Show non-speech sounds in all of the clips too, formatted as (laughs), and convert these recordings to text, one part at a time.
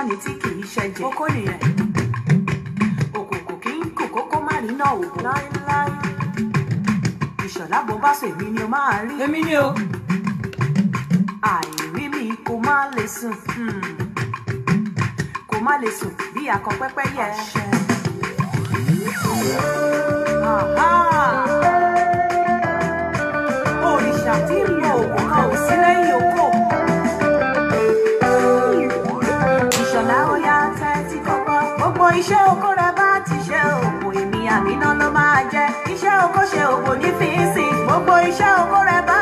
ajá mi tí kì í ṣẹjẹ kókó nìyẹn òkòkò kí n kò kókó má rí náà òbò láéláé ìṣọ̀lá bó bá sọ èmi ni o máa rí èmi ni o àìrí mi kò má lè sùn hmm. kò má lè sùn bí akọ pẹ́pẹ́yẹ. Aha. iṣẹ́ oko rẹ bá ti ṣe òwò èmi àbíná ló máa jẹ iṣẹ́ oko ṣe òwò ní fíìsì gbogbo iṣẹ́ oko rẹ bá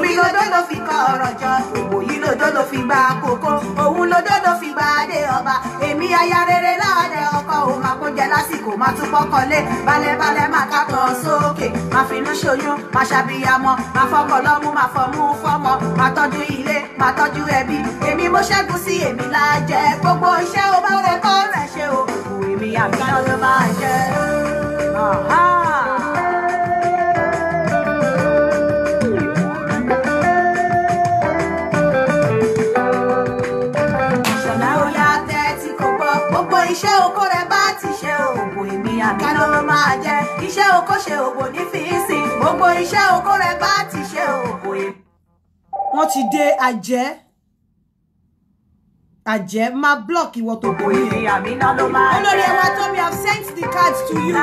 omi lọ́jọ́ ló fi kọ́ ọ̀rọ̀ jọ òwò yìí lọ́jọ́ ló fi gba kókó òun lọ́jọ́ ló fi gba adé ọba èmi aya rere láàdẹ ọkọ òun máa kó jẹ lásìkò máa tún pọ́kànlé balẹ̀balẹ̀ máa kápọ̀ sókè máa finú ṣoyún máa ṣàbíyamọ máa fọkọ lọ́mú máa fọmú fọmọ máa tọ́jú ilé máa tọ́jú ẹbí èmi mo ṣẹ́gun sí èmi láàjẹ gbogbo iṣẹ́ o bá rẹ kọ́ rẹ̀ ṣe o òwò èmi àbí iṣẹ́ oko rẹ bá ti ṣe òògùn èmi àkànná ló máa jẹ iṣẹ́ oko ṣe òògùn ní fíìsì gbogbo iṣẹ́ oko rẹ bá ti ṣe òògùn èmi. wọ́n ti dé ajẹ́ àjẹ́ máa block ìwọ tó kò yẹ olórí ẹwà tóbi i have sent the card to you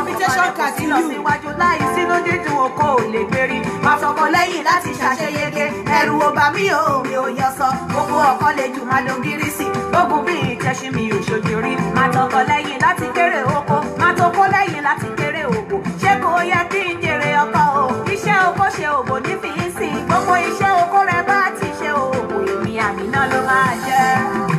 invitation card to you. láì sínú dídùn oko ò lè gbérí máa sọkọ lẹ́yìn láti ṣàṣeyege ẹ̀rù ọba mi ò mi ò yọ sọ gbogbo ọkọ lè jù máa lo gírísì gbogbo bí ìtẹ̀sí mi ò ṣojú máa tọkọ lẹ́yìn láti kéré oko máa tó lẹ́yìn láti kéré ògbò ṣé kò yẹ kí n jèrè ọkọ o iṣẹ́ oko ṣe ògbò nífi ń gbogbo iṣẹ́ o àmì náà ló máa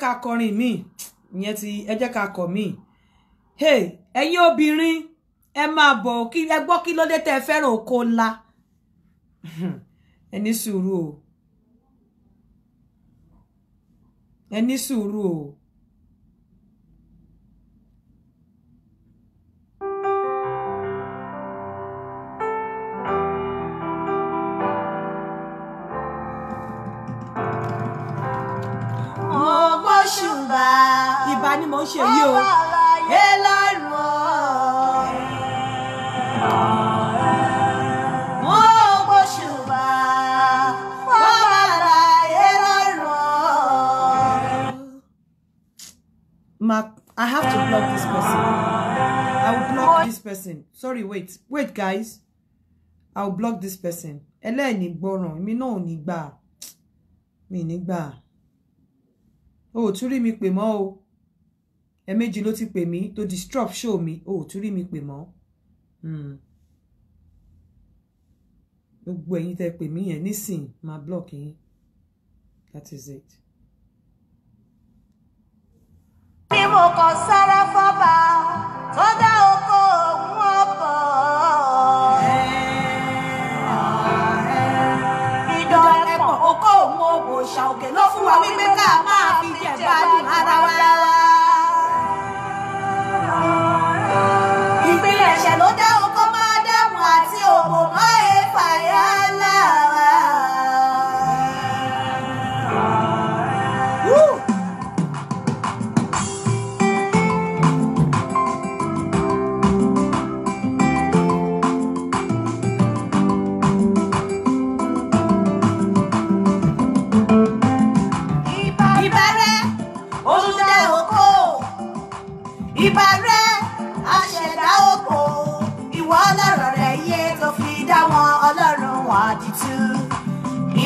jẹ́ ká kọrin míì ìyẹn ti hey obìnrin ẹ máa bọ̀ ẹ gbọ́ kí (laughs) o. ṣùgbà ìbà ni mò ń ṣe yìí o. mo kò ṣùgbà wọ́n Mark, I have to block this person. I will block this person. Sorry, wait. Wait, guys. I will block this person. Eleni, gbọ́ràn, èmi náà ò ní gbà. Mi ní gbà o ò tún rí mi pè mọ́ o ẹ̀ẹ̀mejì ló ti pè mí tó disrupt show mi o ò tún rí mi pè mọ́ hmm. gbogbo ẹ̀yin tẹ́ pè mí yẹn nísìn máa block yín that is it. bí mo kàn sára fọ́ba tó dáa.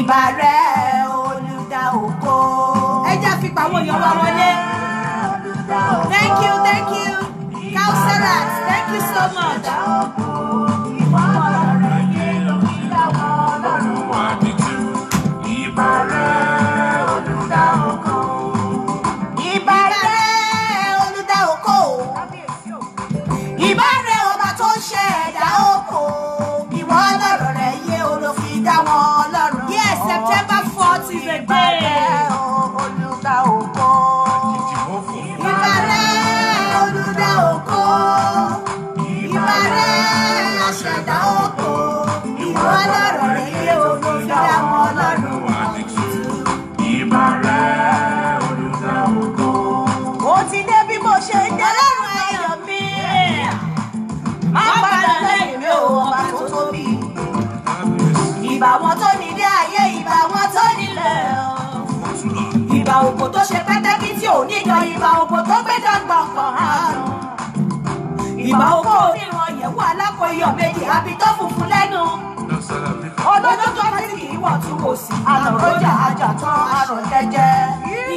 ìbà olùdá ògo. ẹ jẹ́ fi pàwọn èèyàn wá wọlé. thank you thank you councillors thank you so much. ìbá okó oníran yẹ̀wò alákòóyọ̀ méjì abitọ́ funfun lẹ́nu. olójú tó ti kì í wọ̀ tún kò sí. àlọ́rọ́jà ajá àrùn jẹjẹ.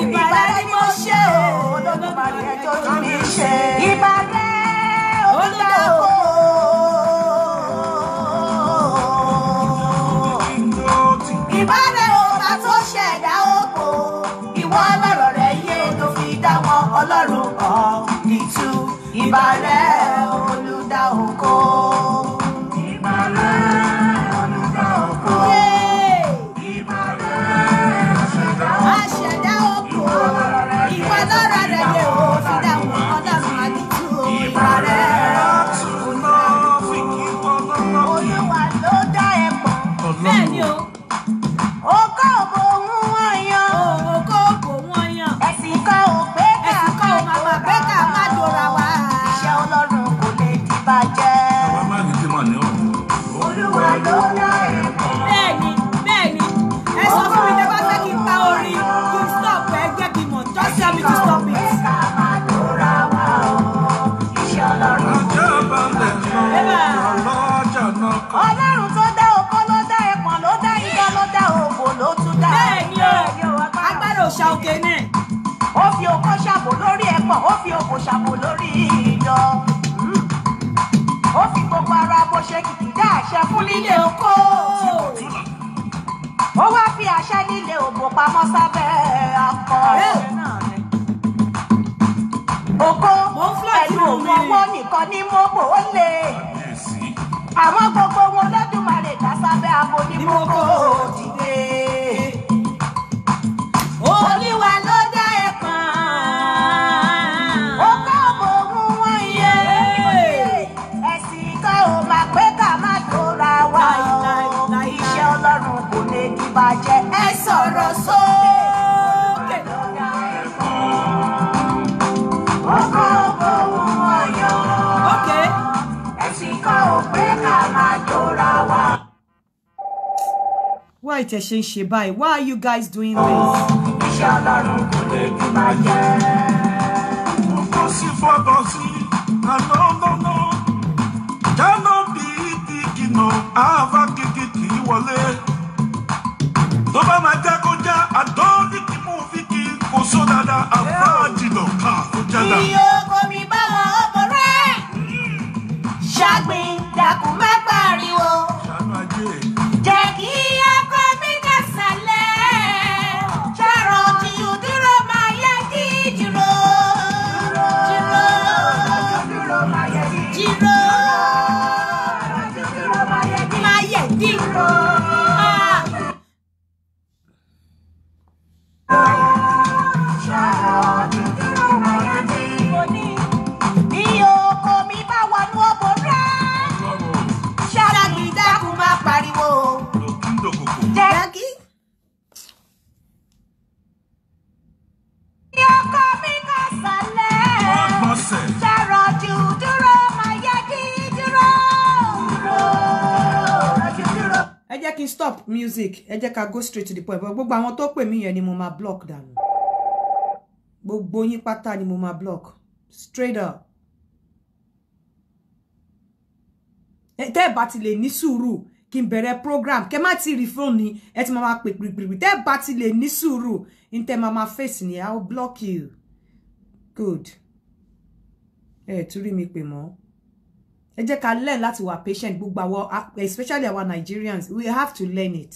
ìbàrẹ́ ni mo ṣe o olódùmarè ẹjọ́ tó mi ṣe. ìbàrẹ́ olùdókòwò. pamọ́ sábẹ́ akọ. Oko pẹ̀lú òun ọwọ́ nìkan ní mọ́bò ó lè. Àmọ́ gbogbo wọn lọ́dún máa lè dá sábẹ́ abo ní mọ́bò. tẹ ṣe ń ṣe báyìí why are you guys doing this. iṣẹ́ alárùn kò lè dùn máa yẹ. mo kọ́ sí fọ́bọ̀ sí ànánánà dáná bí ìdìgìnà àáfà kìkì kì í wọlé. tó bá máa já kó já àdó ní kí mú fíkì kó sódàdà àfáà jìnnà ká kó já dà. mistake ẹ jẹ́ ká go straight to the point gbogbo àwọn tó pè mí yẹn ni mo máa block dànù gbogbo yín pátá ni mo máa block straight up tẹ́ ẹ̀ bá ti lè ní sùúrù kí n bẹ̀rẹ̀ program kẹ́ má ti rí fóònù ni ẹ ti máa pè pìrìpìrì tẹ́ ẹ̀ bá ti lè ní sùúrù ní tẹ́ máa máa face ni I will block you good ẹ ẹ̀ tún rí mi pè mọ́ ẹ jẹ́ ká learn láti wà patient gbogbo àwọn especially our Nigerians we have to learn it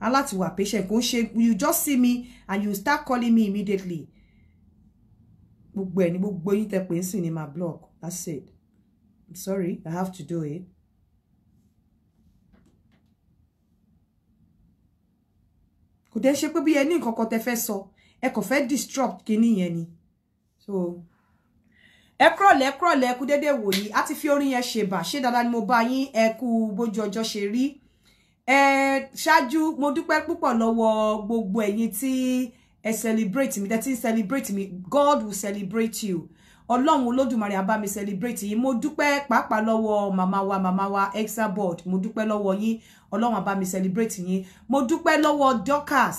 aláti wà patient kò ń you just see me and you start calling me immediately gbogbo ẹ̀ ní gbogbo yín tẹ pé ń sìn ma block that's it i'm sorry i have to do it. kò dẹ́ ṣe pé bí ẹ ní nǹkan kan tẹ fẹ́ sọ ẹ kò fẹ́ disrupt kínní yẹn ni so ẹ kúrọ̀lẹ́ ẹ kúrọ̀lẹ́ ẹ kú déédéé wòyí a ti fi orin yẹn ṣe bà ṣé dáadáa ni mo bá yín ẹ kú bójú ọjọ́ ṣe rí ṣáájú mo dúpẹ́ púpọ̀ lọ́wọ́ gbogbo ẹ̀yin tí ẹ celebrate mi that is celebrate mi God will celebrate you ọlọ́run olódùmarè á bá mi celebrate yín mo dúpẹ́ pàápàá lọ́wọ́ màmá wa màmá wa extra board mo dúpẹ́ lọ́wọ́ yín ọlọ́run á bá mi celebrate yín mo dúpẹ́ lọ́wọ́ Dorcas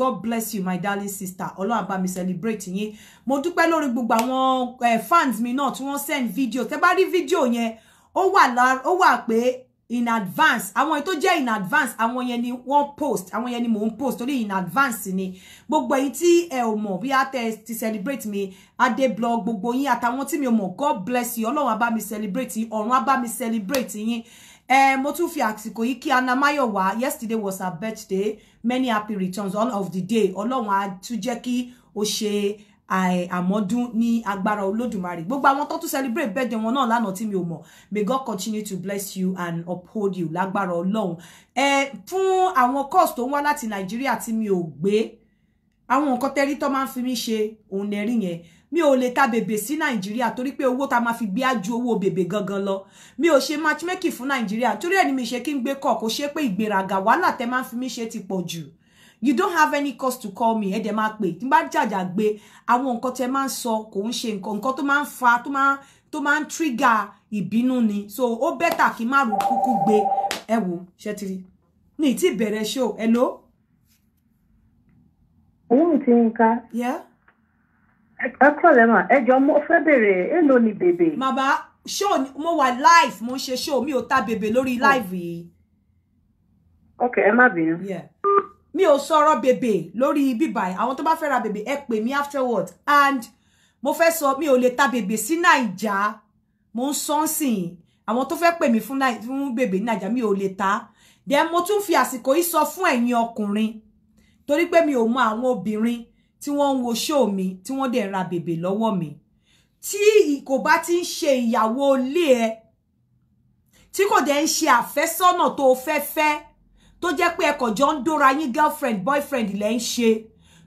God bless you my darling sister ọlọ́run á bá mi celebrate yín mo dúpẹ́ lórí gbogbo àwọn eh, fans mi náà tí wọ́n send video tẹ́ bá rí video yẹn ó wà ó wà pé in advance àwọn tó jẹ́ in advance àwọn yẹn ni wọ́n post àwọn yẹn ni mò ń post torí in advance ni gbogbo èyí tí ẹ ò mọ̀ bí a tẹ ti celebrate mi adé blog gbogbo yín àtàwọn tí mi ò mọ̀ God bless you ọlọ́run á bá mi celebrate yín ọ̀run á bá mi celebrate yín ẹ mo tún fi àsìkò yìí kí Anamáyọ̀wá yesterday was her birthday many happy returns all of the day ọlọ́run á tún jẹ́ kí o ṣe àmọ́dún ní agbára olódùmarè gbogbo àwọn tó tún celebrate birthday wọn náà lánàá tí mi ò mọ̀ may God continue to bless you and uphold you lágbára ọlọ́run ẹ fún àwọn course tó ń wá láti nàìjíríà tí mi ò gbé àwọn nǹkan tẹ́rí tó máa ń fi mí ṣe òun nẹ́rí yẹn mi ò lè ta bèbè sí nàìjíríà torí pé owó ta máa fi gbé ájú owó bèbè gangan lọ mi ò ṣe matchmaking fún nàìjíríà torí ẹni mi ṣe kí n gbé kọ̀ kó ṣe pé ìgbéraga wàhálà tẹ máa ń fi mí ṣe ti pọ̀ jù you don't have any cause to call me ẹ dẹ̀ máa pè tí n bá jàjà gbé àwọn nǹkan tẹ máa ń sọ kò ń ṣe nǹkan nǹkan tó máa ń fa tó máa tó máa ń trigger ìbínú ni so ó better kí n má rò kúkú gbé ẹ wò ṣẹ́tìrì ní ìtì show hello. èyí mi ti ń ká. ẹ kọ́ lẹ́mọ̀ ẹ jọ mo fẹ́ bèrè èèlò ni bèbè. màbá show mo wà live mo ń ṣe show mi ò ta bèbè lórí oh. live yìí. ok ẹ má bínú. Yeah mi ò sọ̀rọ̀ bèbè lórí bíbà àwọn to bá fẹ́ ra bèbè ẹ pè mi afterward and mo fẹ́ sọ mi o lè ta bèbè sí naija mo ń sọ nsìn àwọn tó fẹ́ pè mí fún bèbè ní naija mi ò lè ta then mo tún fi àsìkò yìí sọ fún ẹ̀yin ọkùnrin torí pé mi o mọ àwọn obìnrin tí wọ́n wo show mi tí wọ́n dẹ̀ ń ra bèbè lọ́wọ́ mi tí kò bá ti ń ṣe ìyàwó ilé ẹ tí kò dẹ̀ ń ṣe àfẹ́sọ́nà tó fẹ́ tó jẹ́ pé ẹkọ̀ jọ ń dóra yín girlfriend boyfriend lẹ́ ń ṣe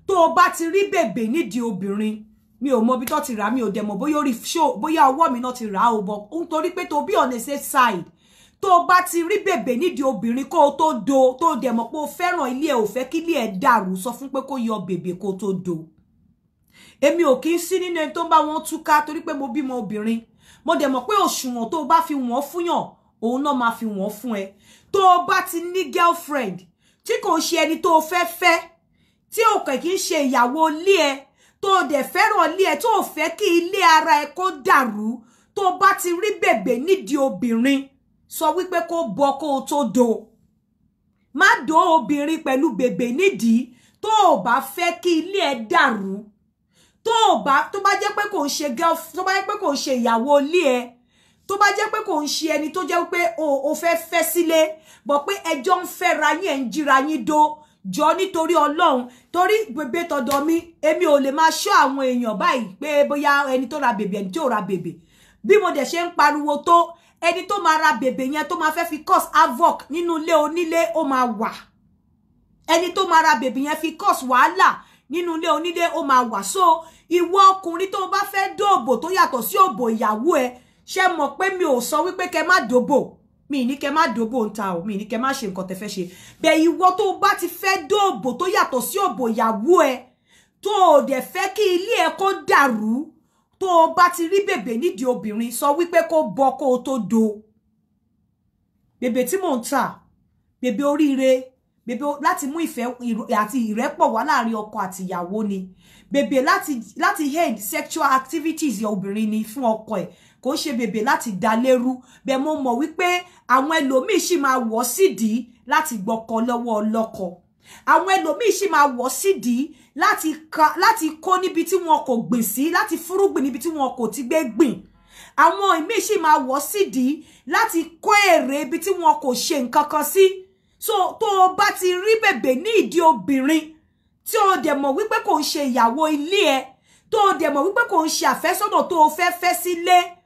tó o bá ti rí bèbè nídìí obìnrin mi ò mọ ibi tó ti rà mi ò dẹ̀ mọ̀ bóyá orí show bóyá ọwọ́ mi náà ti rà ó bọ̀ nítorí pé tó bí on a side tó o bá ti rí bèbè nídìí obìnrin kó o tó do tó o dẹ̀ mọ̀ pé o fẹ́ràn ilé ẹ̀ ò fẹ́ kí ilé ẹ̀ dàrú sọ fún pé kó yọ bèbè kó o tó do èmi ò kí ń sí nínú ẹni tó ń bá wọn túká torí pé mo bímọ obìnrin mo dẹ̀ mọ̀ pé òṣùwọ̀n tó o bá fi wọ́n fúyàn òun náà máa fi wọ́n fún ẹ tó o bá ti ní girlfriend tí kò ṣe ẹni tó o fẹ́ fẹ́ tí o kàn kì í ṣe ìyàwó ilé ẹ tó o dẹ̀ fẹ́ràn ilé ẹ tó o fẹ́ kí ilé ara ẹ kó dàrú tó o bá ti rí bèbè nídìí obìnrin sọ wípé kó bọ kó o tó do má do obìnrin pẹ̀lú bèbè nídìí tó o bá fẹ́ kí ilé ẹ dàrú tó o bá tó bá jẹ́ pé kò ń ṣe girlfriend tó bá jẹ́ pé kò ń ṣe ìyàwó ilé ẹ tó bá jẹ́ pé kò ń ṣe ẹni tó jẹ́ pé o fe fẹ́ fẹ́ sílé bọ̀ pé ẹjọ́ ń fẹ́ra yín ẹ̀ ń jíra yín dó jọ nítorí ọlọ́run torí bèbè tọ̀dọ̀ mi èmi ò lè máa ṣọ́ àwọn èèyàn báyìí pé bóyá ẹni tó ra bèbè ẹni tí ra bèbè bí mo dẹ̀ ṣe ń pariwo tó ẹni tó máa ra bèbè yẹn tó máa fẹ́ fi cause havoc nínú ilé onílé ó máa wà ẹni tó máa ra bèbè yẹn fi cause wàhálà nínú ilé onílé ó máa wà so ìwọ ọkùnrin tó bá fẹ́ dóòbò tó yàtọ̀ sí òbò ìyàwó ẹ ṣe mọ̀ pé mi ò sọ wípé kẹ má dòbò mi ni kẹ má dòbò ń o mi ni kẹ má ṣe nǹkan tẹ fẹ́ ṣe bẹ ìwọ tó bá ti fẹ́ dòbò tó yàtọ̀ sí òbò ìyàwó ẹ tó o dẹ̀ fẹ́ kí ilé ẹ kó dàrú tó o bá ti rí bèbè nídìí obìnrin sọ wípé kó bọ kó o tó do bèbè ti mò ń tà bèbè oríire bèbè láti mú ìfẹ́ àti ìrẹ́pọ̀ wá láàrin ọkọ àti ni bèbè láti láti end sexual activities obìnrin ni fún ọkọ ẹ̀ kò ń ṣe bèbè láti dá lérú bẹ́ẹ̀ mo mọ̀ wípé àwọn ẹlòmíì sì máa wọ̀ sídìí láti gbọ́kọ lọ́wọ́ ọlọ́kọ àwọn ẹlòmíì sì máa wọ̀ sídìí láti ka láti kó níbi tí wọn kò gbìn sí láti fúrúgbìn níbi tí wọn kò ti gbé gbìn àwọn ìmíì sì máa wọ̀ sídìí láti kó èrè ibi tí wọn kò ṣe nǹkan kan sí so tó o bá ti rí bèbè ní ìdí obìnrin tí o dẹ̀ mọ̀ wípé kò ń ṣe ìyàwó ilé ẹ tó o dẹ̀ mọ̀ wípé kò ń ṣe àfẹ́sọ́nà tó o fẹ́ fẹ́ sílé. Si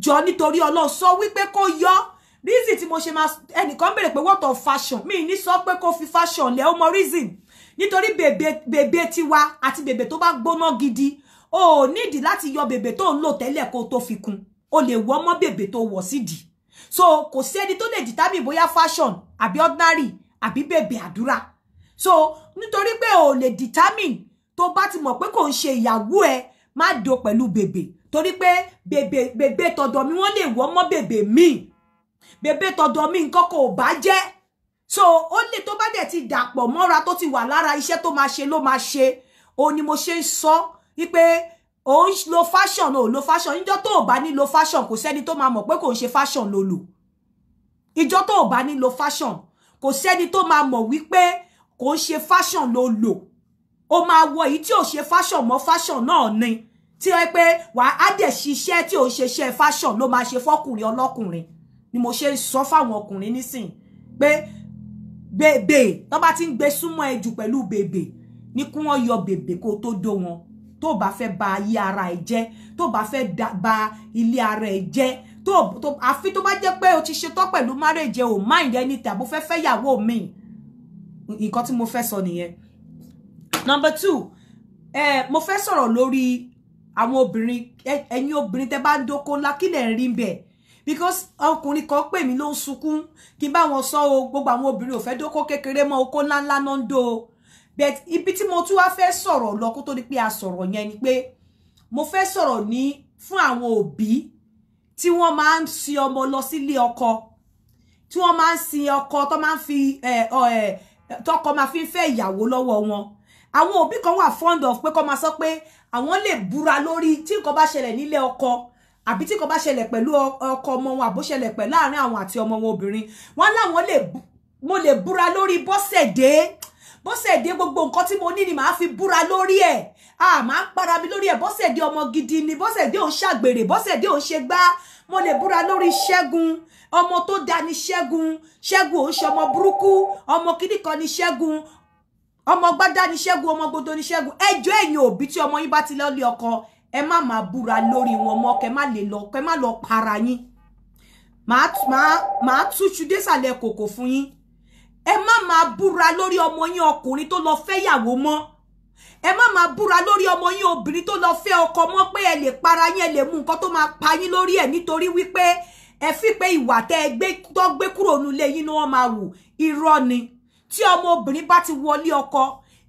jọ nítorí Ọlọ́run sọ wípé kó yọ reason tí mo ṣe máa ẹnìkan béèrè pé what of fashion mi ní sọ pé kó fi fashion lẹ̀ ó reason nítorí bèbè bèbè tiwa àti bèbè tó bá gbóná gidi o nídìí láti yọ bèbè tó ń lò tẹ́lẹ̀ kó tó fi kún o lè wọ́ mọ́ bèbè tó wọ̀ sídìí so kò sí ẹni tó lè dìtámì bóyá fashion àbí ordinary àbí bèbè àdúrà so nítorí pé o lè dìtámì tó bá ti mọ̀ pé kò ń ṣe ìyàwó ẹ má do pẹ̀lú bèbè torí pé bèbè bèbè tọ̀dọ̀ mi wọ́n lè wọ́ mọ́ bèbè mi bèbè tọ̀dọ̀ mi nǹkan kò bá jẹ́ so ó lè tó bá dẹ̀ ti dàpọ̀ mọ́ra tó ti wà lára iṣẹ́ tó máa ṣe ló máa ṣe o ni mo ṣe ń sọ wípé o ń lo fashion o lo fashion níjọ́ tó o bá ní lo fashion kò sẹ́ni tó máa mọ̀ pé kò ń ṣe fashion lo lò ìjọ́ tó o bá ní lo fashion kò sẹ́ni tó máa mọ̀ wípé kò ń ṣe fashion lo lò o máa wọ èyí tí ò ṣe fashion mọ́ fashion náà ni tí ó yẹ pé wà á dẹ̀ ṣiṣẹ́ tí ò ń ṣeṣẹ́ fashion ló máa ṣe fọ́kùnrin ọlọ́kùnrin ni mo ṣe ń sọ fáwọn ọkùnrin nísìn pé bèbè tó bá ti ń gbé súnmọ́ ẹ jù pẹ̀lú bèbè ní kí wọ́n yọ bèbè kó tó dó wọn tó bá fẹ́ ba ayé ara ẹ jẹ́ tó bá fẹ́ ba ilé ara ẹ jẹ́ tó àfi tó bá jẹ́ pé o ti ṣetán pẹ̀lú márèjẹ ò mind ẹni tàbó fẹ́ fẹ́ yàwó mi nǹkan tí mo fẹ́ sọ nìyẹn number two eh, mo fẹ́ sọ̀rọ̀ lórí àwọn obìnrin ẹ̀yin obìnrin tẹ́ bá ń dóko ńlá kí lẹ̀ ń rí bẹ́ẹ̀ because ọkùnrin kan pè mí ló ń sunkún kí n bá wọn sọ o gbogbo àwọn obìnrin ò fẹ́ dóko kékeré mọ́ oko ńláńlá náà ń dó o but ibi tí mo tún wá fẹ́ sọ̀rọ̀ lọ kó tó di pé a sọ̀rọ̀ yẹn ni pé mo fẹ́ sọ̀rọ̀ ní fún àwọn òbí tí wọ́n máa ń sin ọmọ lọ sílé ọkọ tí wọ́n máa ń sin ọkọ tó máa ń fi tọkọ máa fi ń fẹ́ ìyàwó lọ́wọ́ wọn àwọn òbí kan wà fond of pé kọ́ máa sọ pé àwọn lè búra lórí tí nǹkan bá ṣẹlẹ̀ nílé ọkọ àbí tí nǹkan bá ṣẹlẹ̀ pẹ̀lú ọkọ ọmọ wọn àbó ṣẹlẹ̀ pẹ̀lú láàrin àwọn àti ọmọ wọn obìnrin wọn láwọn lè mo lè búra lórí bọ́sẹ̀dé bọ́sẹ̀dé gbogbo nǹkan tí mo ní ni màá fi búra lórí ẹ̀ a máa ń para mi lórí ẹ̀ bọ́sẹ̀dé ọmọ gidi ni bọ́sẹ̀dé ò ń ṣàgbèrè bọ́sẹ̀dé ò ṣe gbá mo lè búra lórí ṣẹ́gun ọmọ tó da ni ṣẹ́gun ṣẹ́gun ò ń ṣe ọmọ burúkú ọmọ kíní ni ṣẹ́gun ọmọ gbádá ni ṣẹ́gun ọmọ gbogbo ni ṣẹ́gun ẹjọ́ ẹ̀yin òbí tí ọmọ yín bá ti lọ́lé ọkọ ẹ má máa búra lórí wọn mọ́ kẹ má lè lọ kẹ má lọ para yín màá túṣu désàlẹ̀ kòkò fún yín ẹ má máa búra lórí ọmọ yín ọkùnrin tó lọ fẹ́yàwó mọ́ ẹ má máa búra lórí ọmọ yín obìnrin tó lọ fẹ́ ọkọ mọ́ pé ẹ lè para yín ẹ lè mú nǹkan tó máa pa yín lórí ẹ̀ nítorí wípé ẹ fi pé ìwà tẹ́ ẹ gbé tó gbé kúrò nílé yín ni wọ́n máa wù irọ́ ni tí ọmọ obìnrin bá ti wọlé ọkọ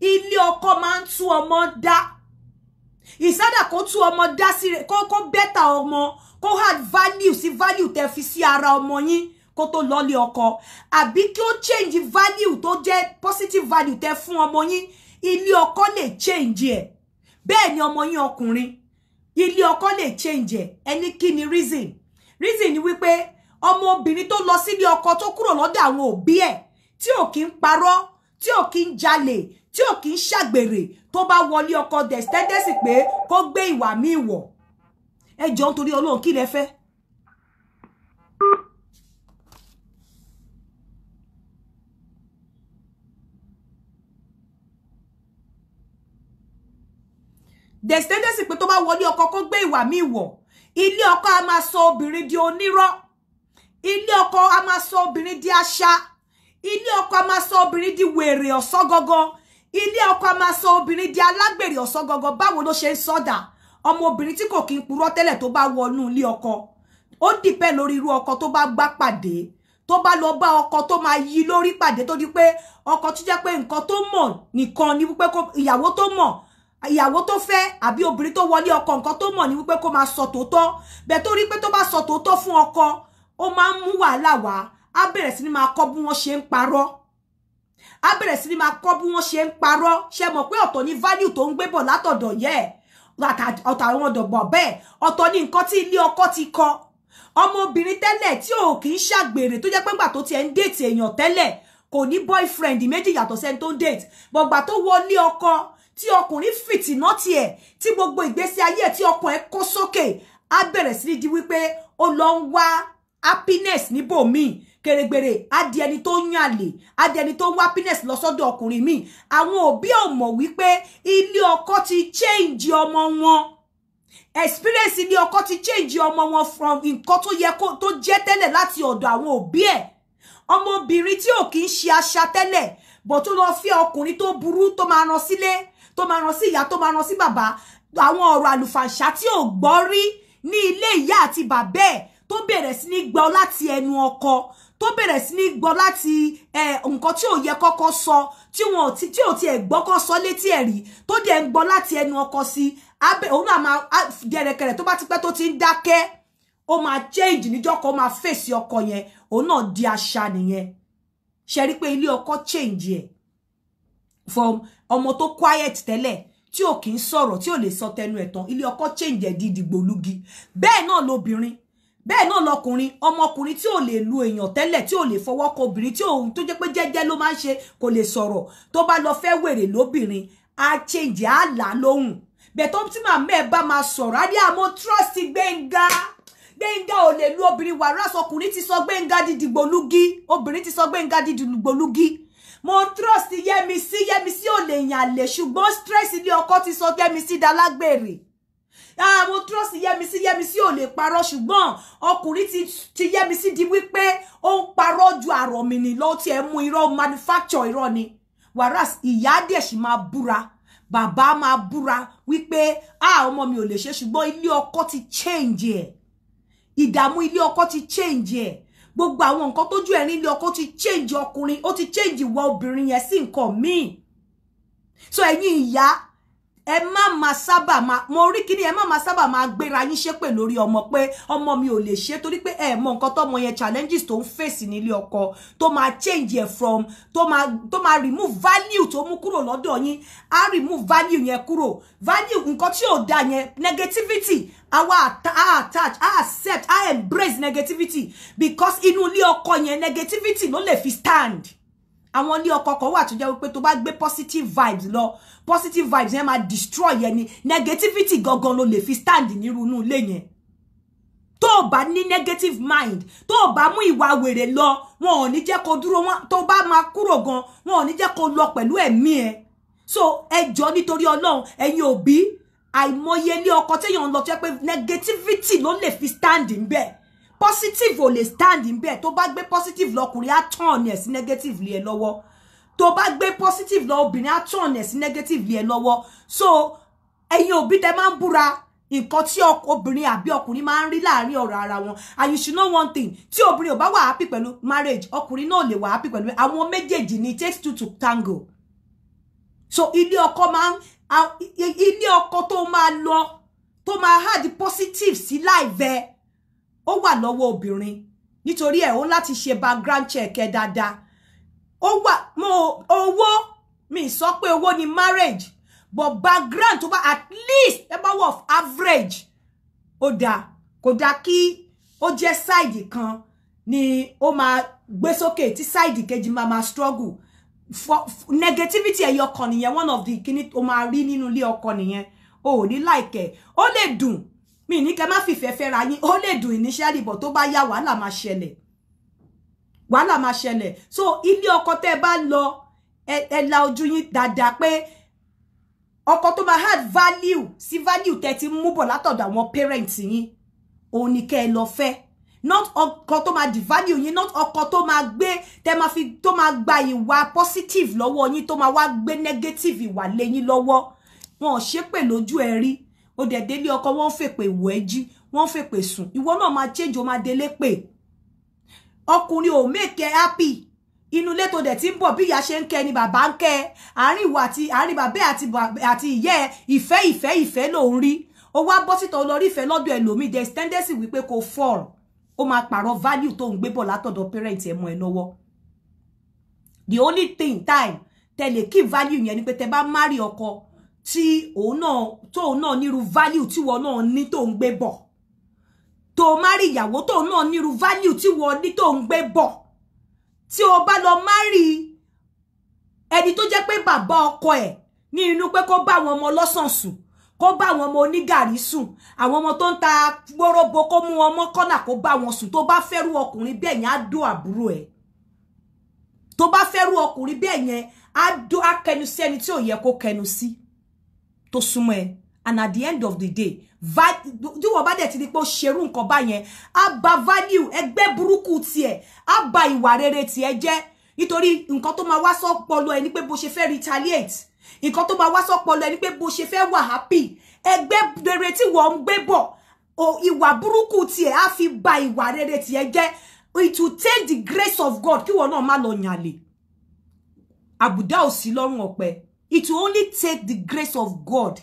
ilé ọkọ máa ń tú ọmọ dá ìsádà kó tú ọmọ dá sí rẹ̀ kó kó bẹ́tà ọmọ kó add value sí value tẹ́ fi sí ara ọmọ yín kó tó lọ́lé ọkọ àbí kí ó change value tó jẹ́ positive value tẹ́ fún ọmọ yín ilé ọkọ lè change ẹ̀ bẹ́ẹ̀ ni ọmọ yín ọkùnrin ilé ọkọ lè change ẹ̀ ẹni kí ni reason reason ni wípé ọmọ obìnrin tó lọ sílé ọkọ tó kúrò lọ́dọ̀ àwọn òbí ẹ̀ tí ò kí ń parọ́ tí ò kí ń jalè tí ò kí ń ṣàgbèrè tó bá wọlé ọkọ there's tendency pé kó gbé ìwà míì wọ̀ ẹ jọ nítorí Ọlọ́run kí lẹ fẹ́. there's pé tó bá wọlé ọkọ kó gbé ìwà míì wọ̀ ilé ọkọ a máa sọ obìnrin di onírọ́ ilé ọkọ a máa sọ obìnrin di aṣa ilé ọkọ a máa sọ obìnrin di wèrè ọ̀sọ́gọ́gọ́ ilé ọkọ a máa sọ obìnrin di alágbèrè ọ̀sọ́gọ́gọ́ báwo ló ṣe ń sọ́dà ọmọbìnrin tí kò kí ń purọ́ tẹ́lẹ̀ tó bá wọnú ilé ọkọ ó dìpẹ́ lórí irú ọkọ tó bá gbá pàdé tó bá lọ bá ọkọ tó máa yí lórí pàdé tó di pé ọkọ tó jẹ́ pé nǹkan tó mọ̀ nìkan ni wípé ìyàwó tó mọ̀ ìyàwó tó fẹ́ àbí obìnrin tó wọlé ọkọ nǹkan tó mọ̀ ni wípé kó máa sọ tòótọ́ bẹ́ẹ̀ tó rí pé tó bá sọ tòótọ́ fún ọkọ ó máa ń mú wàhálà wá á bẹ̀rẹ̀ sí ni máa kọ́ bí wọ́n ṣe ń parọ́ á bẹ̀rẹ̀ sí ni máa kọ́ bí wọ́n ṣe ń parọ́ ṣe mọ̀ pé ọ̀tọ̀ ni value tó ń gbé bọ̀ látọ̀dọ̀ yẹ ọ̀tọ̀ àwọn ọ̀dọ̀gbọ̀ bẹ́ẹ̀ ọ̀tọ̀ ni nǹkan tí ilé ọkọ ti kọ ọmọbìnrin tẹ́lẹ̀ tí ò kì í ṣàgbèrè tó jẹ́ pé gbà tó tiẹ̀ ń déètì èèyàn tẹ́lẹ̀ kò ní boyfriend méjì yàtọ̀ sẹ́ni tó ń déètì gbọ̀ngbà tó wọlé ọkọ tí ọkùnrin fìtìná tiẹ̀ tí gbogbo ìgbésí ayé ẹ̀ tí ọkọ ẹ̀ kó sókè á bẹ̀rẹ̀ sí di wípé ó lọ ń wá happiness níbòmíì Kerebere, adi di ẹni tó ń yàn àlè á di ẹni tó wá happiness lọ sọ́dọ̀ ọkùnrin míì àwọn òbí ò mọ̀ wípé ilé ti change ọmọ wọn experience ilé ọkọ ti change ọmọ wọn from nǹkan tó yẹ kó tó jẹ́ tẹ́lẹ̀ láti ọ̀dọ̀ àwọn òbí ẹ̀ ọmọbìnrin tí ò kì í ṣe aṣa tẹ́lẹ̀ bọ̀ to lọ fẹ́ ọkùnrin tó burú tó máa ran sílé tó máa ran sí ìyá tó máa ran sí bàbá àwọn ọ̀rọ̀ àlùfàǹṣá tí ò gbọ́ rí ní ilé ìyá àti bàbá ẹ̀ tó bẹ̀rẹ̀ sí ní gbọ́ láti tó bẹ̀rẹ̀ sí ní gbọ́ láti nǹkan tí ò yẹ kọ́kọ́ sọ tí wọn tí ò tiẹ̀ gbọ́kọ́ sọ létí ẹ̀ rí tó dẹ̀ ń gbọ́ láti ẹnu ọkọ sí abẹ òun náà máa gẹ̀rẹ̀kẹ̀rẹ̀ tó bá ti pẹ́ tó ti ń dákẹ́ ó máa change níjọ́ kan ó máa fèsì ọkọ yẹn òun náà di àṣà nìyẹn ṣe rí pé ilé ọkọ change ẹ̀ from ọmọ tó quiet tẹ́lẹ̀ tí ò kì í sọ̀rọ̀ tí ò lè sọ tẹnu ẹ̀ tán ilé ọkọ change ẹ̀ di dìgbòlugi bẹ́ẹ̀ náà lobìnrin bẹ́ẹ̀ náà lọkùnrin ọmọkùnrin tí ò lè lu èèyàn tẹ́lẹ̀ tí ò lè fọwọ́ kọ obìnrin tí òun tó jẹ́ pé jẹ́jẹ́ ló máa ń ṣe kò lè sọ̀rọ̀ tó bá lọ fẹ́ wèrè lóbìnrin á change á là lóhùn bẹ̀tọ́ tí màmá ẹ̀ bá máa sọ̀rọ̀ á ní àmọ́ trust Gbénga Gbénga ò lè lu obìnrin wàrà sọkùnrin ti sọ Gbénga di dìgbòlugi obìnrin ti sọ Gbénga di dìgbòlugi mo trust Yẹ́misí Yẹ́misí ò lè yàn lè ṣùgbọ́n stress ilé ọkọ ti sọ Yẹ́misí dalágbèrè àwọn ah, trọ́ọ̀sì Yẹ́misí Yẹ́misí ò lè parọ́ ṣùgbọ́n ọkùnrin ti Yẹ́misí di wípé ó ń parọ́ ju àrọ̀mìnì lọ tí ẹ mú irọ́ manufacture irọ́ ni whereas ìyá dẹ̀ sì máa búra bàbá máa búra wípé a ah, ọmọ mi ò lè ṣe ṣùgbọ́n ilé ọkọ ti change ẹ̀ Idamu ilé ọkọ ti change ẹ̀ gbogbo àwọn nǹkan tójú ẹ̀rín ilé ọkọ ti change ọkùnrin ó ti change ìwà obìnrin yẹn sí nǹkan míì so ẹ̀yin ìyá ẹ má ma sábà ma mo rí kíní ẹ má ma sábà ma gbéra yín ṣépè lórí ọmọ pé ọmọ mi ò lè ṣe torí pé ẹ mọ nǹkan tọmọ yẹn challenges tó ń fèsì nílé ọkọ tó ma change ẹ from tó ma tó ma remove value tó mú kúrò lọ́dọ̀ yín á remove value yẹn kúrò value nǹkan tí ò da yẹn negativity àwa attach a accept a embrace negativity because inú ilé ọkọ yẹn negativity ló lè fi stand. àwọn ilé ọkọ kan wà tó jẹ́ wípé tó bá gbé positive vibes lọ positive vibes yẹn máa destroy yẹn ni negativity gangan ló lè fi stand nírú inú ilé yẹn tó o bá ní negative mind tó o bá mú ìwà wèrè lọ wọn ò ní jẹ́ kó dúró wọn tó bá máa kúrò gan wọn ò ní jẹ́ kó lọ pẹ̀lú ẹ̀mí ẹ̀ so ẹjọ́ nítorí ọlọ́run ẹ̀yin òbí àìmọye ilé ọkọ téèyàn lọ jẹ́ pé negativity ló lè fi stand níbẹ̀ positive ò lè stand ń bẹ̀ tó bá gbé positive lọkùnrin á turn ẹ̀ negative lé ẹ To tó bá positive lọ obìnrin á turn ẹ̀ negative lé ẹ lọ́wọ́ so ẹ̀yin òbí tẹ man, ń búra nǹkan tí obìnrin àbí ọkùnrin máa ń rí láàrin ọ̀rọ̀ ara wọn and you should know one thing tí obìnrin ò bá wà happy pẹ̀lú marriage ọkùnrin náà lè wà happy pẹ̀lú àwọn méjèèjì ni it takes two to tango so ilé ọkọ máa ń ilé ọkọ tó máa lọ tó máa add positive sí life ẹ ó wà lọ́wọ́ obìnrin nítorí ẹ̀ ó láti ṣe background check ẹ dáadáa ó wà mo owó mi sọ pé owó ni marriage but background tó bá at least level of average ó dáa kò dáa kí ó jẹ́ side kan ni ó máa gbé sókè tí side kejì máa máa struggle for, negativity ẹ̀yọ ọkọ nìyẹn one of the kini ó máa rí nínú ilé ọkọ nìyẹn o ò ní láìkẹ́ ó lè dùn mi ní kẹ́ má fìfẹ́ fẹ́ra yín ó lè dùn initially but tó bá yá wàhálà máa ṣẹlẹ̀ wàhálà máa ṣẹlẹ̀ so ilé ọkọ tẹ́ ẹ bá lọ ẹ la ojú yín dáadáa pé ọkọ tó máa add value sí value tẹ́ ti mú bọ̀ látọ̀dọ̀ àwọn parents yín òun ni kẹ́ ẹ lọ not ọkọ tó máa devalue yín not ọkọ tó máa gbé tẹ́ máa fi tó máa gba ìwà positive lọ́wọ́ yín tó máa wá gbé negative ìwà lé yín lọ́wọ́ wọn ò ṣépè lójú ẹ o dẹ̀ délé ọkọ wọ́n fèpè wọ ẹ jí wọ́n fèpè sùn ìwọ náà máa change o máa délé pè ọkùnrin ò make ẹ happy inú ilé tó dẹ̀ ti ń bọ̀ bí ìyá ṣe ń kẹ́ ni bàbá ń kẹ́ àárín ìwà àti àárín bàbá àti ìyá ẹ ìfẹ́ ìfẹ́ ìfẹ́ ló ń rí ó wá bọ́ síta olórí ìfẹ́ lọ́dọ̀ there is tendency wípé kò fall ó máa pààrọ̀ value to ń gbé bọ̀ látọ̀dọ̀ parent ẹ̀ mọ́ ẹ lọ́wọ́ the only thing time tẹ̀lé kí value yẹn ni pé tẹ bá marry ọkọ tí òun náà tóun náà nírú value tí wọn náà ní tó ń gbé bọ̀ tó má rí ìyàwó tóun value tí wọn ní tó ń gbé bọ̀ o ba lọ má rí ẹni tó jẹ́ pé bàbá ọkọ ni ní inú pé kó bá àwọn ọmọ lọ́sàn sùn kó bá àwọn ọmọ onígàrí sùn àwọn ọmọ tó ń ta gbórógbó kó mú ọmọ kọ́nà kó bá wọn sùn tó bá fẹ́rù ọkùnrin bẹ́ẹ̀ yẹn á dó àbúrò ẹ̀ tó bá fẹ́rù ọkùnrin bẹ́ẹ̀ yẹn á dó á kẹnu sí ẹni Si tó súnmọ́ ẹ and at the end of the day do wọ́n bá dẹ̀ ti di pé ó ṣerú nǹkan báyẹn á ba value ẹgbẹ́ burúkú tiẹ̀ á ba ìwà rere tiẹ̀ jẹ́ nítorí nǹkan tó máa wá sọ́pọlọ ẹ ní pé bó ṣe fẹ́ retaliate nǹkan tó máa wá sọ́pọlọ ẹ ní pé bó ṣe fẹ́ wà happy ẹgbẹ́ rere tí wọ́n ń gbé bọ̀ ìwà burúkú tiẹ̀ á fi ba ìwà rere tiẹ̀ jẹ́ it will take the grace of God kí wọ́n náà má lọ yànlè àbùdá ò sí lọ́rùn ọ̀pẹ it will only take the grace of God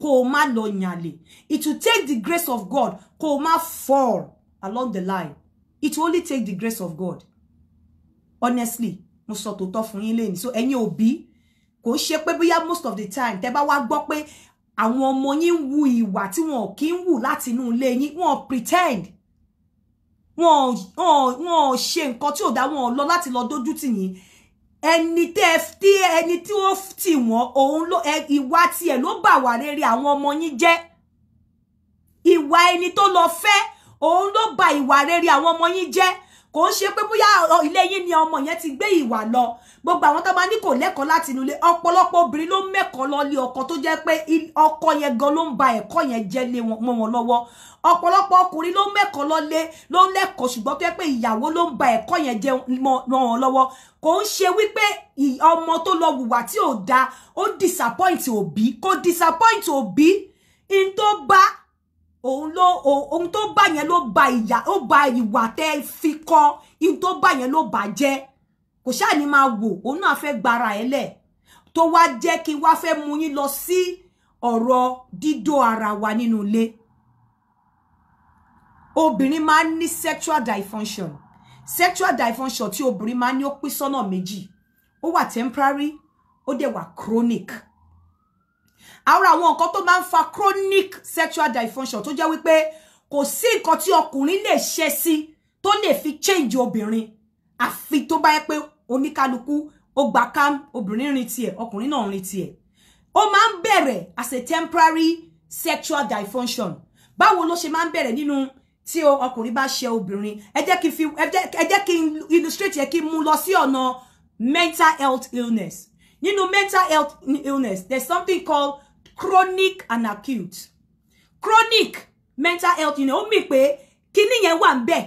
kó o má it will take the grace of God kó fall along the line it will only take the grace of God honestly mo sọ tòótọ́ fún yín lẹ́yìn so any òbí kò ṣe pé bóyá most of the time tẹ́ bá wá gbọ́ pé àwọn ọmọ yín ń wu ìwà tí wọn kì í wù láti inú ilé yín pretend wọn wọn wọn ṣe nǹkan tí ò dá wọn lọ láti lọ dójú tì ẹni tí ẹni tí ó tì wọ́n òun ló ìwà tiẹ̀ ló bà wà rere àwọn ọmọ yín jẹ́ ìwà ẹni tó lọ fẹ́ òun ló bà ìwà rere àwọn ọmọ yín jẹ́ kò ń ṣe pé bóyá ilé yín ni ọmọ yẹn ti gbé ìwà lọ gbogbo àwọn tó máa ní kò lẹ́kọ̀ọ́ láti inú ilé ọ̀pọ̀lọpọ̀ obìnrin ló mẹ́kọ̀ọ́ lọ́lé ọkọ tó jẹ́ pé ọkọ yẹn gan ló ń ba ẹ̀kọ́ yẹn jẹ́ lé mọ́ wọn lọ́wọ́ ọ̀pọ̀lọpọ̀ ọkùnrin ló mẹ́kọ̀ọ́ lọ́lé ló ń lẹ́kọ̀ọ́ ṣùgbọ́n tó yẹ pé ìyàwó ló ń ba ẹ̀kọ́ yẹn jẹ́ mọ́ wọn lọ́wọ́ kò ń ṣe wípé ọmọ tó lọ wùwà tí ò dáa ó disappoint òbí kò disappoint òbí in tó bá òun ló ohun tó bá yẹn ló ba ìyà ó ba ìwà tẹ fi kọ ihun tó bá yẹn ló bà jẹ́ kò ṣáà ní máa wò òun náà fẹ́ gbara ẹ lẹ̀ tó wá jẹ́ kí wá fẹ́ mú yín lọ sí ọ̀rọ̀ dídó ara wa nínú ilé obìnrin máa ń ní sexual dysfunction sexual dysfunction tí obìnrin máa ń ní ó pín sọ́nà méjì ó wà temporary ó dẹ̀ wà chronic ara àwọn nǹkan tó máa ń fa chronic sexual dysfunction tó jẹ́ wípé kò sí nǹkan tí ọkùnrin lè ṣe sí tó lè fi change obìnrin àfi tó bá yẹ pé oníkálukú ó gba cam obìnrin rin tiẹ̀ ọkùnrin náà rin tiẹ̀ ó máa ń bẹ̀rẹ̀ as a temporary sexual dysfunction báwo ló ṣe máa ń bẹ̀rẹ̀ nínú tí ọkùnrin bá ṣe obìnrin ẹ jẹ́ kí n fi ẹ jẹ́ kí n illustrate yẹ kí n mú lọ sí ọ̀nà mental health illness nínú mental health illness there's something called chronic and acute chronic mental health you know mi pe. Kini kíní yẹn wà ń bẹ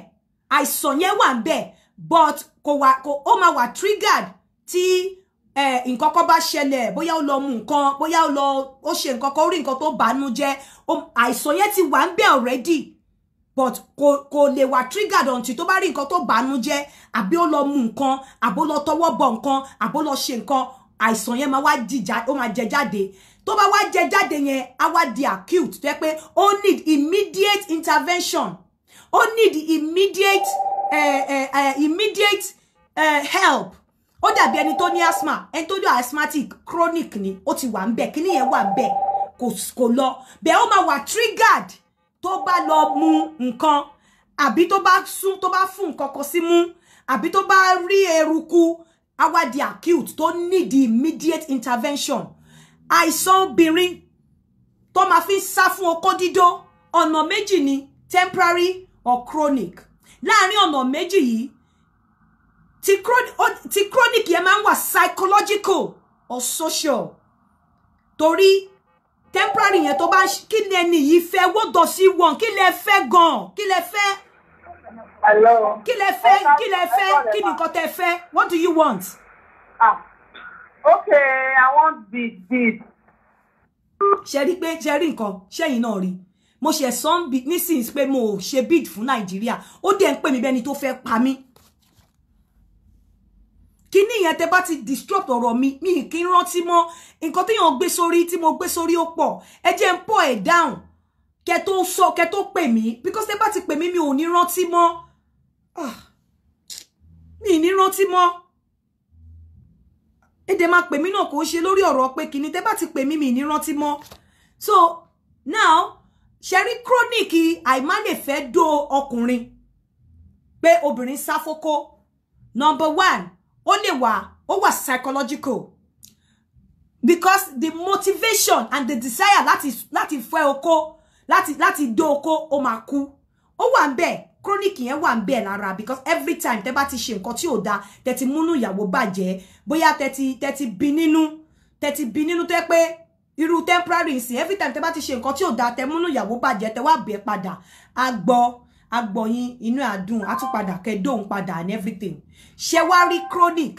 àìsàn yẹn but ko wa ko ó máa wà triggered tí nǹkan kan bá ṣẹlẹ̀ bóyá ó lọ mu nǹkan bóyá ó lọ ó ṣe nǹkan kan ó rí nǹkan tó bànú jẹ́ àìsàn ti wà ń already but ko ko lè wà triggered until tó bá rí nǹkan tó bànú jẹ́ àbí ó lọ mu nǹkan lo lọ tọwọ́ bọ nǹkan àbó lọ ṣe nǹkan àìsàn yẹn máa wá jìjà ó máa jẹ jáde tó bá wá jẹ jáde yẹn á wá di acute tó yẹ pé ó need immediate intervention ó need immediate uh, uh, immediate uh, help ó dàbí ẹni tó ní asthma ẹni tó ní asthmatic chronic ni ó ti wà ń bẹ kíní yẹn wà ń bẹ kò lọ bẹ́ẹ̀ ó máa wà triggered tó bá lọ mu nǹkan àbí tó bá sún tó bá fún nǹkan kan sí mú àbí tó bá rí eruku awadi acute tó need immediate intervention àìsàn obìnrin tó máa fi ń sá fún okó dídó ọ̀nà méjì ni temporary or chronic láàárín ọ̀nà méjì yìí ti chronic ti chronic yẹn máa ń wà psychological or social torí temporary yẹn tó bá ń kí ni ẹni yìí fẹ́ wọ́dọ̀ sí wọn kí lẹ fẹ́ gan-an kí lẹ fẹ́ kí lẹ fẹ́ kí lẹ fẹ́ kí ni tẹ fẹ́ what do you want. Ah okay i want this this. ṣe rí pé ṣe rí nǹkan ṣẹ́yìn náà rí mo ṣe sọ nísìnyí pé mo ṣe bid fún nàìjíríà ó dẹ̀ ń pè mí bẹ́ni tó fẹ́ pa mí kíní yẹn tẹ́ bá ti disrupt ọ̀rọ̀ mi mi kì í rántí mọ́ nǹkan téèyàn gbé sórí tí mo gbé sórí ó pọ̀ ẹ jẹ́ ń pọ̀ ẹ̀ down kẹ tó sọ kẹ tó pè mí because tẹ́ bá ti pè mí mi ò ní rántí mọ́ ah, mi ì ní rántí mọ́ èdè máa pè mí náà kò ṣe lórí ọ̀rọ̀ pé kíní tẹ́ bá ti pè mí mi ní rántí mọ́ so now ṣẹ́rí chronic àìmánèfẹ́ do ọkùnrin pé obìnrin Safoko number one ó lè wà ó wà psychological because the motivation and the desire láti láti fẹ́ oko láti láti dó oko ó máa kú ó wà ń chronic yẹn wà ń bẹ̀ lára because every time tẹ́ bá ti ṣe nǹkan tí ò da tẹ́ ti múnú ìyàwó bàjẹ́ bóyá tẹ́ ti tẹ́ ti bí nínú tẹ́ ti bí nínú tẹ́ pé irú temporary nsìn every time tẹ́ bá ti ṣe nǹkan tí ò da tẹ́ múnú ìyàwó bàjẹ́ tẹ́ wá bẹ̀ padà àgbọ̀ àgbọ̀ yín inú àdùn àtúpadà kẹdóhùn padà and everything ṣe wá rí chronic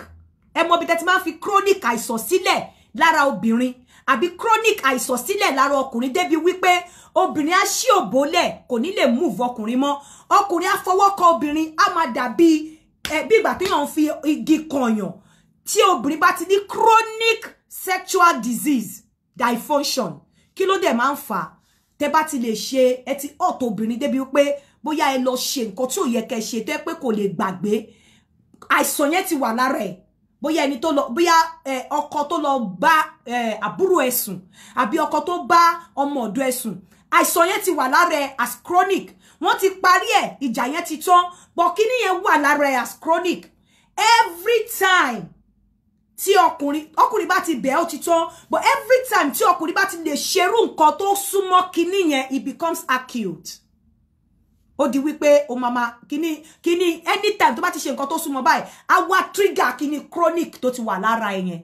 ẹ mọ̀ bí tẹ́ ti máa fi chronic àìsàn sílẹ̀ lára obìnrin Abi chronic àìsàn sílẹ̀ lára ọkùnrin débi wípé obìnrin á ṣí òbólẹ̀ kò ní lè move ọkùnrin mọ́ ọkùnrin á fọwọ́ kọ obìnrin á máa dàbí bí ìgbà téèyàn fi igi kọ̀yàn ti obìnrin bá ti ní chronic sexual disease dysfunction kilo ló dẹ̀ máa ń fà á tẹ bá ti lè ṣe ẹ ti ọ̀tọ̀ obìnrin débi wípé bóyá ẹ lọ ṣe nǹkan tí ò yẹ kẹ́ ṣe tó yẹ pé kò lè gbàgbé àìsàn ti wà lára ẹ̀ bóyá ẹni tó lọ bóyá ọkọ tó lọ bá àbúrò ẹ̀ sùn àbí ọkọ tó bá ọmọ ọ̀dọ̀ ẹ̀ àìsàn yẹn ti wà lára as chronic wọ́n ti parí ẹ̀ ìjà yẹn ti tán bọ kíní yẹn wà lára as chronic every time tí ọkùnrin ọkùnrin bá ti bẹ̀ẹ́ ó ti tán but every time tí ọkùnrin bá ti lè ṣerú nǹkan tó súnmọ́ kíní yẹn it becomes acute ó di wípé o mama kini kini anytime tó bá ti ṣe nǹkan tó súnmọ́ báyìí á trigger kini chronic to ti wà lára ẹ̀yẹn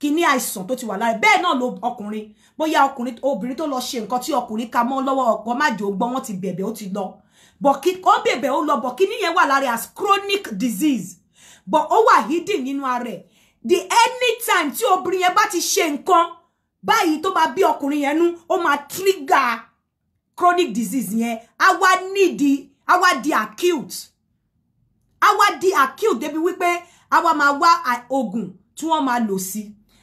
kíní àìsàn tó ti wà lára bẹ́ẹ̀ náà ló ọkùnrin bóyá ọkùnrin obìnrin tó lọ ṣe nǹkan tí ọkùnrin ka mọ́ lọ́wọ́ ọkọ májò gbọ́n wọ́n ti bẹ̀bẹ̀ ó ti lọ bọ̀ kí ó bẹ̀bẹ̀ ó lọ bọ̀ kíní yẹn wà lára as chronic disease bo ó wà hidden nínú ara the anytime tí obìnrin yẹn bá ti ṣe nǹkan báyìí tó bá bí ọkùnrin yẹn nú ó máa trigger chronic disease yẹn a needy, nídi a di acute a wá di acute débi wípé a wá máa wá oògùn tí wọ́n máa lò sí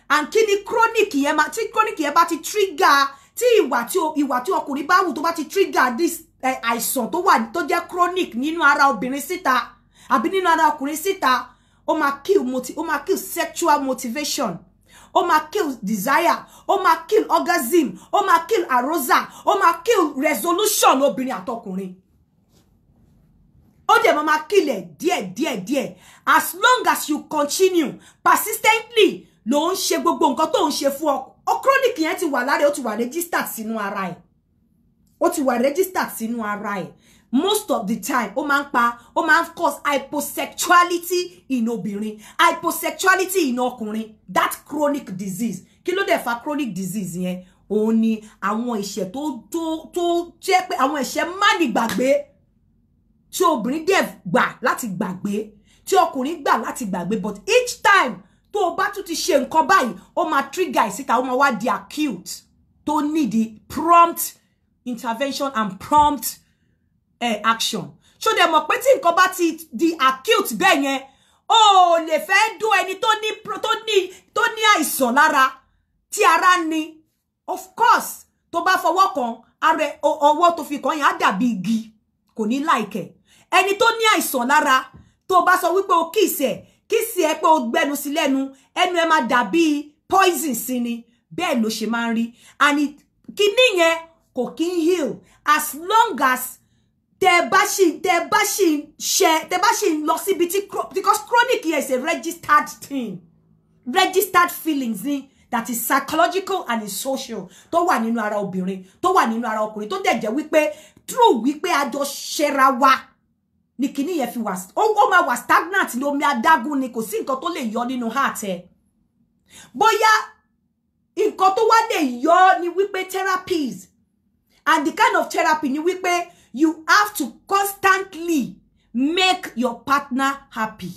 and kini chronic yẹn ma tí chronic yẹn bá ti trigger tí ìwà tí ìwà tí ọkùnrin ba wù tó bá ti trigger this eh, àìsàn To wà To jẹ́ chronic nínú ara obìnrin síta àbí nínú ara ọkùnrin síta O ma kill moti O ma kill sexual motivation Oh, my kill desire Oh, my kill orgasm Oh, my kill arousal Oh, my kill resolution obìnrin àtọkùnrin ó dẹ̀ máa máa kill ẹ̀ Die, die, die. as long as you continue persistently ló ń ṣe gbogbo nǹkan tó ń ṣe fún O ọ chronic yẹn ti wà lára ó ti wà registered sínú ara ẹ̀ ó ti wà registered sínú ara ẹ̀ most of the time ó máa ń pa ó máa ń cause hyposexuality in obìnrin hyposexuality in ọkùnrin that chronic disease kí ló dẹ̀ fa chronic disease yẹn òun ni àwọn ìṣẹ́ tó tó tó jẹ́ pé àwọn ìṣẹ́ má ní gbàgbé tí obìnrin dẹ̀ gbà láti gbàgbé tí ọkùnrin gbà láti gbàgbé but each time tó o bá tún ti ṣe nǹkan báyìí ó máa trigger ìsíta ó máa wá di acute tó need prompt intervention and prompt eh, action So dẹ̀ mọ̀ pé tí nǹkan bá ti di acute bẹ́ẹ̀ yẹn o ò lè fẹ́ dún ẹni tó ní tó ní ni. ní àìsàn lára ara ní of course tó bá fọwọ́ kan are ọwọ́ tó fi kàn yẹn á dàbí igi kò ní láìkẹ̀ ẹni tó ní àìsàn lára tó bá sọ wípé o kíìsì ẹ̀ kíìsì ẹ pé o gbẹnu sí lẹ́nu ẹnu ẹ máa dàbí poison sí ni bẹ́ẹ̀ ló ṣe máa ń and it yẹn kò kí ń heal as long as tẹ bá ṣì tẹ bá ṣì ṣe tẹ bá lọ síbi tí because chronic here is a registered thing registered feelings ni that is psychological and is social tó wà nínú ara obìnrin tó wà nínú ara ọkùnrin tó dẹ̀ jẹ́ wípé true wípé a jọ ṣera wa ni kinní yẹn fi wà ó máa wà stagnant ni omi adágún ni kò sí nǹkan tó lè yọ nínú heart ẹ bóyá nǹkan tó wá lè yọ ni wípé therapies and the kind of therapy ni wípé you have to constantly make your partner happy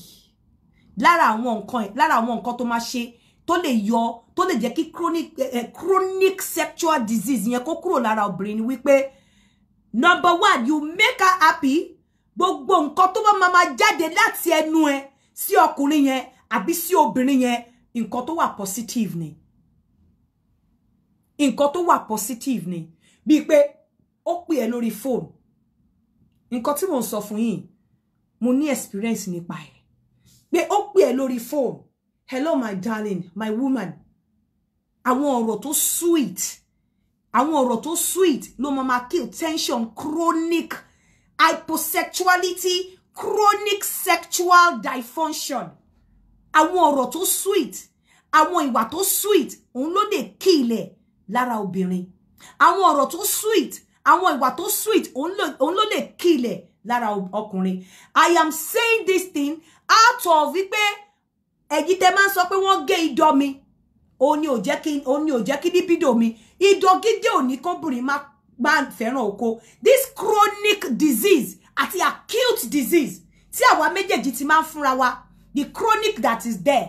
lára àwọn nǹkan lára àwọn nǹkan tó máa ṣe tó lè yọ tó lè jẹ́ kí chronic eh, eh, chronic sexual disease yẹn kó kúrò lára obìnrin ni wípé number one you make her happy gbogbo nǹkan tó bá máa máa jáde láti ẹnu ẹ sí ọkùnrin yẹn àbí sí obìnrin yẹn nǹkan tó wà positive ni nǹkan tó wà positive ni bíi pé ó pè ẹ́ lórí fóònù nǹkan tí mò ń sọ fún mo ni experience nipa. ẹ̀ pé ó pè ẹ́ lórí phone hello my darling my woman àwọn ọ̀rọ̀ tó sweet àwọn ọ̀rọ̀ tó sweet ló máa kill tension chronic hyposexuality chronic sexual dysfunction àwọn ọ̀rọ̀ tó sweet àwọn ìwà tó sweet òun ló lè kí ilẹ̀ lára obìnrin àwọn ọ̀rọ̀ tó sweet àwọn ìwà tó sweet òun ló lè kílẹ̀ lára ọkùnrin i am saying this thing out of wípé ẹ̀yin tẹ máa ń sọ pé wọ́n gé idọ́ mi òun ni ò jẹ́ kí libido mi idọ́ gígé òní kóbìnrin máa fẹ́ràn oko this chronic disease àti acute disease tí àwa méjèèjì ti máa ń fúnra wa the chronic that is there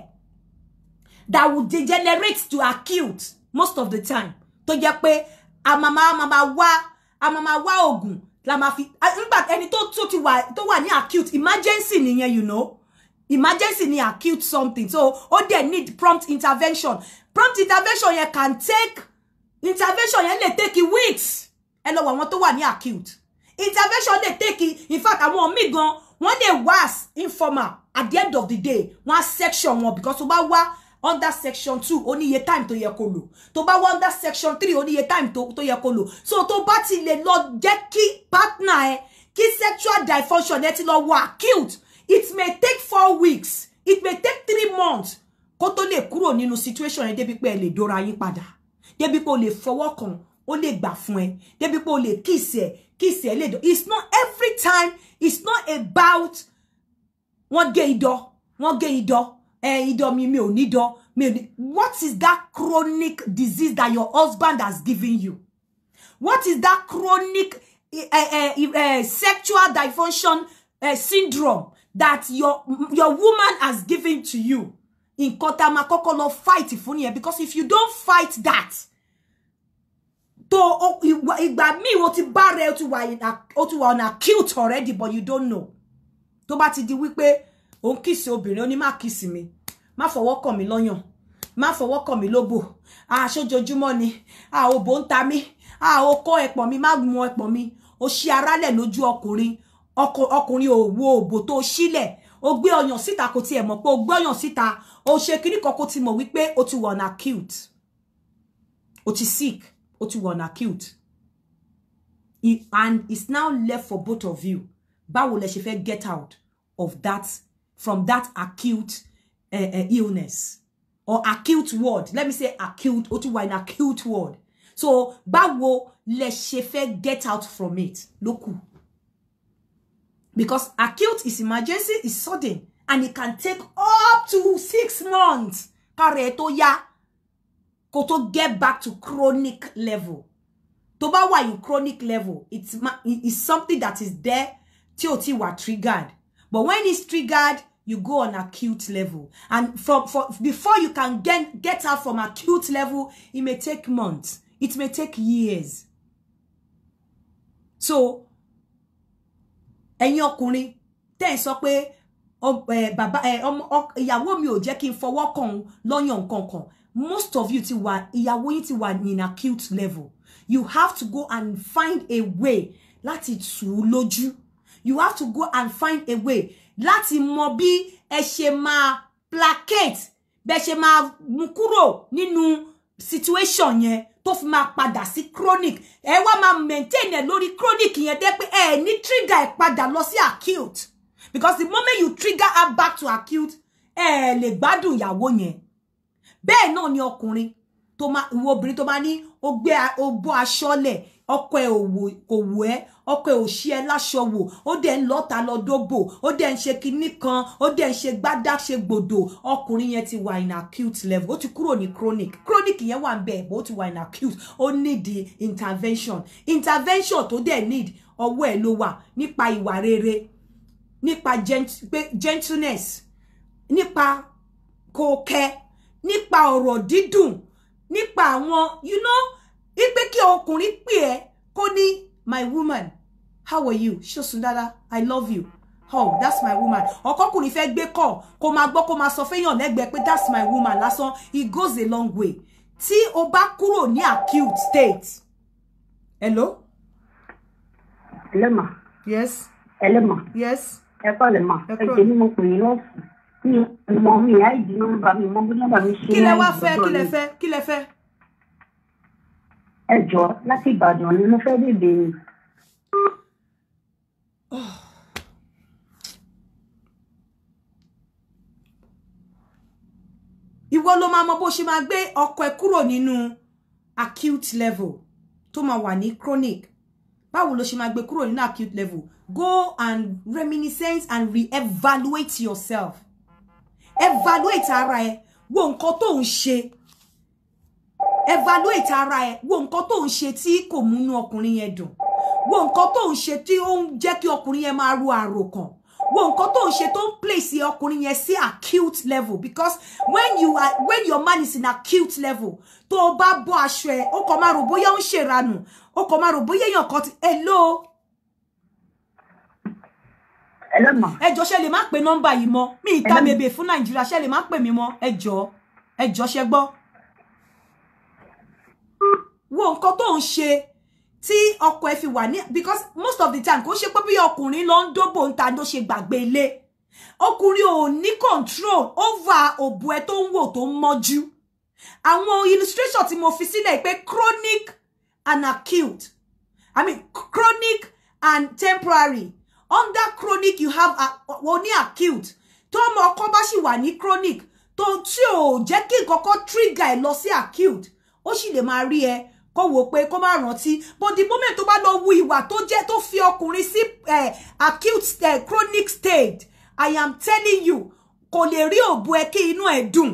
that will degenerate to acute most of the time tó jẹ́ pé a máa máa wá a máa máa wá oògùn la máa fi nígbà ẹni tó tó ti wà tó wà ní acute emergency nìyẹn you know emergency ni acute something so ó dẹ̀ need prompt intervention prompt intervention yẹn can take intervention yẹn lè take weeks ẹ lọ wọ àwọn tó wà ní acute intervention lè take in fact àwọn míì gan wọ́n lè wá informal at the end of the day one section wọn because tó bá wá under section two ó ní iye time to yẹ kó To ba wa under section three ó ní iye time to to kó lò so to bá ti lè lọ jẹ́ kí partner ẹ kí sexual dysfunction ẹ ti lọ wà acute it may take four weeks it may take three months kó tó lè kúrò nínú situation ẹ débi pé ẹ lè dóra yín padà débi pé o lè fọwọ́ kàn ó lè gbà fún ẹ débi pé o lè kiss ẹ kiss ẹ le. dọ it's not every time it's not about wọ́n gé idọ́ wọ́n gé idọ́ eh, idọ mi mi ò ní dọ mi ò ní what is that chronic disease that your husband has given you what is that chronic eh, eh, eh, eh sexual dysfunction eh, syndrome that your your woman has given to you nǹkan tá a máa fight fún yẹn because if you don't fight that to ìgbà mi o ti bá rẹ o ti wà on acute already but you don't know tó bá ti di wípé o ń kisi obìnrin o ní má kìsì mi má fọwọ́ kàn mí lọ́yàn má fọwọ́ kàn mí lóbò àṣojoojúmọ́ ni àòbò ń ta mí àòkó ẹ̀pọ̀n mi má mu ẹ̀pọ̀n mi ó ṣí arálẹ̀ lójú ọkùnrin ọkùnrin òwò òbò tó sílẹ̀ ó gbé ọyàn síta kò tiẹ̀ mọ̀ pé ó gbé ọyàn síta ó ṣe kíní kan kó ti mọ̀ wípé ó ti wà ọ̀nà ó ti sick ó ti wà ọ̀nà and it's now left for both of you báwo lẹ ṣe fẹ́ get out of that from that acute uh, uh, illness or acute word. let me say acute ó ti an acute word? so báwo lẹ ṣe fẹ́ get out from it ló because acute is emergency is sudden and it can take up to six months kára ya koto get back to chronic level Toba bá in chronic level it's, it's something that is there tí ò ti wà triggered but when it's triggered you go on acute level and from for, before you can get get out from acute level it may take months it may take years so ẹ̀yin ọkùnrin tẹ́ ẹ̀ sọ pé bàbá ìyàwó mi ò jẹ́ kí n fọwọ́ kàn lọ́yàn kankan most of you ti wà ìyàwó yín ti wà in acute level you have to go and find a way láti tù ú lójú you have to go and find a way láti mọ bí ẹ ṣe máa placate bẹ ṣe máa mú kúrò nínú situation yẹn tó fi máa padà sí chronic ẹ wá máa maintain ẹ lórí chronic yẹn dé pé ẹ ní trigger ẹ padà lọ sí acute because the moment you trigger her back to acute ẹ lè gbádùn ìyàwó yẹn bẹ́ẹ̀ náà ni ọkùnrin tó máa ìwọ obìnrin tó máa ní ó gbé ó bọ́ aṣọ lẹ̀ ọkọ ẹ kò wù ẹ́ ọkọ ẹ ò ṣí ẹ láṣọ wò ó dẹ̀ ń lọ́ta lọ dóbò ó dẹ̀ ń ṣe kinní kan ó dẹ̀ ń ṣe gbádá ṣe gbòdò ọkùnrin yẹn ti wà in acute level ó ti kúrò ní chronic chronic yẹn wà ń bẹ̀ bó ti wà in acute ó need intervention intervention tó dẹ̀ need ọwọ́ ẹ ló wà nípa ìwà rere nípa gentleness nípa kò kẹ́ nípa ọ̀rọ̀ dídùn nípa àwọn you know ipe kí ọkùnrin pè ẹ́ kó ní my woman how are you ṣó sùn i love you oh that's my woman ọkọkùnrin fẹ́ gbé kọ kó máa gbọ́ kó máa sọ fẹ́yàn lẹ́gbẹ̀ẹ́ pé that's my woman lásán it goes a long way tí o bá kúrò ní acute state hello. ẹlẹ́mà. yes. ẹlẹ́mà. yes. ẹ kọ́ lẹ́mà ẹ jẹ́ ní mo pè é lọ́sùn mi mọ mi àìdí nọ́mbà mi mọ bí nọ́mbà mi ṣe. kí lẹ wá fẹ́ kí lẹ fẹ́ kí lẹ fẹ́ ẹ jọ̀ọ́ láti ìbàdàn ni mo fẹ́ bèbè. ìwọ ló máa mọ bó ṣe máa gbé ọkọ ẹ kúrò nínú acute level tó máa wà ní chronic báwo ló ṣe máa gbé kúrò nínú acute level go and reminiscence and re-evaluate yourself evaluate ara ẹ wo nǹkan tó ń ṣe evaluate ara ẹ wo nǹkan tó ń ṣe tí kò múnú ọkùnrin yẹn dùn wo nǹkan tó ń ṣe tí ó ń jẹ́ kí ọkùnrin yẹn máa ru àròkàn wo nǹkan tó ń ṣe place ọkùnrin yẹn si acute level because when you are when your man is in acute level tó o bá bọ́ aṣọ ẹ ó kàn máa rò bóyá ó ń ṣèrànù ó kàn máa rò bóyá kan ti hello. hello ma. ẹ jọ̀ọ́ ṣe lè má pe nọ́mbà yìí mọ́ mi ìta bèbè fún nàìjíríà ṣe lè má pè mí mọ́ ẹ jọ̀ọ́ ṣe gbọ́ wo nǹkan tó ń ṣe tí ọkọ ẹ fi wà ní because most of the time kò ṣe pé bí ọkùnrin lọ ń dóbò ń ta ló ṣe gbàgbé ilé ọkùnrin ò ní control over òbò ẹ tó ń wò tó ń mọ́jú àwọn illustration tí mo fi sílẹ̀ pé chronic and acute i mean chronic and temporary under chronic you have wọ́n ní acute To ọmọ ọkọ bá sì wà ní chronic To tí ò jẹ́ kí nǹkan kan trigger ẹ lọ sí acute ó sì lè máa rí ẹ kó wò pé kó má rántí but the moment tó bá lọ wu ìwà tó jẹ́ tó fi ọkùnrin sí eh, acute uh, chronic state i am telling you kò lè rí òbu ẹ kí inú ẹ dùn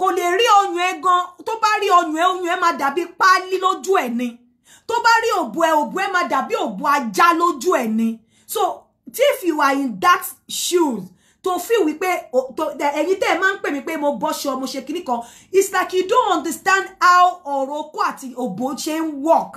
kò lè rí ọyàn ẹ gan tó bá rí ọyàn ẹ ọyàn ẹ máa dàbí páálí lójú ẹ ni tó bá rí òbu ẹ òbu ẹ máa dàbí òbu ajá lójú ẹ ni so if you are in that shoes to feel wípé ẹ̀yin tẹ́ ẹ máa ń pè mí pé mo bọ́ṣọ mo ṣe kinní kan it's like you don't understand how ọ̀rọ̀ okó àti òbò work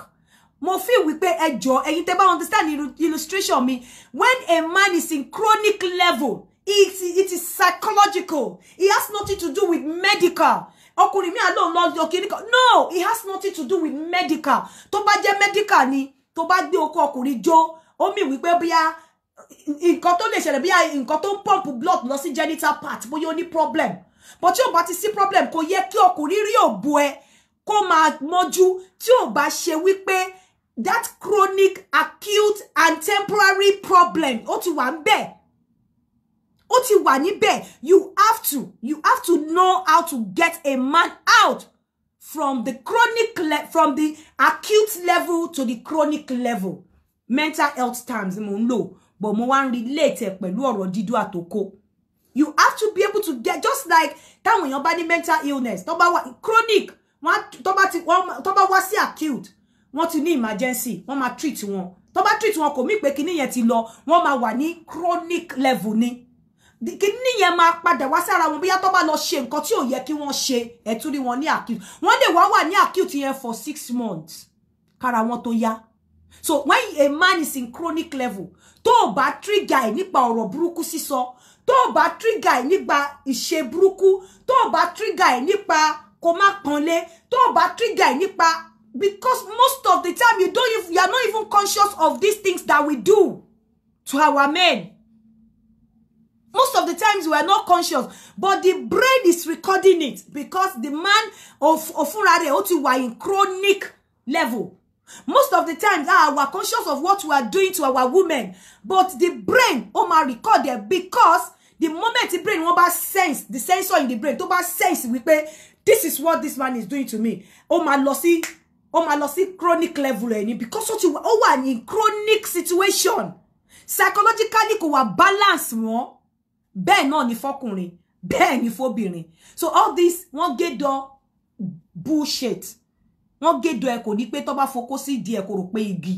mo feel wípé ẹ jọ̀ọ́ ẹ̀yin tẹ́ bá understand illustration me when a man is in chronic level it, it is psychological it has nothing to do with medical ọkùnrin mi àlọ́ lọ́jọ́ kinní kan no it has nothing to do with medical To bá jẹ́ medical ni To tó bá gbé okó ọkùnrin O ó mì wípé bia nǹkan tó lè ṣẹlẹ̀ bí i nǹkan tó ń pump blood lọ sí genital part bóyá ó ní problem but tí ò bá ti sí problem kò yẹ kí ọkùnrin rí òbu ẹ kó máa mọ́jú tí ò bá ṣe wípé that chronic acute and temporary problem ó ti wà ń ó ti wà níbẹ̀ you have to you have to know how to get a man out from the chronic from the acute level to the chronic level mental health terms mo ń lò but mo wá ń relate ẹ̀ pẹ̀lú ọ̀rọ̀ dídó àtòkó you have to be able to get just like táwọn èèyàn your body mental illness tó bá chronic wọ́n tó bá ti tó bá wá sí acute wọ́n ti ní emergency wọ́n máa treat wọn tó bá treat wọn kò mí pé kíní yẹn ti lọ wọ́n máa wà ní chronic level ni kíní yẹn máa padà wá sára wọn bóyá tó bá lọ ṣe nǹkan tí ò yẹ kí wọ́n ṣe ẹ̀tún rí wọn ní acute wọ́n lè wá wà ní acute yẹn for six months kára wọn tó yá so when a man is in chronic level tó o bá trigger ẹ̀ nípa ọ̀rọ̀ burúkú sísọ tó o bá trigger ẹ̀ nípa ìṣe burúkú tó o bá trigger nipa nípa kó má pọ́nlé tó trigger ẹ̀ because most of the time you don't you are not even conscious of these things that we do to our men most of the times we are not conscious but the brain is recording it because the man of ofunrare ó ti wa in chronic level Most of the times, ah, we are conscious of what we are doing to our women, but the brain, oh my record there because the moment the brain wọ́n sense, the sensor in the brain tó sense, we wípé this is what this man is doing to me. Oh my lossy, oh my lossy, chronic level any because what you ó wà ní chronic situation. Psychologically kò are balance more. Ben náà ni fọ́kùnrin, Ben ni fóbìnrin. So all this wọ́n gé dán bullshit wọ́n gédò ẹ kò ní pé tó bá fokó sí ìdí ẹ kò rò pé igi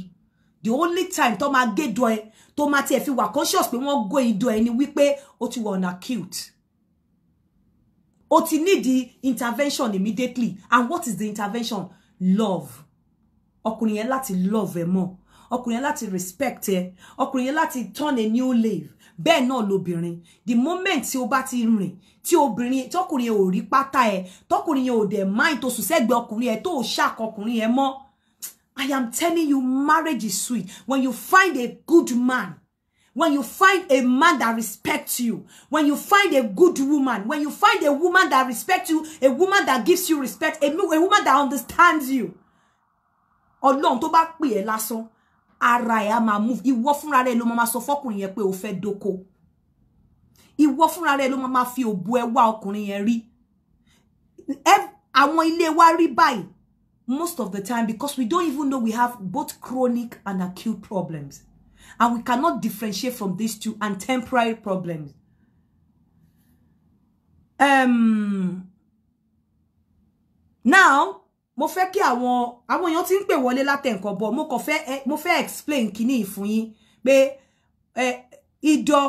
the only time tó máa gédò ẹ tó máa tiẹ̀ fi wà conscious pé wọ́n gó idò ẹ ni wípé ó ti wà ọ̀nà acute ó ti need the intervention immediately and what is the intervention love ọkùnrin yẹn láti love ẹ mọ́ ọkùnrin yẹn láti respect ẹ ọkùnrin yẹn láti turn a new leaf bẹ́ẹ̀ náà lobìnrin the moment tí o bá ti rìn tí obìnrin tọkùnrin ò rí pátá ẹ tọkùnrin ò dẹ̀ mind tó sùn sẹ́gbẹ̀ẹ́ ọkùnrin ẹ tó ṣàkọkùnrin ẹ mọ́ I am telling you marriage is sweet when you find a good man when you find a man that respects you, when you find a good woman, when you find a woman that respects you, a woman that gives you respect, a, a woman that understands you. Ọlọ́run tó bá pè ẹ́ lásán ara ẹ̀ á máa move ìwọ fúnra rẹ̀ ló máa sọ fọ́kùnrin yẹn pé o fẹ́ dóko ìwọ fúnra rẹ̀ ló máa fi òbu ẹ wá ọkùnrin yẹn rí àwọn ilé wa rí báyìí most of the time because we don't even know we have both chronic and acute problems and we cannot differentiate from these two and temporary problems. Um, now mo fẹ́ kí àwọn àwọn èèyàn ti ń pè wọlé látẹ̀ǹkan bo. mo kàn fẹ́ eh, mo fẹ́ explain kini fún yín pé eh, idọ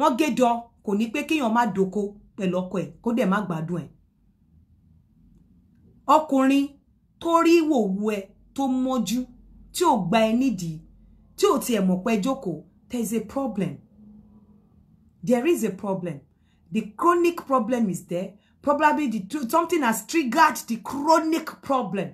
wọn gédọ kò koni pe kéèyàn má doko pẹ̀lú ọkọ ẹ̀ kó dẹ̀ má gbádùn ẹ̀ ọkùnrin tó rí ìwòwò ẹ tó mọ́jú tí gba ẹ nídìí tí ò tiẹ̀ mọ̀ pé jókòó there is a problem there is a problem the chronic problem is there probably the, something has triggered the chronic problem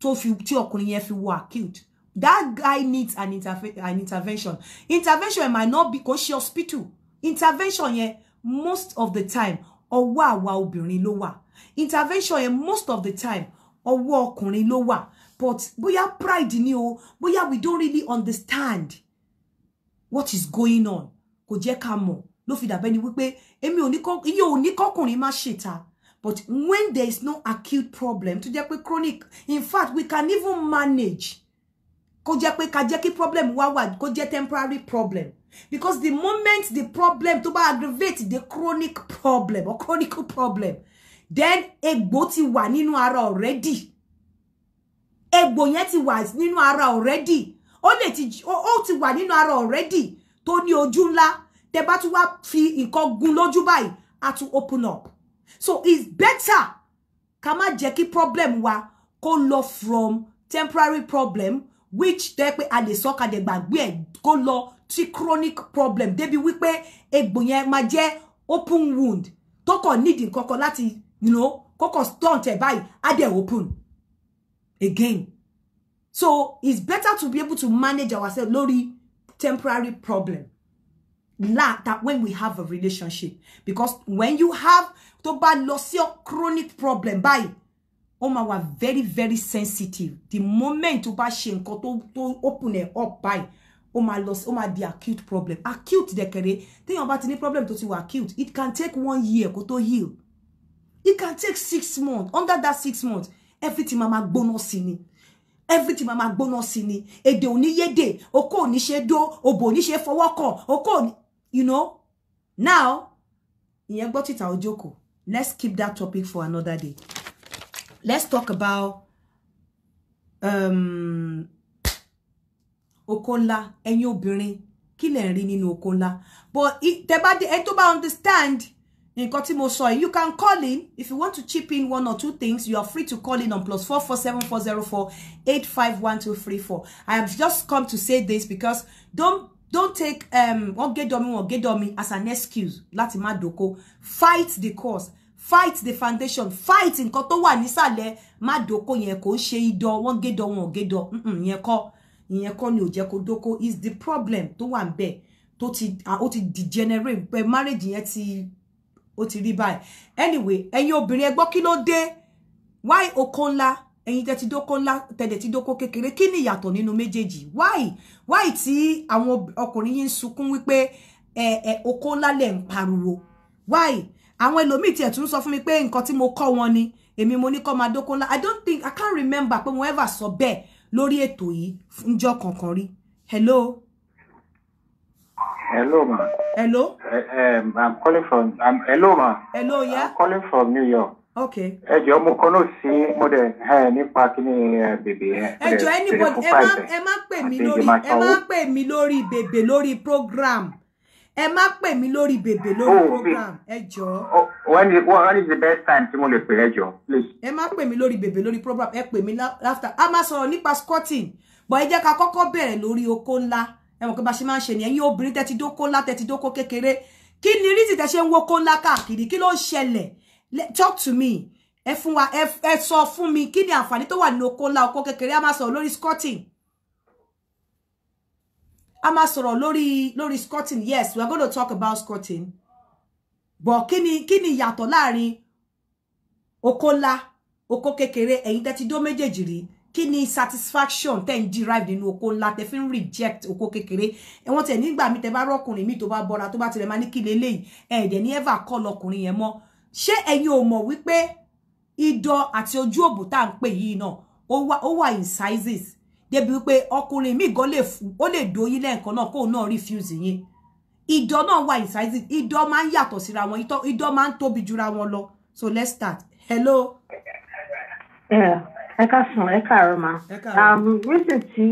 tó fi tí ọkùnrin yẹn fi wọ acute that guy needs an, interve an intervention intervention might not be kò ṣe hospital intervention yeah, most of the time ọwọ́ àwa obìnrin ló lower. intervention yẹn most of the time ọwọ́ ọkùnrin ló lower. but we bóyá pride in you, but yeah, we don't really understand what is going on kò jẹ́ ká mọ̀ ló fi dàbẹ́ ni wípé èmi ò ní kọ́ iye ò ní kọ́kùnrin má ṣèta but when there is no acute problem to jẹ́ pé chronic in fact we can even manage kó jẹ́ pé ká jẹ́ kí problem wá wà kó jẹ́ temporary problem because the moment the problem to ba aggravate the chronic problem or chronic problem then egbò ti wà nínú ara already egbò yẹn ti wà nínú ara already ó lè ti ó ti wà nínú ara already tó ní ojú ńlá tẹ́ bá tún wá fi nǹkan gún lójú báyìí á tún open up so it's better ká má jẹ́ kí problem wa kó lọ from temporary problem which tẹ́ pé a lè sọ ká dẹ̀ gbàgbé ẹ̀ kó lọ sí chronic problem débi wípé egbò yẹn máa jẹ́ open wound tó kàn nídìí kankan láti you know kọ́kọ́ stunt e báyìí á dẹ̀ open again so it's better to be able to manage ourselves lórí temporary problem lack that when we have a relationship because when you have to bad lọ your chronic problem by, oma máa wà very very sensitive the moment tó bá ṣe nǹkan tó tó open it up by, oma máa oma the acute problem acute dẹ̀kẹ̀rẹ̀ téèyàn bá about any problem tó ti wà acute it can take one year kó tó heal it can take six months under that six months everything máa máa gbóná sí everything máa máa gbóná sí ni èdè ò ní yédè okó ò ní ṣe dó òbò ò ní ṣe fọwọ́ you know now ìyẹn gbọ́ títà ojoko let's keep that topic for another day let's talk about um, oko ńlá ẹ̀yin obìnrin kí lẹ̀ ń rí nínú oko ńlá but tẹ́ bá dé ẹ tó bá understand nǹkan tí mo sọ you can call in if you want to chip in one or two things you are free to call in on plus four four seven four zero four eight five one two three four i have just come to say this because don't don't take um wọn gé dọmi wọn gé dọmi as an excuse láti má doko fight the cause fight the foundation fight nǹkan tó wà nísàlẹ̀ má doko yẹn kò ṣe idọ wọn gé dọ wọn gé dọ ìyẹn kọ́ ìyẹn kọ́ ni ò jẹ́ kó doko is the problem tó wà ńbẹ̀ tó ti ó ti degenerate pé marriage yẹn ti ó ti rí anyway ẹ̀yin obìnrin ẹ gbọ́ kí ló why Okonla ẹ̀yin tẹ́ ti dóko ńlá tẹ̀dẹ̀ ti dóko kékeré kí ni ìyàtọ̀ nínú méjèèjì wáì wáì tí àwọn ọkùnrin yìí ń sunkún wípé ẹ ẹ oko ńlá lẹ̀ ń pariwo wáì àwọn ẹlòmíì tiẹ̀ tún sọ fún mi pé nǹkan tí mo kọ́ wọn ni èmi mo ní kọ́ máa dóko ńlá i don't think i can't remember pé mo ever sọ bẹ́ẹ̀ lórí ètò yìí ńjọ́ kankan rí hello. Hello, ma. Hello. Uh, um, I'm calling from. Um, hello, ma. Hello, yeah. I'm calling from New York ẹjọ mo kọ́ ló sí mo dẹ̀ ẹ nípa kíní bèbè ẹ. ẹjọ anybody ẹ má ẹ má pè mí lórí ẹ má pè mí lórí bèbè lórí program ẹ má pè mí lórí bèbè lórí oh, program ẹjọ. Oh, when is when is the best time tí mo lè pè ẹjọ please. ẹ má pè mí lórí bèbè lórí program ẹ pè mí after a máa sọ̀rọ̀ nípa squatting bọ̀ ẹ jẹ́ ká kọ́kọ́ bẹ̀rẹ̀ lórí oko ńlá ẹ mọ̀ pé bá ṣe máa ń ṣe nìyẹn yín obìnrin tẹ́tí dóko ńlá tẹ́tí dóko kékeré kí ni rísì tẹ́ ṣe ń wo oko ńlá káàkiri kí ló ń ṣẹlẹ̀ talk to me ẹ fún wa ẹ sọ fún mi kí ni àǹfààní wa wà nínú oko ńlá oko kékeré a máa sọ̀rọ̀ lórí scotting a máa sọ̀rọ̀ lórí lórí scotting yes we are going to talk about scotting but kini kini yato ni ìyàtọ̀ láàrin oko ńlá oko kékeré ẹ̀yin tẹ́ ti dó méjèèjì rí satisfaction tẹ́ ń derive nínú oko ńlá tẹ́ fi reject oko kékeré ẹ wọ́n tẹ̀ nígbà mi tẹ́ bá rọ́kùnrin mi tó bá bọ́ra tó bá tirẹ̀ máa ní kí leléyìí ẹ̀ dẹ̀ ní ever call ọkùnrin yẹn mọ́ ṣé ẹ̀yin ò mọ̀ wípé idọ̀ àti ojú òbò tá à ń pè yìí náà ó wà ó wà in sizes débi wípé ọkùnrin míì gan lè ó lè dóyín lẹ́ẹ̀kan náà kóun náà refuse yín idọ̀ náà wà in sizes idọ̀ máa ń yàtọ̀ síra wọn idọ̀ máa ń tóbi jura wọn lọ so let's start hello. Eh, ẹ ká sùn ẹ káàárọ̀ ma um, reason tí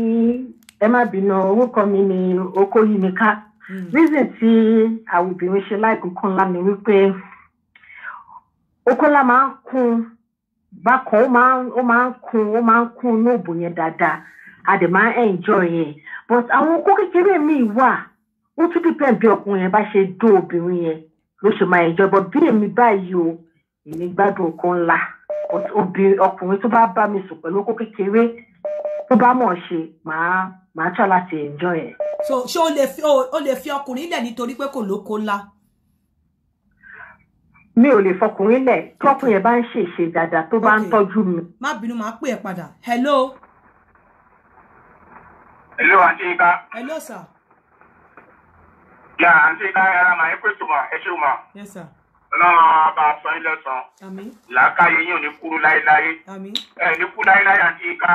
ẹ má bínú orúkọ mi ni okòyí mi ká reason tí àwọn obìnrin ṣe láìkú kan lánàá wípé oko ńlá máa ń kun bákan ó máa ń ó máa ń kun ó máa ń kun nóòbù yẹn dáadáa a dẹ̀ máa ń enjoy yẹn but àwọn okó kékeré míì wà ó tún depend bí ọkùnrin yẹn bá ṣe dó obìnrin yẹn ló ṣe máa enjoy but bí èmi báyìí o èmi gbádùn okó ńlá ọkùnrin tó bá bá mi sùn pẹ̀lú okó kékeré tó bá mọ̀ ṣe màá màá tọ́ láti enjoy ẹ̀. so ṣé o lè fi ọkùnrin lẹ̀ nítorí pé kò lóko ńlá mi ò lè fọkùnrin lẹ̀ tọkùnrin yẹn bá ń ṣèṣe dáadáa tó bá ń tọ́jú mi. má bínú máa pè é padà hello. hello àti hello sir. yà àti ika yàrá màá ẹ pé tùmọ̀ ẹ ṣe mọ̀. yes sir náà bá a sọ yín lẹ́sàn-án làákàyè yín ò ní kúrú láéláé ẹ ní kú láéláé àti ika.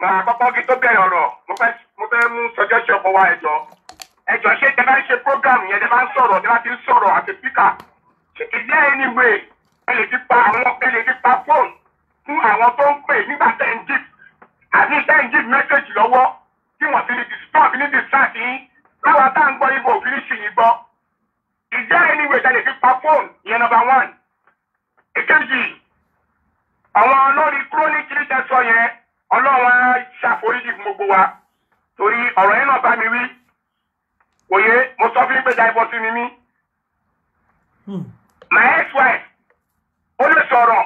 màá kọ́kọ́ kí tó bẹ̀rẹ̀ ọ̀rọ̀ mo fẹ́ mú suggestion ọkọ̀ wá ẹ̀jọ̀ ẹjọ ṣé tẹ bá ń ṣe programu yẹn tẹ bá ń sọ̀rọ̀ tẹ bá ti ń sọ̀rọ̀ àti píkà ṣèké jẹ ẹni wé ẹ lè fi pa àwọn ẹ lè fi pa fóònù fún àwọn tó ń pè nígbà tẹ ń jí àti tẹ ń jí mẹsẹgì lọ́wọ́ tí wọn fi lè disturb ní distract yín láwa tá à ń gbọ́ ibò òfin ní ṣì yín gbọ́ ìjẹ ẹni wé tẹ lè fi pa fóònù yẹn nọ́mbà one èkejì àwọn olórí kúrónìkì tẹ yẹn Ọlọ́run ṣàforíjì gbogbo wa torí ọ̀rọ̀ yẹn náà bá mi wí kò yẹ mo sọ fún yín pé divorce ni mí. Hmm. my ex-wife ó lè sọ̀rọ̀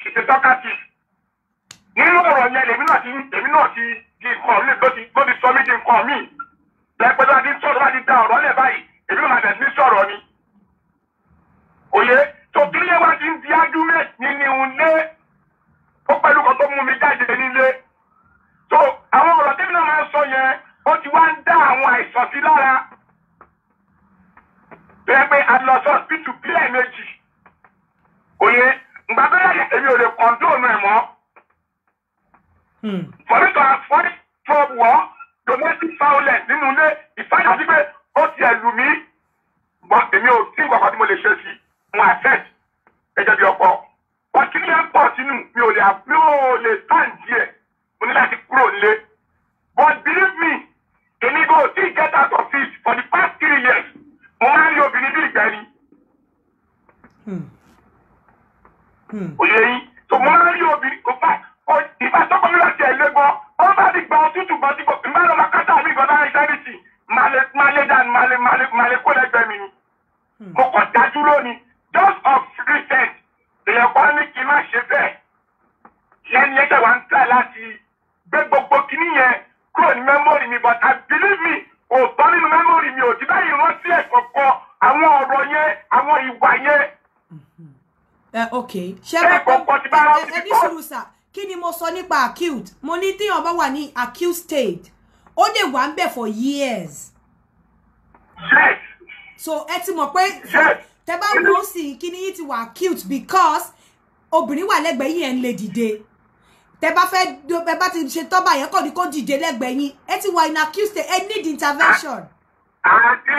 she dey talkative nínú ọ̀rọ̀ yẹn lèmi náà ti lèmi náà ti di nǹkan mi ló ti sọ mí di nǹkan mi lẹ́pẹ́ tó ti sọ̀rọ̀ láti da ọ̀rọ̀ lẹ̀ báyìí èmi náà bẹ̀rẹ̀ sí sọ̀rọ̀ ni. òye tó kílẹ̀ wá ti ń di argument nínú ilé ó pẹ̀lú kan tó mú mi jáde nílé. tó àwọn ọ̀rọ̀ tẹ́lẹ̀ náà máa ń sọ yẹn ó ti wá ń dá àwọn àìsàn sí lára tó yẹ pé a lọ sí ọsibítù bílẹ̀ méjì òye ìgbà tó yẹ èmi ò lè kọ̀ǹdóònù ẹ̀ mọ́ fọlítọ̀ àfọ́rí tó wọ́ domestic violence nínú ilé ìfáyà sí pé ó ti ẹ̀ lù mí gbọ́n èmi ò tí nǹkan kan tí mo lè ṣe sí mo accept gẹ́gẹ́ bí ọkọ wọ́n ti ní ẹ̀ pọ̀ sínú mi ò lè mi ò lè tán díẹ̀ mo ní láti kúrò nílé but believe me èmi kò tí ì get out of it for the past three years mo máa ń rí obìnrin bí ìgbẹ́ ni. òye yìí tó mo máa ń rí obìnrin kò bá ìgbà tó kọ́ mi láti ẹ̀lẹ́ gbọ́ wọ́n bá ti gba òtútù gbọ́ tí kò fi máa lọ máa kátà mí gbọ́dá ìsẹ́rìtì máa lé dànù máa lé kó lẹ́gbẹ̀ẹ́ mi ni. Hmm. mo kọ́ dájú lónìí just of recent èèyàn kan ní kí n má ṣe bẹ́ẹ̀ yẹn ni ẹgbẹ́ wa ń tà láti gbé gbogbo kinní yẹn kúrò ní mẹ́mórì mi but I believe me ò tọ́ nínú mẹ́mórì mi ò ti báyìí rántí ẹ̀ kọ̀ọ̀kan àwọn ọ̀rọ̀ yẹn àwọn ìwà yẹn. ẹ mm-hmm. eh, ok ṣé ẹ kọ̀ọ̀kan ti bá rántí bí kọ́ kí ni mo sọ nípa acute mo ní téèyàn bá wà ní acute state ó lè wà ń bẹ̀ for years. yes. so ẹ ti mọ̀ pé. yes tẹ bá wọ́n sí kíní yìí ti wà acute because obìnrin wà lẹ́gbẹ̀ẹ́ yìí ẹ̀ ń lè dìde tẹ bá fẹ́ ẹ bá ti ṣe tọ́ba yẹn kọ́ ni kó dìde lẹ́gbẹ̀ẹ́ yín ẹ ti wà in accused state need intervention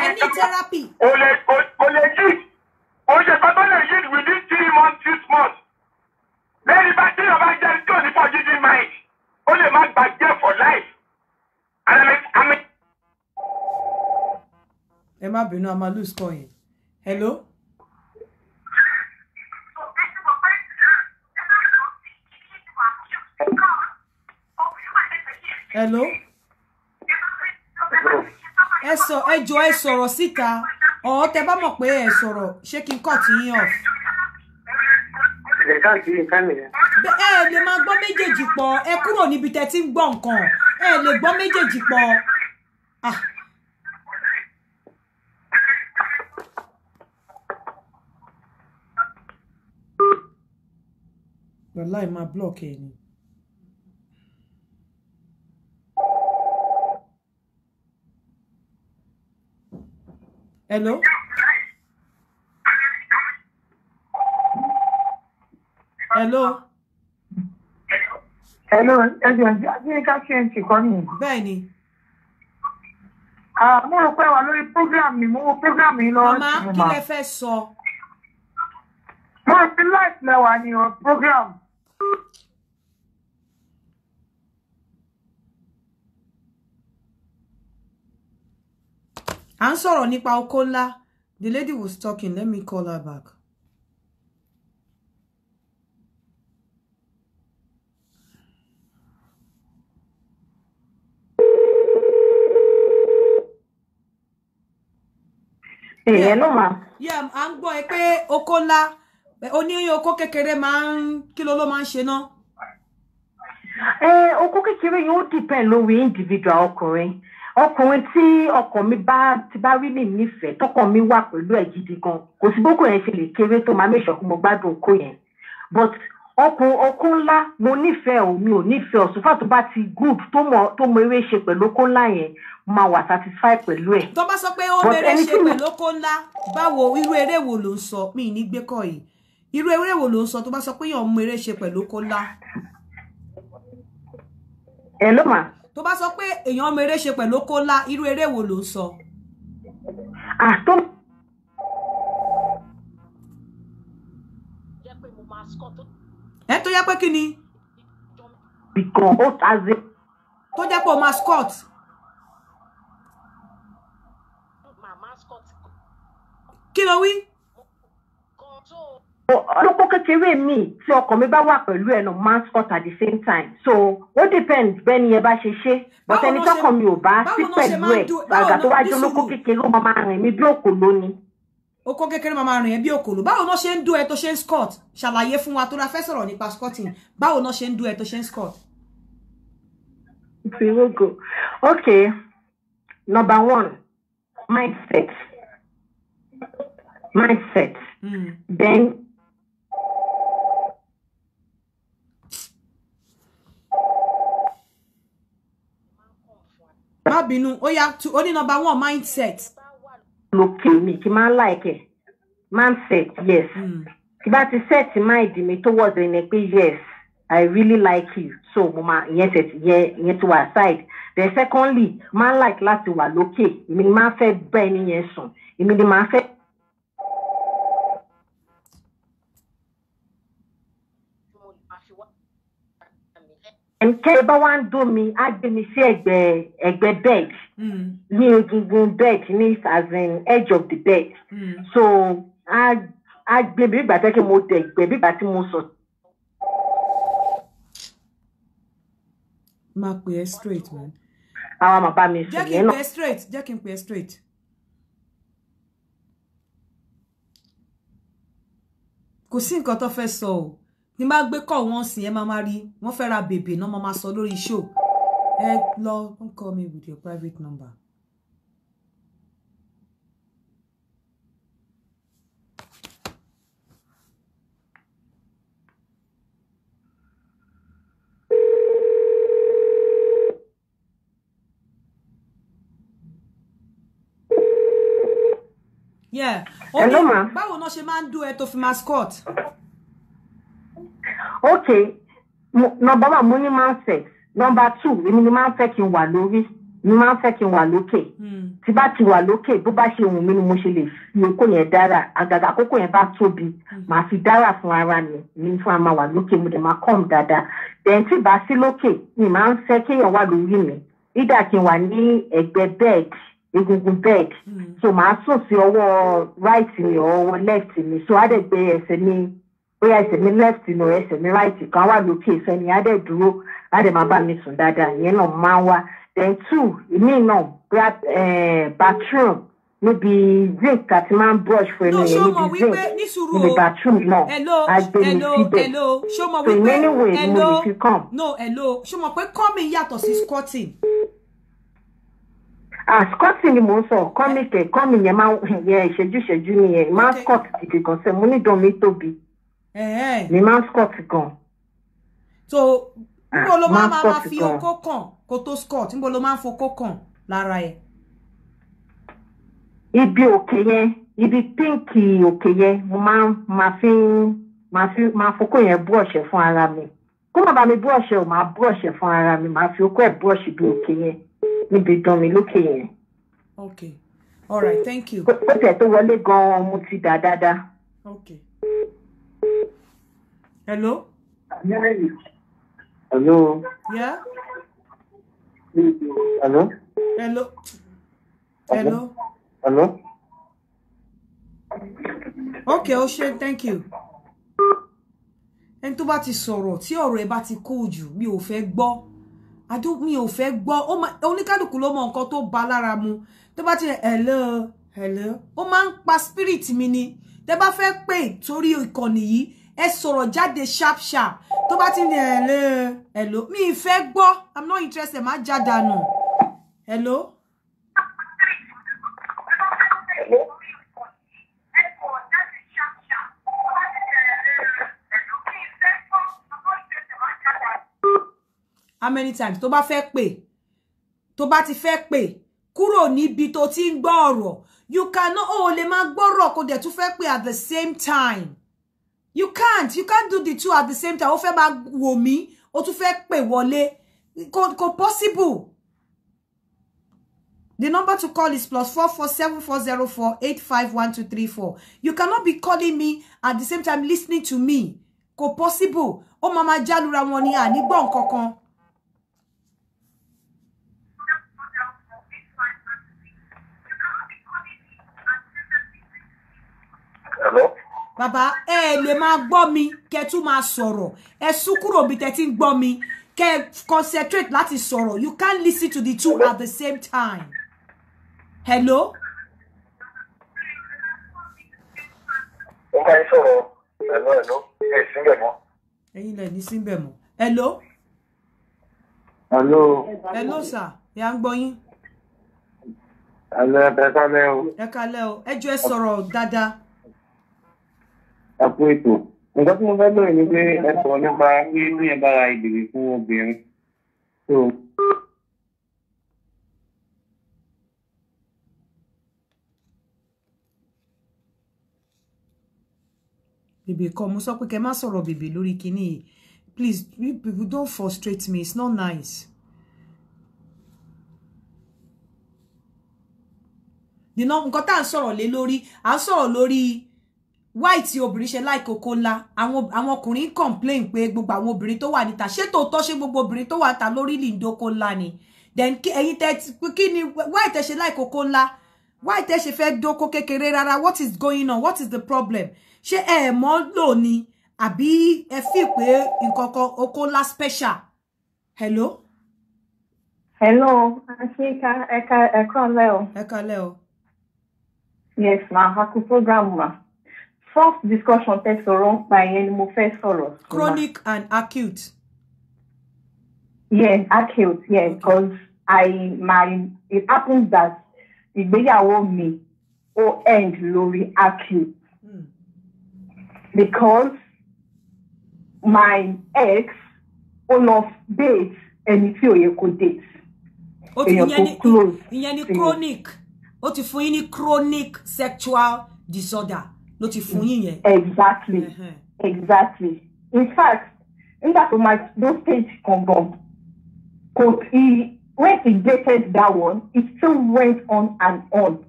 ẹ need therapy. o lè o lè yí o ṣe kọ́ tó lè yí within three months six months lẹ́yìn bá tí yọba jẹ́ tí ò ní fọ́ jíjí mind ó lè má gbàgbé for life. ẹ má bínú a máa lose call hello. hello ẹ sọ ẹ jọ ẹ sọ̀rọ̀ síta ọ tẹ bá mọ̀ pé ẹ sọ̀rọ̀ ṣé kí n cut yín off. ẹ lè máa gbọ́ méjèèjì pọ̀ ẹ kúrò níbi tẹ́ ti ń gbọ́ nǹkan ẹ lè gbọ́ méjèèjì pọ̀. wàláì máa block ẹ ni. Hello? Hello? Hello, ẹjọ́ Adéyínká TNT kọ́ ni. Bẹ́ẹ̀ni. Ah, mo rò pé wà lórí program mi, mo wo program yìí lọ. Màmá kí lẹ fẹ́ sọ? Mo rò pé life lẹ́wà ni o program. à ń sọ̀rọ̀ nípa oko the lady was talking let me call her back. yeah náà mà. yẹ à ń gbọ́ ẹ pé oko ńlá oníyẹn oko kékeré ma n kí ló ló máa ń ṣe náà. ẹ eh, oko kékeré yóò dìpẹ́ individual ọkùnrin. ọkùnrin tí ọkàn mi bá ti bá rí lè nífẹ̀ẹ́ tọkàn mi wà pẹ̀lú ẹ̀ gidi gan kò sí bókò yẹn ṣe lè kéré tó máa mẹ́sàn-án kó mo gbádùn okó yẹn but ọkùn okó ńlá mo nífẹ̀ẹ́ ò mi ò nífẹ̀ẹ́ ọ̀sùnfà tó bá ti good tó mọ tó mọ eré ṣe pẹ̀lú okó ńlá yẹn máa wà satisfied pẹ̀lú ẹ̀. tó bá sọ pé ó lè ṣe pẹ̀lú okó ńlá báwo irú eré wo ló ń sọ mí ní gbé kọ́ yìí irú eré wo ló ń sọ tó bá sọ pé yàn mú eré ṣe pẹ̀lú okó ńlá. ẹ ló mà tó bá sọ pé èèyàn ọmọ eré ṣe pẹ̀lú kólá irú eré wo ló ń sọ. àtọ́. Ah, ẹ tó yẹ pé kí ni. ìkàn ó ta tó jẹ́ pé o máa scott. kí ló wí olóko kékeré mi tí ọkàn mi bá wà pẹ̀lú ẹ̀ nà mascot at the same time so ó depend bẹ́ni ẹ bá ṣe ṣe but ẹni tọkàn mi ò bá sí pẹ̀lú ẹ̀ àgbà tó wájú olóko kékeré ó máa rìn mí bí òkòló ni oko kékeré mama rìn ẹ bí òkòló báwo náà ṣe ń dún ẹ tó ṣe ń scott ṣàlàyé fún wa tó la fẹ́ sọ̀rọ̀ nípa scotting báwo náà ṣe ń do. ẹ tó ṣe ń scott. ìfìwógò ok number one mindset mindset mm. then má bínú ó yá to only number one mindset. lókè me, kí máa ń láìkẹ mindset yes tí hmm. bá ti set mind mi towards a pé yes i really like you so mo máa ìyẹn set ìyẹn ìyẹn ti aside then secondly máa like láti wà lókè èmi ni máa fẹ́ bá ẹni yẹn sùn èmi ni máa fẹ́. nǹkan ẹ bá wá ń dùn mí á gbé mi sí ẹ̀gbẹ́ ẹ̀gbẹ́ bed hmm. ní egungun bed ní as in edge of the bed hmm. so á gbé mi bígbà tẹ́ kí mo tẹ̀ gbẹ́ bígbà tí mo sọ. máa pè é straight man. àwọn màbá mi sùn yẹn náà. jẹ́ kí n pè é straight jẹ́ kí n pè é straight. kò sí nǹkan tó fẹ́ sọ o. So ní bá gbé kọ́ wọn sìn ẹ máa máa rí wọ́n fẹ́ ra bèbè náà máa máa sọ lórí show ẹ lọ don't call me with your private number. yeah. Hello ma. báwo náà ṣe máa ń dún ẹ tó fi mascot okay number one mo ní máa ń sex number two èmi ni máa ń fẹ́ kí n wà lórí mi máa ń fẹ́ kí n wà lókè hmm. tí bá ti wà lókè bó bá ṣe wù mí ni mo ṣe lè fi okó yẹn dára àgàgà àkókò yẹn bá tóbi hmm. màá fi dára fún ara mi mi fún ama wà lókè mo dẹ̀ máa kọ́m dáadáa then tí bá sí lókè mi máa ń fẹ́ kéèyàn wà lórí mi ìdá kí n wà ní ẹ̀gbẹ́ bẹ́ẹ̀dì egungun bẹ́ẹ̀dì hmm. so màá sùn sí ọwọ́ right mi ọwọ́ left mi so á dẹ̀ gbé ẹsẹ̀ mi bóyá ẹsẹ̀ mi left nù ẹsẹ̀ mi right kan wà lókè sẹ́ni adé dúró adé máa bá mi sùn dáadáa ìyẹn náà máa ń wá then two ìmí náà bóyá eh, bathroom níbi zinc àti máa ń brush fún ẹnu yẹn níbi zinc níbi bathroom náà á gbé mi síbẹ̀ so in any way ni mo lè fi kàn. no hello ṣé mo pé kọ́mi yàtọ̀ sí squatting ah scott ni mò ń sọ kọ́mìkẹ́ kọ́mì yẹn máa ń yẹ ìṣẹ́jú ìṣẹ́jú nìyẹn máa scott kìkì kan sẹ́ mo ní dùn mí tóbi ní mascot kan. so ah, níbo ló máa máa fi okó kàn kó tó scot níbo ló máa ń fokó kàn lára ẹ. ibi òkè yẹn ibi pínkì òkè yẹn mo máa máa fi máa fi máa fokó yẹn bú ọ̀ṣẹ́ fún ara mi kó má bàa mi bú ọ̀ṣẹ́ ò máa bú ọ̀ṣẹ́ fún ara mi máa fi okó ẹ̀ bú ọ̀ṣẹ́ bí òkè yẹn níbi ìdán mi lókè yẹn. okay all right thank you. pé tẹ̀ tó wọlé gan-an mo ti dà dáadáa. okay. Hello? Hello? Yeah? Hello? Hello? Hello? Hello? Okay, Oshe, thank you. Ẹni tó bá ti sọ̀rọ̀ tí ọ̀rọ̀ ẹ bá ti kó jù mi ò fẹ́ gbọ́. Adó mi ò fẹ́ gbọ́. Oníkálùkù ló mọ nǹkan tó ba lára mu. Tó bá ti hello hello. Ó máa ń pa spirit mi ni. Tẹ́ bá fẹ́ pè torí ìkànnì yìí ẹ sọ̀rọ̀ jáde sharp sharp tó bá ti ń lè ẹ̀lẹ́ ẹ̀lò mi ì fẹ́ gbọ́ i'm not interested má já dànù ẹ̀lò. how many times tó bá fẹ́ pè tó bá ti fẹ́ pè kúrò níbi tó ti ń gbọ́ ọ̀rọ̀ you cannot ó lè máa gbọ́rọ̀ kó dẹ̀ tún fẹ́ pè at the same time you can't you can't do the two at the same time O fẹ́ máa wò mi, o tu fẹ́ pe wole, ko kò possible the number to call is plus four four seven four zero four eight five one two three four you cannot be calling me at the same time listening to me kò possible ó mama máa jálura wọn ni kokon. Hello? Baba, ẹ eh, lè máa gbọ́ mi kẹ tún máa sọ̀rọ̀ ẹ eh, sún kúrò bí tẹ ti ń gbọ́ mi kẹ concentrate láti sọ̀rọ̀ you can't listen to the two at the same time. hello. ó máa ń hello. Hello. ẹ̀lọ́ ẹ̀ síbẹ̀ mọ́. ẹ̀yin lẹ̀ ní síbẹ̀ mọ́ ẹ̀lọ́. Hello, ẹ̀lọ́ sà ìyá ń gbọ́ yín. ẹ̀lọ́ ẹ̀ bẹ́ẹ̀ kálẹ̀ o. ẹ̀ o ẹ jọ̀ọ́ ẹ sọ̀rọ̀ dáadáa ẹ̀kú ètò nǹkan tí mo fẹ́ bẹ̀rẹ̀ ni pé ẹ sọ nípa pé ní ẹ bára ìbèrè fún obìnrin. bèbè kan mo sọ pé kẹ má sọ̀rọ̀ bèbè lórí kinní please you people don't frustrate me it's not nice. nínú nǹkan tá à ń sọ̀rọ̀ lé lórí à ń sọ̀rọ̀ lórí white obìnrin ṣe láì kókó ńlá àwọn àwọn ọkùnrin complain pé gbogbo àwọn obìnrin tó wà níta ṣé tòótọ́ ṣé gbogbo obìnrin tó wà níta lórí lìndókó ńlá ni then ẹ̀yin tẹ kí ni white ṣe láì kókó ńlá white ṣe fẹ́ dókó kékeré rárá what is going on what is the problem ṣé ẹ mọ̀ lò ni àbí ẹ fi pé nǹkan kan okó ńlá special hello. hello àṣìkà ẹ̀ka ẹ̀kọ́ lẹ́ o. ẹ̀ka lẹ́ o. yes ma a program ma first discussion tẹ́ sọ̀rọ̀ ń pa yẹn ni mo fẹ́ sọ̀rọ̀. chronic and acute. yes acute yes because i my it happens that ìgbéyàwó me. ó end lórí acute mm. because my ex ó lọ date ẹni tí ò yẹ kó date èèyàn tó close. ìyẹn ni chronic What if fún yín ní chronic sexual disorder ló ti fún yín yẹn. exactly exactly in fact nígbà tó máa ló stage kan gan kò he when he dated that one he still went on and on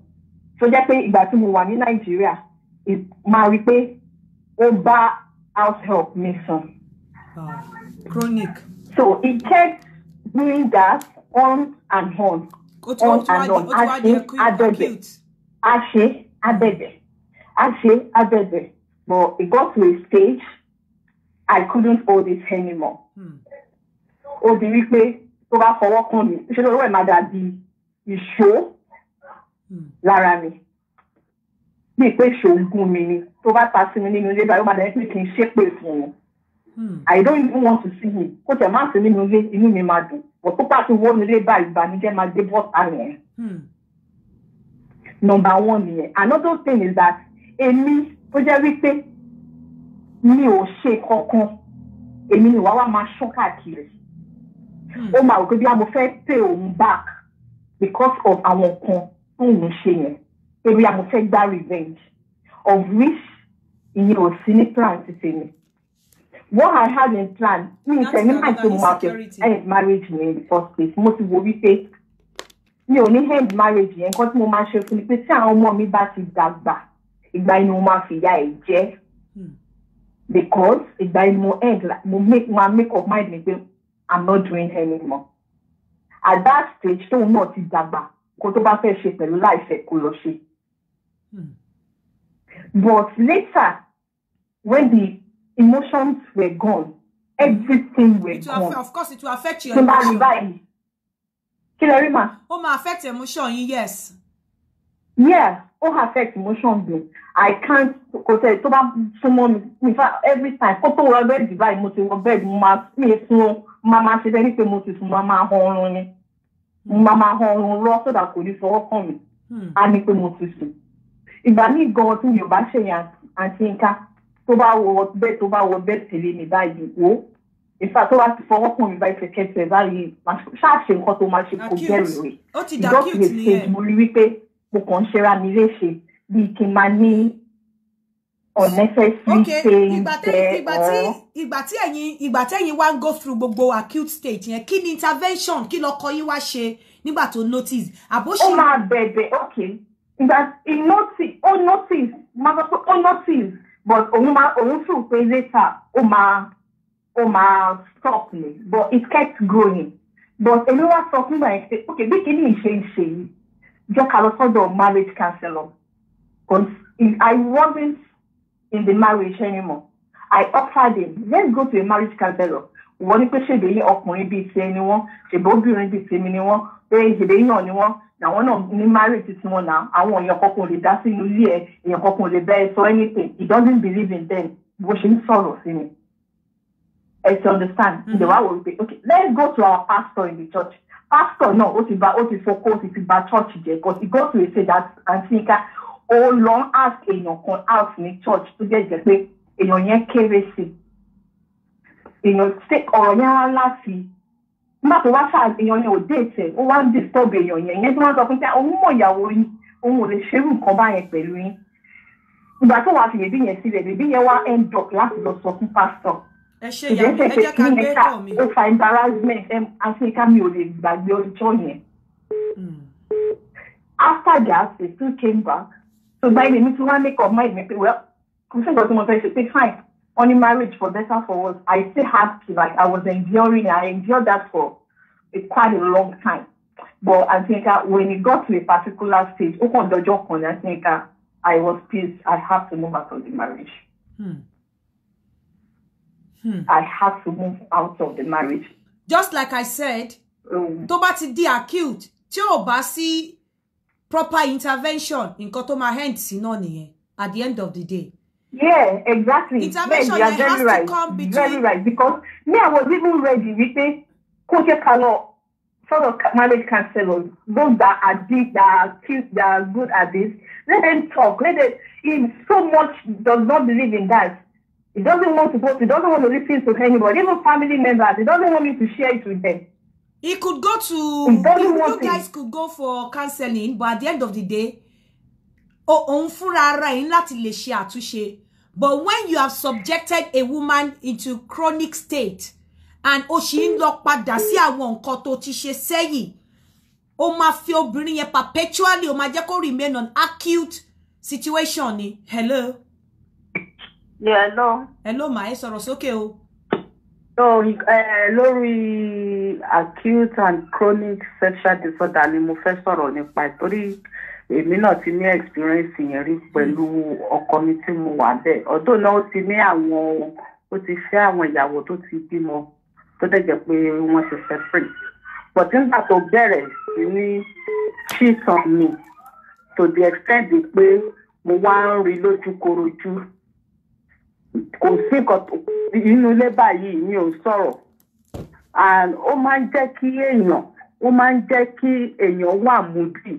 So jẹ́ pé ìgbà tí mo wà ní nàìjíríà máa rí pé ó bá house help mi sùn. Ah, chronic. so he kept doing that on and on on and on a ṣe adẹ́bẹ̀ a ṣe adẹ́bẹ̀ a ṣe a bẹ̀bẹ̀ but it got to a stage I couldn't hold it anymore. Hmm. obìnrin the tó bá fọwọ́ kàn mí ṣé lórí She máa dàbí ìṣó hmm. lára mi bíi Show, ìṣó Me, gún show ni tó bá ta sí mi nínú ilé báyìí ó máa dàbí pé kì í ṣépè fún un. Hmm. I don't even want to see him. Kó tẹ̀ máa sí nínú ilé, inú mi máa dùn. But tó pàṣẹ wo ní ilé báyìí, ìbànújẹ́ máa my bọ́ọ̀tà yẹn. Number one Another thing is that èmi tó jẹ́ wípé mi ò ṣe kankan èmi ni wàá wá máa ṣán káàkiri hmm. ó máa rò bí a mo fẹ́ pay òun back because of àwọn kan tó ń ṣe yẹn pé bí fẹ́ gba revenge of which ìyẹn ò sí ní plan ti tèmi what I had in plan mi n tẹ̀ ní máa tó mo máa end marriage mi in the first place mo ti wo wípé mi ò ní end marriage yẹn nǹkan tí mo máa ṣe fún mi pé tí àwọn ọmọ mi bá ti dàgbà ìgbà yìí ni mo máa fìyà ẹ̀ jẹ́ hmm. because ìgbà yìí ni mo end mo make my make up mind me pé i'm not doing anymore at that stage tóun náà ti dàgbà kó tó bá fẹ́ ṣe pẹ̀lú láìfẹ́ kó lọ ṣe hmm. but later when the emotions were gone everything were it gone of course it will affect your emotion kí lè rí ma. ó máa affect emotion yín yes yeah ó affect emotion mi i can't kò tẹ tó bá súnmọ́ mi in fact every time kó tó wọ bẹ́ẹ̀dì báyìí mo ti wọ bẹ́ẹ̀dì mo máa mi sun o máa máa ṣe bẹ́ẹ̀ pé mo ti sùn máa máa hàn ọrùn ni mo máa máa hàn ọrùn lọ sódà kò ní fọwọ́ kàn mí á hmm. ní pé mo ti sùn ìgbà míì gan tí mi ò bá ṣèyàn àti nǹkan tó bá wọ bẹ́ẹ̀ tó bá wọ bẹ́ẹ̀ tèlé mi báyìí wò ó ìfà tó bá ti fọwọ́ kàn mí báyìí fẹ̀kẹ́sẹ̀ báyìí ṣáà ṣe nǹkan tó máa ṣe kò bẹ̀rù rẹ̀ ìjọ́ kìí ṣe mo wípé mo kàn ń ṣera mi léṣe bíi kí n máa ní unnecessary ibati. jẹ ibati ìgbà tí ẹ̀yin ìgbà go through gbogbo acute stage yẹn kí ni intervention kí lọkọ yín wá ṣe nígbà tó notice àbó ṣe. ó máa bẹ̀bẹ̀ ok ìgbà ó notice máa sọ pé ó notice but òun máa òun feel pé later ó stop ni but it kept growing but èmi stop sọ fún ìgbà yẹn pé ok bí kìíní ìṣe ń ṣe yìí jẹ́ ká lọ sọ́dọ̀ marriage counselor because I wasn't in the marriage anymore I offered him let's go to a marriage counselor wọ́n ní pé ṣèbè yín ọkùnrin bíi tiẹ̀ ni wọ́n ṣèbè obìnrin bíi tèmi ni wọ́n pé ṣèbè yín náà ni wọ́n làwọn náà ní marriage ti tiwọn náà àwọn èèyàn kankan lè dá sínú ilé ẹ èèyàn kankan lè bẹ ẹ sọ anything he doesn't believe in them bó ṣe ń sọ̀rọ̀ sí mi ẹ ti understand mm-hmm. ǹjẹ́ wàá wò ó pé okay let's go to our pastor in the church pastor náà ó ti ba ó ti fọkó ó ti fi ba church jẹ because e go to a say that antinka ó lọ ń ask èèyàn kan out ní church tó jẹ́ jẹ́ pé èèyàn yẹn kéré sí èèyàn ọ̀rọ̀ yẹn wá láti nígbà tó wá ṣáà èèyàn yẹn ò dé ìtẹ̀ ó wá ń disturb èèyàn yẹn yẹn tí wọ́n sọ fún pé òun mọ̀ ìyàwó yín òun ò lè ṣerú nǹkan báyẹn pẹ̀lú yín ìgbà tó wàá fi yẹn sílẹ̀ bèbí yẹn wá end up láti lọ sọ fún pásítọ̀ ẹ ṣe ìyá ẹ jẹ́ ká gbé tọ̀ mi. ó fa embarrassment africa mi ò lè gbàgbé ọjọ́ yẹn. Hmm. after that they still came back so báyìí lèmi tí one make up mind mi pé well kò sí ìgbà tí mo fẹ́ ṣe pé fine only marriage for better for worse I still had to like I was enduring I endured that for a quite a long time but Antinka when it got to a particular stage ó kàn dọjọ́ kan ní Antinka I was pissed I have to move out of the marriage. Hmm. Hmm. I have to move out of the marriage. Just like I said, um, tó bá ti di acute, tí ò bá sí proper intervention, nǹkan tó máa end sí náà nìyẹn at the end of the day. Yeah, exactly. Intervention yeah, you are very right. Between... Very right because me I was even ready with kó jẹ́ ká sort of marriage counselors, those that are deep, that are cute, that are good at this, let them talk. Let them, if so much does not believe in that, He doesn't want to post, he doesn't want to listen to anybody, even family members, he doesn't want me to share it with them. He could go to he doesn't want you guys it. could go for counseling, but at the end of the day, oh òun fúnra ara But when you have subjected a woman into chronic state and ó she ń lọ padà sí àwọn nǹkan tó ti ṣe sẹ́yìn, ó máa fi perpetually ó máa jẹ́ remain on acute situation ni. Hello hello. hello ma ẹ sọ̀rọ̀ sókè o. so uh, lórí acute and chronic sexual disorder ni mo fẹ́ sọ̀rọ̀ nípa torí èmi náà ti ní experience yẹn rí pẹ̀lú ọkọ mi tí mo wà bẹ́ẹ̀ ọdún náà ó ti ní àwọn ó ti fẹ́ àwọn ìyàwó tó ti bímọ tó dẹ̀ jẹ́ pé wọ́n ti separate but nígbà tó bẹ̀rẹ̀ sí ní cheat on me to the extent pé mo wá ń rí lójúkorojú kò sí nǹkan inú ilé báyìí mi ò sọ̀rọ̀ and ó máa ń jẹ́ kí èèyàn ó máa ń jẹ́ kí èèyàn wà múdì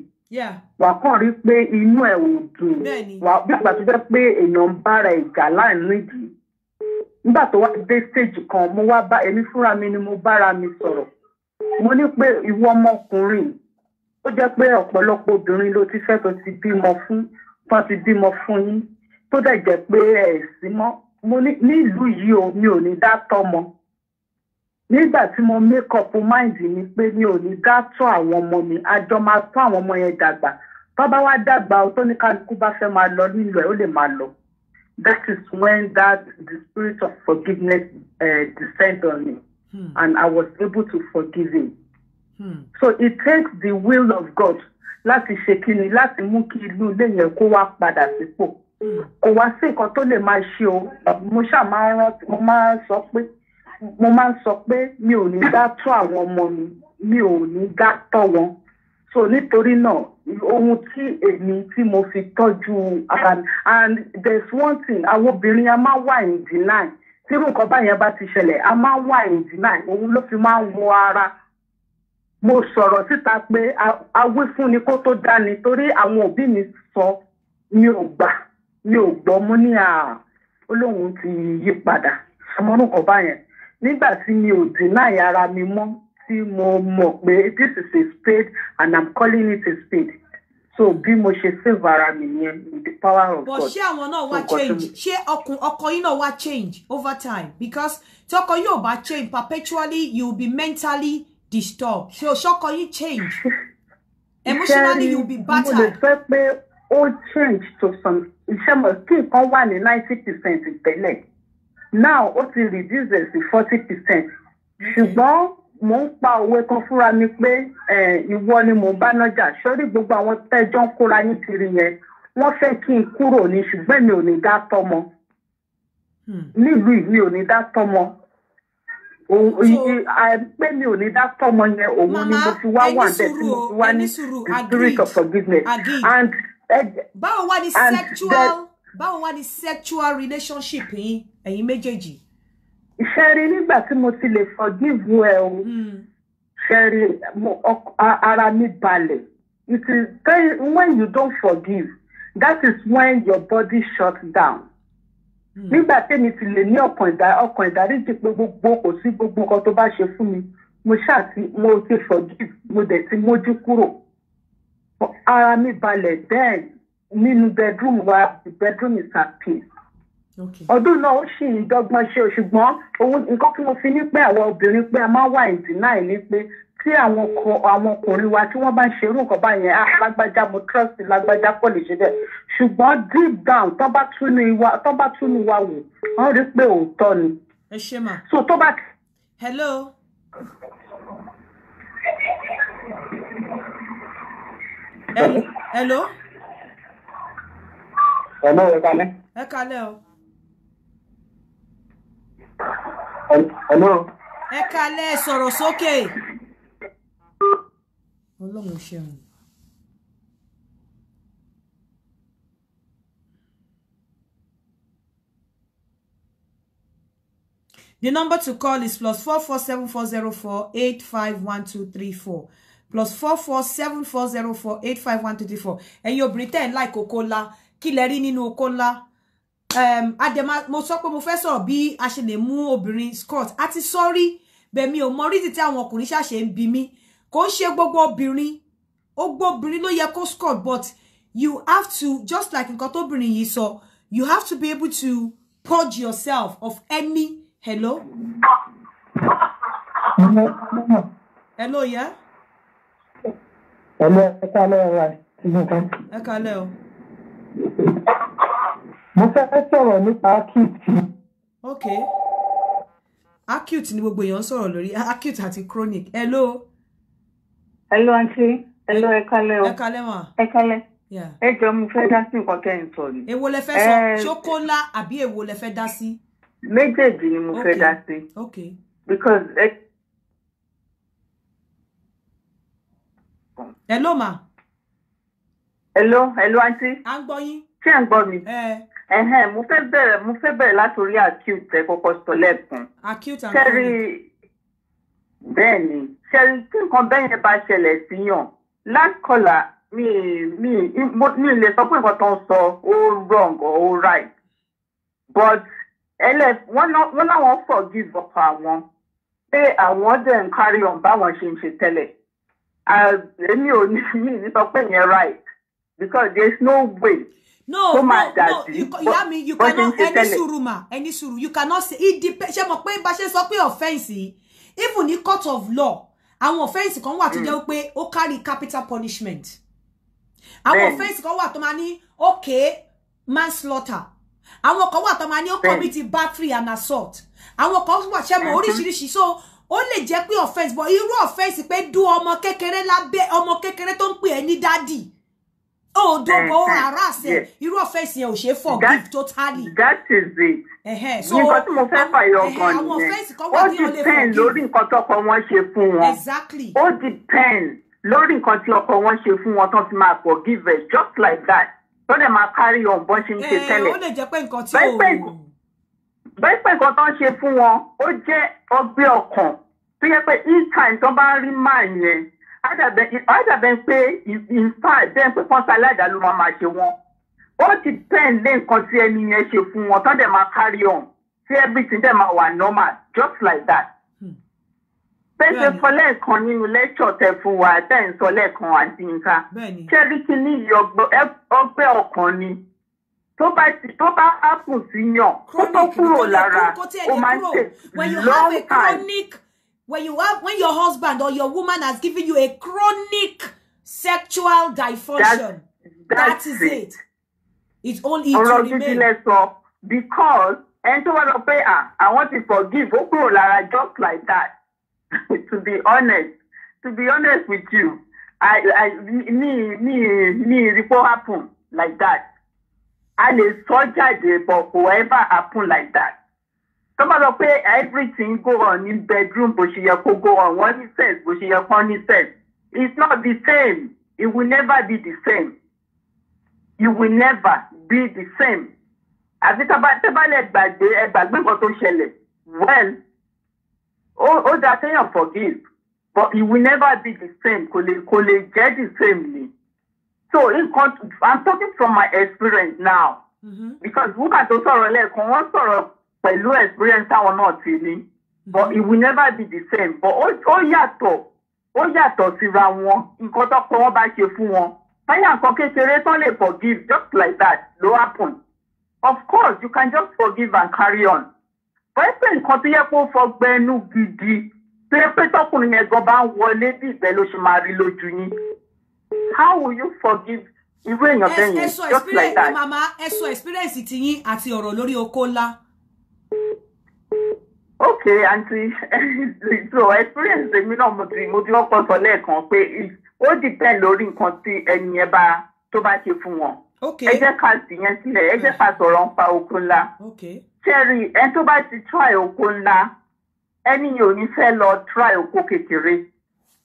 wà kàn rí pé inú ẹ̀ ò dùn wà bí àgbà tó jẹ́ pé èèyàn ń bára ìjà láìní ìdí nígbà tó wá dé stage kan mo wá bá èmi fúnra mi ni mo bára mi sọ̀rọ̀ mo ní pé ìwọ ọmọkùnrin ó jẹ́ pé ọ̀pọ̀lọpọ̀ obìnrin ló ti fẹ́ tó ti bímọ fún tó ti bímọ fún yín tó dẹ̀ jẹ́ pé ẹ̀ sí mọ́ mo ní nílùú yìí o mi ò ní dá tọ́mọ nígbà tí mo make up mind mi pé mi ò ní dá tọ́ àwọn ọmọ mi àjọ máa tọ́ àwọn ọmọ yẹn dàgbà tó bá wá dàgbà o tó ní kálukú bá fẹ́ máa lọ nílò ẹ̀ ó lè máa lọ that is when that the spirit of forgiveness uh, descend on me hmm. and I was able to forgive him. Hmm. So it takes the will of God láti ṣe kíni láti mú kí ìlú ilé yẹn kó wá padà sípò. Hmm kò wá sí nǹkan tó lè máa ṣe o mo ṣáà máa ń rántí mo máa ń sọ pé mo máa ń sọ pé mi ò ní dá tó àwọn ọmọ mi mi ò ní dá tọ́ wọn so nítorí náà ohun tí èmi tí mo fi tọ́jú and and there is one thing àwọn obìnrin a máa wà in deny tí irú nǹkan báyẹn bá ti ṣẹlẹ̀ a máa wà in deny òun ló fi máa ń wọ ara mo sọ̀rọ̀ síta pé awífúnni kó tó dání torí àwọn òbí mi sọ mi ò gbà mi ò gbọ́ mo ní à ó lóun ti yí padà ọmọrún kan báyẹn nígbà tí mi ò deny ara mi mọ́ tí mo mọ̀ pé this is a spade and i'm calling it a spade so bí mo ṣe save ara mi yẹn with the power of but God. but ṣé àwọn náà wá change ṣé ọkùn ọkọ yín náà wá change over time because tí ọkọ yóò bá change perpetually you will be mentally disturbed ṣé ọṣọkọ yín change (laughs) emotionally you will be battered ó change to some ìṣẹ́mọ̀ kí nǹkan wà ní ninety percent tẹ́lẹ̀ now ó ti reduce it sí forty percent ṣùgbọ́n mo ń pa òwe kan fúnra mi pé ìwọ ni mo bá nájà sórí gbogbo àwọn tẹ́jọ́ ń kóra yín kiri yẹn wọ́n fẹ́ kí n kúrò ní ṣùgbọ́n mi ò ní dá tọ́mọ hmm. nílùú ìlú ò ní dá tọ́mọ pé mi ò ní dá tọ́mọ yẹn òun ni mo fi wá wà bẹ́ẹ̀ tí mo fi wá ní the spirit of forgiveness and báwo wá ní sexual báwo wá ní sexual relationship yín ẹ̀yin méjèèjì. ṣẹ́rí nígbà tí mo ti lè forgive ẹ o hmm. ṣẹ́rí ara mi balẹ̀ it is when you don't forgive that is when your body shuts down hmm. nígbà tẹ́mi ti lè ní ọkàn ìdáríjì pé gbogbo kò sí gbogbo nǹkan tó bá ṣe fún mi mo ṣáà ti mo ti forgive mo dẹ̀ ti mójú kúrò. Mm ara mi balẹ̀ bẹ́ẹ̀ nínú bedroom wa the bedroom is at peace. ọdún náà ó sì ń dọ́gbọ́n ṣe ṣùgbọ́n òun nǹkan tí mo fi ní pé àwọn obìnrin pé a máa wà ìdínáì ni pé tí àwọn ọkọ àwọn ọkùnrin wa tí wọ́n bá ń ṣerú nǹkan báyẹn á ah, lágbájá mo trust lágbájá pọ̀ lè ṣe bẹ́ẹ̀ ṣùgbọ́n deep down tó bá túnú wa tó bá túnú wa wò wọ́n rí pé òótọ́ ni. ẹ ṣe mà. so tó bá. hello. hello. hello ẹ kalẹ́. ẹ kalẹ́ o. hello. ẹ kalẹ́ sọ̀rọ̀ sókè. ọlọ́run ṣeun. The number to call is plus four four seven four zero four eight five one two three four plus four four seven four zero four eight five one twenty four and obìnrin tẹ́ like ń láì kókó ńlá kí lẹ rí nínú okó ńlá adema mo sọ pé mo fẹ́ sọ̀rọ̀ bí a ṣe lè mú obìnrin skirt àti sọ́rí bẹ̀mí ò mọ rídìí tí àwọn ọkùnrin ṣàṣẹ ń bi mí kò ń ṣe gbogbo obìnrin ó gbọ́ but you have to just like in nǹkan tóbìnrin you. sọ you have to be able to purge yourself of any hello. hello yeah ẹ̀lẹ́ ẹ kálẹ̀ ọ̀rọ̀ ti kan. ẹ kálẹ̀ o. mo fẹ́ sọ̀rọ̀ nípa acute. ok acute ni gbogbo èèyàn ń sọ̀rọ̀ lórí acute àti chronic hello. hello aunty hello ẹ kálẹ̀ o. ẹ kálẹ̀ mà. ẹ kálẹ̀. ẹ jọ mo fẹ́ dá sí nǹkan tẹ́ ẹ̀ ń sọ ni. èwo lẹ fẹ́ sọ ṣókólá àbí èwo lẹ fẹ́ dá sí. méjèèjì ni mo fẹ́ dá sí. ok because. Eh, hello ma. hello hello aunty. à ń gbọ́ yín. ṣé à ń gbọ́ mi. ẹ̀hẹ̀n mo fẹ́ bẹ̀rẹ̀ mo fẹ́ bẹ̀rẹ̀ látòrí acute ẹ̀ kọ́kọ́ sọ lẹ́ẹ̀kan. acute and chronic. sẹ́rí bẹ́ẹ̀ ni sẹ́rí tí nǹkan bẹ́ẹ̀ yẹn bá ṣẹlẹ̀ sí yàn lákọlà mi mi mi lè sọ pé nǹkan tó ń sọ ó wrong or ó right but ẹlẹ wọn láwọn forgive ọkọ àwọn pé àwọn dẹ̀ ń carry on báwọn ṣe ń ṣe tẹ́lẹ̀ èmi ò ní (laughs) mí ní sọ pé yẹn right because there is no way. no no, no no ìyá mi you cannot ẹni sùúrù mà ẹni sùúrù you cannot say it depends. ṣe mọ̀ pé bá ṣe sọ pé offence yìí even ní court of law àwọn offense. kan wà tó mm. jẹ́ pé ó carry capital punishment àwọn offense. kan wà tó máa ní okay manslaughter àwọn kan wà tó máa ní ó commit battery and assault àwọn kan wà ṣe mọ̀ mm-hmm. oríṣiríṣi so ó lè jẹ́ pé offense bọ̀ irú offense pé dún ọmọ kékeré lábẹ́ ọmọ kékeré tó ń pè ẹ́ ní dádì ó dọ̀bọ̀ ó ara àṣẹ irú offense yẹn ò ṣe forgive totally. that is it. nǹkan tí mo fẹ́ fàyọ gan nìyẹn ó depend lórí nǹkan tọkọ wọn ṣe fún wọn ó depend lórí nǹkan tí ọkọ wọn ṣe fún wọn tán fi máa it just like that tó dẹ̀ máa carry on bọ́n ṣe ń ṣe tẹ́lẹ̀. ó lè jẹ́ pé nǹkan tí ò bẹ́ẹ̀ pé nǹkan tó ń ṣe fún wọn ó jẹ́ ọgbẹ́ ọkàn tó yẹ pé in time tó bá rí máa yẹn ádàbẹ̀ pé in fact bẹ́ẹ̀ pé kọ́ńtà aláìdá ló máa máa ṣe wọn ó ti pẹ́ẹ́n lé nǹkan tí ẹni yẹn ṣe fún wọn tó dẹ̀ máa carry on tí everything dẹ̀ máa wà normal just like that. Hmm. bẹ́ẹ̀ ṣe sọ lẹ́ẹ̀kan nínú lẹ́ṣọ̀ tẹ fún wa tẹ́ ń sọ lẹ́ẹ̀kan àti nǹkan ṣé rí kí ní ọgbẹ́ ọkàn ni. Bẹ́ẹ̀ni tó bá ti tó bá happen sí yàn kó tó kúrò lára ó máa ń tè long time. When you have when your husband or your woman has given you a chronic sexual dysfunction, that, that is it. it. It's only to remain. lẹ sọ because ẹni tó wá lọ pé àwọn ah, ti forgive ó kúrò just like that (laughs) to be honest to be honest with you I I me, me, me, rí pé happen like that a lè sọ jáde but kò ever happen like that tó bá lọ pé everything go on ní bedroom bó ṣe yẹ kó go on wọ́n ní sex bó ṣe yẹ kán ní sex it's not the same it will never be the same It will never be the same àfi tábàlẹ̀ gbàgbé ẹ gbàgbé nǹkan tó ṣẹlẹ̀ well ó dáa kéèyàn forgive but it will never be the same kò lè kò lè jẹ́ the same ni so in nǹkan i'm talking from my experience now mm-hmm. because wúkà tó sọ̀rọ̀ lẹ́ẹ̀kan wọ́n sọ̀rọ̀ pẹ̀lú experience táwọn náà ti ní but mm-hmm. it will never be the same but ó yàtọ̀ ó yàtọ̀ síra wọn nǹkan tó pọ̀ wọ́n bá ṣe fún wọn báyà nǹkan kékeré tán lè forgive just like that ló happen of course you can just forgive and carry on but ẹ pé nǹkan tó yẹ kó fọgbẹ́nu gidi tó yẹ pé tọkùnrin yẹn gan bá ń wọlé bí ìgbẹ́ ló ṣe máa rí lójú yín how will you forgive irú èèyàn bẹ́ẹ̀ yẹn just like that. mama ẹ experience ti yín àti ọ̀rọ̀ lórí oko ńlá. ok aunty (laughs) so experience èmi náà mo ti mo ti wọ́pọ̀ sọ lẹ́ẹ̀kan pé ó depend lórí nǹkan tí ẹni yẹn bá tó bá ṣe fún wọn. ok ẹ jẹ́ ká sì yẹn sílẹ̀ ẹ jẹ́ ká sọ̀rọ̀ nípa oko ńlá. ok ṣẹ́ẹ̀rì ẹni tó bá ti try oko ńlá ẹni yìí ò ní fẹ́ lọ try oko kékeré.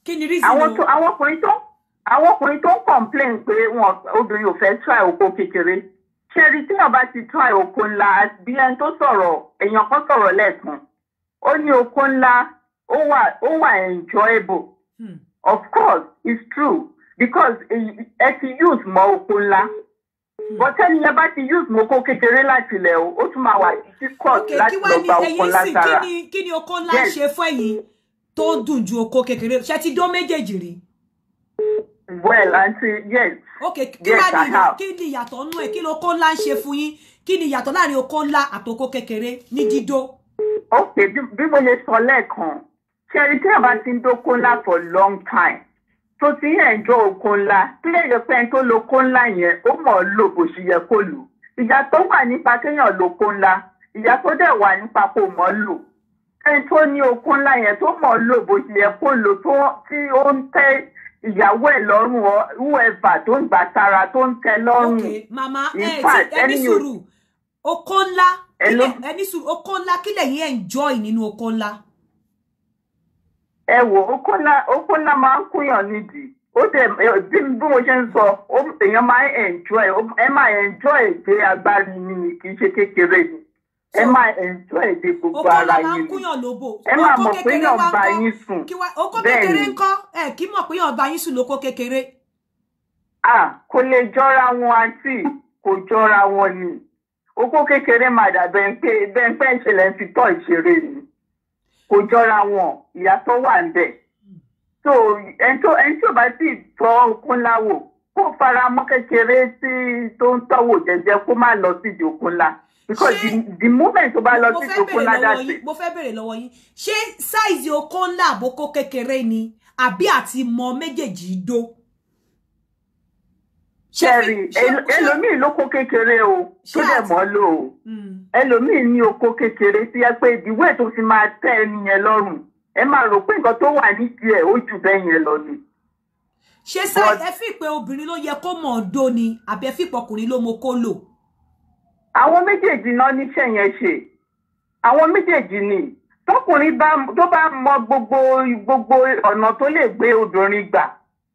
kí ni reason o àwọn ọkùnrin tó ń àwọn ọkùnrin tó ń complain pé wọn obìnrin ò fẹ́ try oko kékeré ṣẹ́rí tí wọ́n bá ti try oko ńlá bí ẹni tó sọ̀rọ̀ èèyàn kan sọ̀rọ̀ lẹ́ẹ̀kan ó ní oko ńlá ó wà enjoyable hmm. of course it's true because ẹ ti use mọ oko ńlá hmm. but ẹni yẹn bá ti use mọ oko kékeré láti ilẹ̀ o ó tún máa wà sí court láti lọ gba oko ńlá sára. kí ni oko ńlá ṣe fún ẹ̀yin tó dùn ju oko kékeré ṣe ti dán méjèèjì rí well aunty yes. ok kí yes, wàá nìyà kí ni ìyàtọ̀ nú ẹ̀ kí ló kó ńlá ń ṣe fún yín kí ni ìyàtọ̀ láàrin okó ńlá àtokó kékeré ní dídó. ok bí mo ṣe sọ lẹ́ẹ̀kan ṣẹ́rí tí àbá ti ń dóko ńlá for long time tó ti ń ẹ̀jọ́ okó ńlá tó lè yẹ pé ẹni tó lo okó ńlá yẹn ó mọ̀ ọ́ lò bó ṣe yẹ kó lò ìyà tó wà nípa kéèyàn lo okó ńlá ìyà tó dẹ̀ wà nípa kó mọ̀ ọ́ lò ẹni tó ní okó ńlá yẹn tó mọ̀ ọ́ lò bó ṣe yẹ kó lò tí ó ń tẹ́ ìyàwó ẹ lọ́rùn ọ whoever tó ń gbà tara tó ń tẹ lọ́rùn. ok ẹ ti ẹni sùúrù oko ńlá ẹni sùúrù oko ńlá kí enjoy nínú oko ńlá. ẹ wo oko ńlá máa ń kúyàn nídìí ó dẹ̀ bí mo ṣe ń èèyàn máa ń enjoy ẹ máa enjoy kékeré ni. ẹ máa ẹjọ́ èdè gbogbo ara yín ẹ máa mọ̀ pé yàn bá yín sùn bẹ́ẹ̀ ni ẹ kì í mọ̀ pé yàn bá yín sùn lóko kékeré. ah kò lè jọra wọn àǹtí kò jọra wọn ni oko kékeré máa dà bẹ́ńpẹ́ bẹ́ńpẹ́ ìṣẹ̀lẹ̀ ti tọ́ ìṣeré ni kò jọra wọn ìyàtọ̀ wà ń bẹ̀ so ẹni tó ẹni tó bá sì tọ́ okun láwò kó fara mọ́ kékeré tí tó ń tọ́wò jẹ́jẹ́ kó má lọ sídìí okun láà because ṣé, the, the moment tó bá lọ sí ìjókòó ládàá sí. mo fẹ́ bèrè lọ́wọ́ yín ṣé sáìzì okó ńlá àbókó kékeré ni àbí àti mọ méjèèjì dó. ṣẹ́ẹ̀rì ẹlòmíì ló kó kékeré o tó dẹ̀ mọ́ lò ó hmm. ẹlòmíì ní okó kékeré tí ẹ pé ìdíwẹ́ tó fi máa tẹ́ ẹni yẹn lọ́rùn ẹ máa rò pé nǹkan tó wà nídìí ẹ̀ ó jù bẹ́ẹ̀ yẹn lọ ni ṣé sáà ẹ fi pé obìnrin ló yẹ kó mọ̀ ọ́ dó ni àbí ẹ fi pọkùnrin ló mọ kó lò àwọn méjèèjì náà níṣẹ́ yẹn ṣe àwọn méjèèjì ni tọkùnrin tó bá mọ gbogbo gbogbo ọ̀nà tó lè gbé obìnrin gbà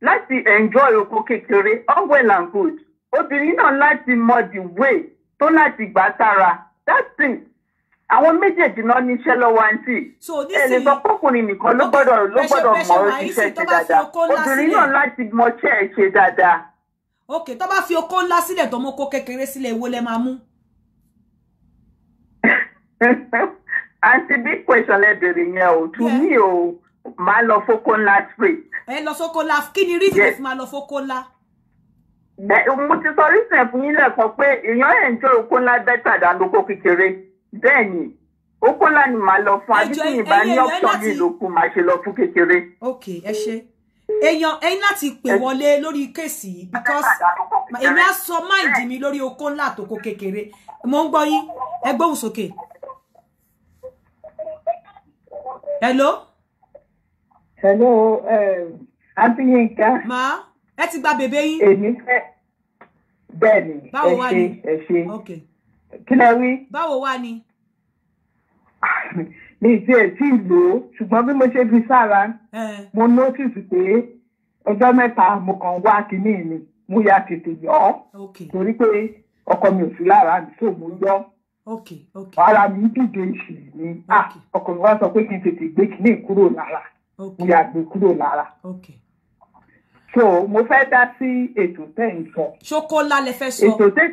láti enjoy oko kékeré all well and good obìnrin náà láti mọ the way tó láti gbà sára that's it àwọn méjèèjì náà níṣẹ́ lọ́wọ́ àǹtí ẹni sọ pọ́kùnrin nìkan ló gbọ́dọ̀ ló gbọ́dọ̀ mọ iṣẹ́ ṣe dáadáa obìnrin náà láti mọ iṣẹ́ ṣe dáadáa. ok tó bá fi okó ńlá sílẹ̀ tó mọ́ okó kékeré sílẹ̀ èwo lẹ máa mú. (laughs) àti big question lẹ bèrè yẹn o tù mí o máa lọ fókó ńlá straight. ẹ lọ fókó ńlá kí ni reason yes. fi máa lọ fókó ńlá. mo ti sọ reason ẹ fún yín lẹ́ẹ̀kan pé èèyàn ẹ̀ ń jó okó ńlá bẹ́tà dànù okó kékeré bẹ́ẹ̀ ni okó ńlá ni màá lọ fún adídìyìn bá ní ọ̀pọ̀ mi lókun màá ṣe lọ fún kékeré. ok ẹ ṣe èèyàn ẹ̀yin láti pè wọlé lórí kéèsì yìí because èmi á sọ máìdì mi lórí okó ńlá àtòkó kékeré mo ń gbọ́ yín ẹ gbóhùn sókè. Okay hello. hello um, abiyinka. ma ẹ ti gba bèbè yín. èmi fẹ́ bẹ́ẹ̀ ni ẹ ṣe ẹ ṣe kí lẹ wí. báwo wá ni. (laughs) mi ti ẹ̀ tí ì lò ó ṣùgbọ́n bí mo ṣe fi sára mo notice pé ọjọ́ mẹ́ta mo kàn wá kínní mi mo yà tètè yọ ọ́ torí pé ọkọ mi ò sí lára mi tó mo yọ ara mi dìde ìṣì ni ọkọ mi wá sọ pé kí n tètè gbé kíní kúrò lára mo yà gbé kúrò lára so mo fẹ́ dá sí ètò tẹ̀ ń sọ. ṣokola lẹ fẹ́ sọ. ètò tẹ̀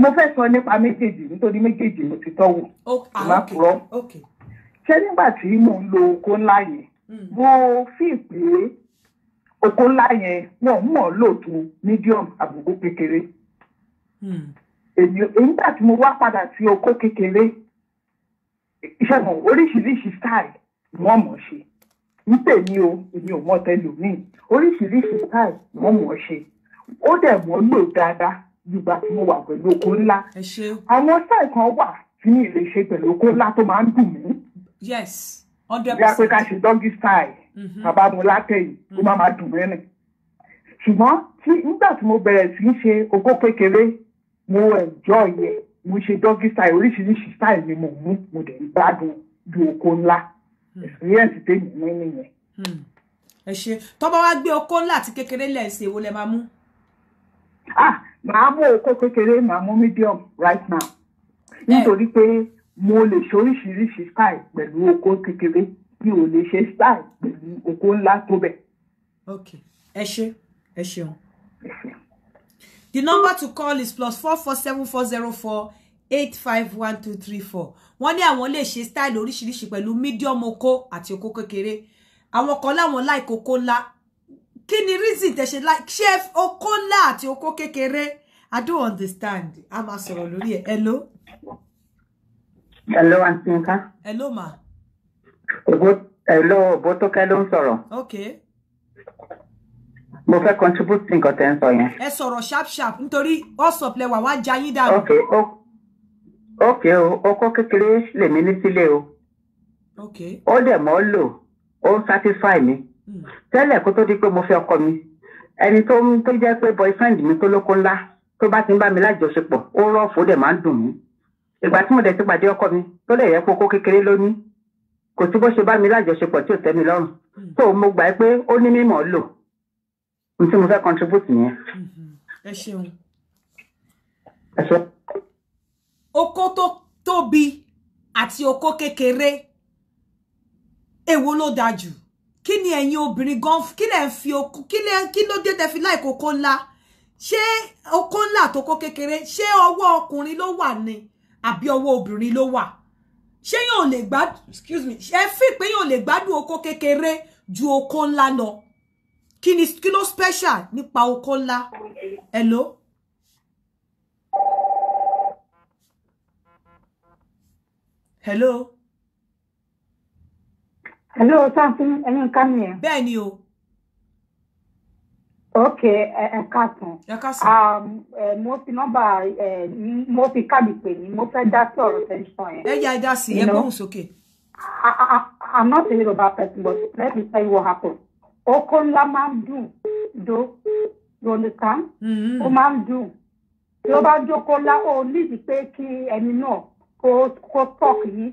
mo fẹ́ sọ nípa méjèèjì nítorí méjèèjì mo ti tọ́wò ah, ìmákùrọ́ ṣé nígbà tí mo ń lo oko ńlá yẹn hmm. mo fi pé oko ńlá yẹn wọ́n mọ̀ lóòótọ́ medium àbùkù kékeré. Hmm èyí nígbà tí mo wá padà sí oko kékeré ìṣẹ̀mọ̀ oríṣiríṣi style ni wọ́n mọ̀ ṣe ní tèmi o èmi ò mọ tẹlòmíì oríṣiríṣi style ni wọ́n mọ̀ ṣe ó dẹ̀ mọ́ lò dáadáa nígbà tí mo wà pẹ̀lú oko ńlá àwọn style kan wà tí mi lè ṣe pẹ̀lú oko ńlá tó máa ń dùn mí. yes hundred percent bí a pé ká ṣe doggy style mm-hmm. bàbá mi látẹ̀yìn tó máa máa dùn mí rìn ṣùgbọ́n nígbà tí mo bẹ̀rẹ̀ sí í ṣe oko kékeré mo enjoy yẹ mo ṣe doggy style oríṣiríṣi style ni mo mú mo dẹ̀ ń gbádùn ju oko ńlá hmm. experience tèmi mú nìyẹn. Hmm. ẹ ṣe tó bá wá gbé oko ńlá àti kékeré lẹ́sìn èwo lẹ máa mú. ah màá mú oko kékeré màá mú medium right now eh. nítorí pé mo lè ṣe oríṣiríṣi style pẹ̀lú oko kékeré mi ò lè ṣe style pẹ̀lú oko ńlá tó bẹ̀. ok ẹ ṣe ẹ ṣeun. ẹ ṣeun. The number to call is plus four four seven four zero four eight five one two three four. Wọ́n ní àwọn lè ṣe style oríṣiríṣi pẹ̀lú medium oko àti oko kékeré. Àwọn kan láwọn like oko ńlá. Kí ni reason tẹ́ ṣe like ṣé oko ńlá àti oko kékeré? I don't understand. A máa sọ̀rọ̀ lórí ẹ̀. Hello. Hello, Aunty Hello, ma. Èbó Hello, Bótókẹ́ ló ń sọ̀rọ̀. Okay mo fẹ́ contribute sí nǹkan tẹ́ ń sọ yẹn. ẹ sọ̀rọ̀ sharp sharp nítorí WhatsApp lẹ́wà wá já yín dànù. ok o ok o ọkọ kékeré lèmi ní sílé o. ok ó dẹ̀ mọ́ lò ó ń satisfy mi. Hmm. tẹ́lẹ̀ kó tó di pé mo fẹ́ ọkọ mi ẹni tó ń tó jẹ́ pé boyfriend mi tó lóko ńlá tó bá ti ń bá mi lájọṣepọ̀ ó rọ̀fù ó dẹ̀ máa ń dùn mí. ìgbà tí mo dẹ̀ ti pàdé ọkọ mi tó lè yẹ kó kó kékeré lóní kò sí bó ṣe bá mi lájọṣepọ̀ tí ò tẹ́ mi lọ́rùn. tó hmm. mo gbà pé ó ní mímọ́ lò n tí mo fẹ́ contribute nìyẹn. ẹ ṣeun. ẹ ṣe. oko tó tóbi àti oko kékeré èwo ló dáa jù kí ni ẹ̀yin obìnrin gan kí lẹ ń fi oko kí lẹ kí ló dé tẹ́ fi láìkó oko ńlá ṣé oko ńlá àtoko kékeré ṣé ọwọ́ ọkùnrin lo wa. ni àbí ọwọ́ obìnrin ló wà ṣé yóò lè gbádùn excuse me ṣé fi pe yóò lè gbádùn oko kékeré ju oko ńlá lọ. No? kí ni kí ló special nípa oko ńlá hello. hello. hello sáfún ẹ̀yin ká mi ẹ̀. bẹ́ẹ̀ ni o. ok ẹ káàsán. ẹ káàsán. Um, mo fi nọ́mbà mo fi káàdì pè ní mo fẹ́ dá sí ọ̀rọ̀ tẹ̀sán yẹn. ẹ yá ẹ dá sí ẹ gbóhùn sókè. I, I, I'm not a Yoruba person, but let me tell you what happened oko ńlá máa ń dùn do ronika mm-hmm. ó máa ń dùn tí ó bá jókòó ńlá ó nídìí pé kí ẹni náà kó kó tọk yìí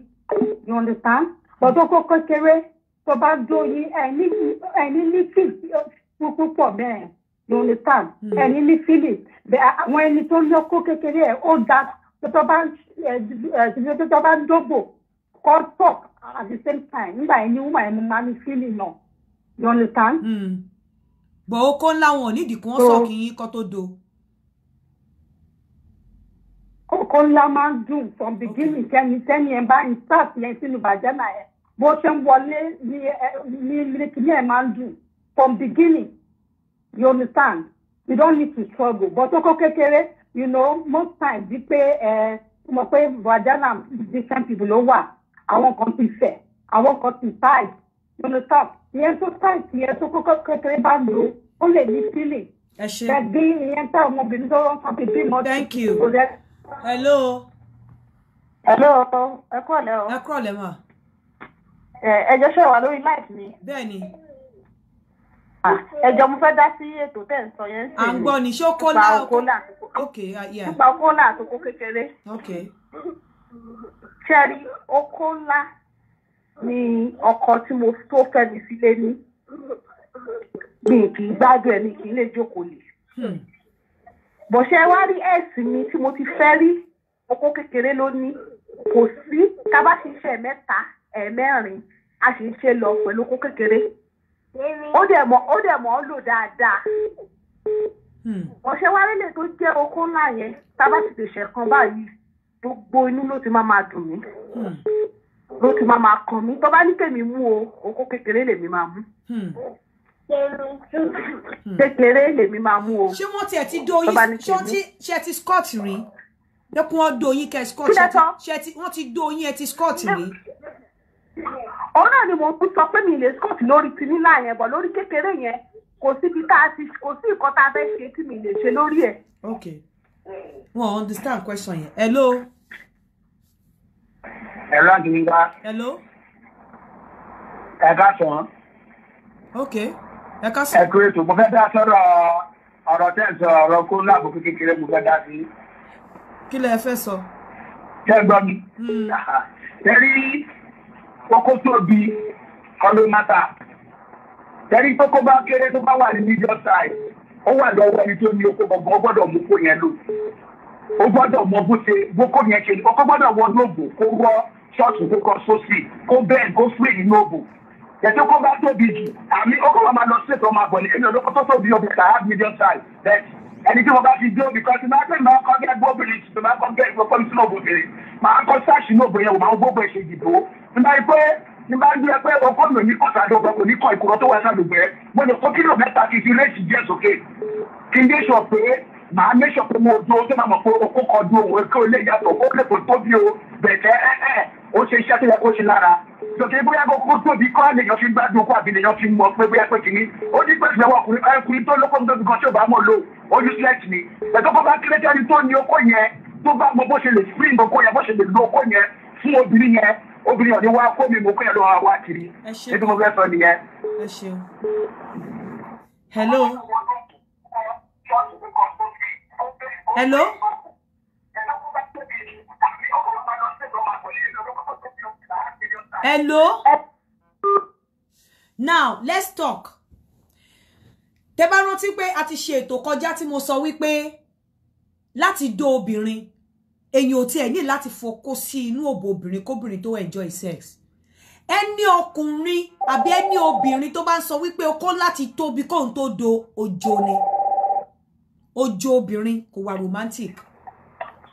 ronika gbọ́dọ̀ kó kékeré tó bá jó yín ẹni ẹni ní fíìlì púpọ̀ bẹ́ẹ̀ ronika mm-hmm. ẹni ní fíìlì àwọn ẹni tó ní ọkọ kékeré ẹ ó da tó bá tó bá dógbò kó tọk at the same time nígbà yẹn ni wúmà yẹn mo máa ní fíìlì náà you understand. Hmm. bọ̀ okó ńlá wọn ò nídìí kí wọ́n sọ kí yín kọ́ tó do. okó ńlá máa ń dùn from beginning tẹ́ni tẹ́ni ẹ̀ bá ń start yẹn sínú bàjẹ́ náà ẹ̀ bó ṣe ń wọlé ní ní ẹ̀ máa ń dùn from beginning you understand you don't need to struggle but okó kékeré you know most times bí pé ẹ mọ̀ pé vagina different people ló wà àwọn kan ti fẹ̀ àwọn kan ti tight you understand ìyẹn tó táìtì yẹn tó kókó kékeré bá lò ó lè ní fílì gbẹ̀gbẹ́ ìyẹn tá ọmọbìnrin tó rán fún bíbí mọ́tò. thank you hello. hello ẹ kúrọ̀lẹ́ o. ẹ kúrọ̀lẹ́ mà. ẹ jọ ṣe wà lórí láìpẹ́ mi. bẹ́ẹ̀ni. ẹjọ mo fẹ́ dá sí ètò tẹ́ ń sọ yẹn sí. à ń gbọ́ ní ṣó kólà nípa kólà àtòkó kékeré. ṣé ẹ rí okó ńlá ni ọkọ tí mo tó fẹ́ mi sílé ní mi kì í gbádùn ẹ̀ mi kì í lè jókòó lè. Hmm. bọ̀ṣẹ́ wá rí ẹ̀sìn mi tí mo ti fẹ́ rí ọkọ kékeré ló kò sí ká bá ti ṣe ẹ̀mẹ́ta ẹ̀mẹ́rin a sì ń ṣe lọ pẹ̀lú ọkọ kékeré ó dẹ̀ mọ̀ ó dẹ̀ mọ̀ ọ́ lò dáadáa ọ̀ṣẹ́ wa lélẹ̀ tó jẹ́ okó ńlá yẹn tá a bá ti tẹ̀sẹ̀ kan báyìí gbogbo inú ló ti máa máa dùn mí. Hmm ló ti máa máa kàn mí tó bá ní kèmí mú o okó kékeré lèmi máa mú hmm. Hmm. kékeré lèmi máa mú o. ṣé wọ́n tiẹ̀ ti dóyin ṣé wọ́n ti ṣe ti scott rí lẹ́kùn wọn dóyin kẹ́ scott ṣe ti wọ́n ti dóyin ẹ ti scott rí. òun náà ni mo ń sọ pé mi lè scott lórí tinú láàyẹn bọ̀ lórí kékeré yẹn kò síbi tá a ti kò sí nǹkan tá a fẹ́ ṣe tí mi lè ṣe lórí ẹ̀. ok wọn understand question yẹn hello. Hello, Adinka. Hello. Ẹ ká sàn. Ok, ẹ ká sàn. Ẹ kú ètò, mo fẹ́ dá sọ́dọ̀ ọ̀rọ̀ tẹ̀ sọ ọ̀rọ̀ kó láàbò kékeré mo fẹ́ dá sí. Kí lẹ fẹ́ sọ? Ṣé gbọ́ mi? Hmm. Ṣé rí kókó tóbi kọ́ló mátà? Ṣé rí kókó bá kéré tó bá wà ní medium size? Ó wà lọ́wọ́ ẹni tó ní oko gbọ̀ngàn, ó gbọ́dọ̀ mú kó yẹn lò. Ó gbọ́dọ̀ mọ bó ṣe bó kó yẹn ṣe, ó gbọ́dọ̀ wọ lóògùn kó rọ́ ṣọ́ọ̀ṣì tó kọ sósì kó bẹ́ẹ̀ kó fún èyí lóògùn yẹtí kó bá tóbi jù àmì ó kọ́ máa lọ sí ètò ọmọ àgbọ̀nì èmi ò lóko tóbi obìnrin kà á medium size bẹ́ẹ̀ ẹni tí mo bá ti dé obìnrin kan tí máa tẹ̀lé máa kọ́ gẹ́ gbóbìnrin tí máa kọ́ gẹ́ ìfọ̀kọ́ mi sínú obìnrin máa kọ́ sáàṣì ní obìnrin yẹn wò máa gbogbo ẹ̀ṣẹ̀ ìdìbò nígbà pé nígbà pé ọkọ mi ò ní kọ́ta àdó kò ní kọ́ ìkúrọ́ tó wà sálùgbẹ́ mo lè kó kílò mẹ́ta kí n sókè kí n dé sọ pé màá make sure pé mo dúró tó máa mọ̀ pé okó kan dúró òun kí o lè yàtọ̀ ó lè kó tóbi o bẹ̀tẹ̀ ẹ̀ ẹ̀ ó ṣe iṣẹ́ tó yẹ kó ṣe lára tòkè bóyá kó tóbi kọ́ àlèyàn fi gbádùn kó àbílẹ̀yàn fi mọ̀ pé bóyá pé kìíní ó ní pẹ̀sì lọ́wọ́ ọkùnrin ẹkùnrin tó lókun tóbi kan tí ò bá mọ̀ lò ó useless ni ẹ̀tọ́ bá kéré tẹ́ni tó ní okó yẹn tó bá mọ bó ṣe lè spring okó yẹn bó ṣe lè lo okó yẹn fún obìnrin yẹn obìnrin ọ̀ní wá kó mi mú kó yẹn lọ́wọ́ wá kiri níbi mo fẹ́ sọ hello hello. hello. now let's talk tẹ bá rántí pé a ti ṣe ètò kọjá tí mo sọ wípé láti dó obìnrin èyàn ò tiẹ̀ ní láti fokó sí inú òbò obìnrin kóbìnrin enjoy sex ẹni ọkùnrin àbí ẹni obìnrin tó bá ń sọ wípé okó láti tóbi kóun tó do ọjọ́ ni ó jó obìnrin kò wà romantic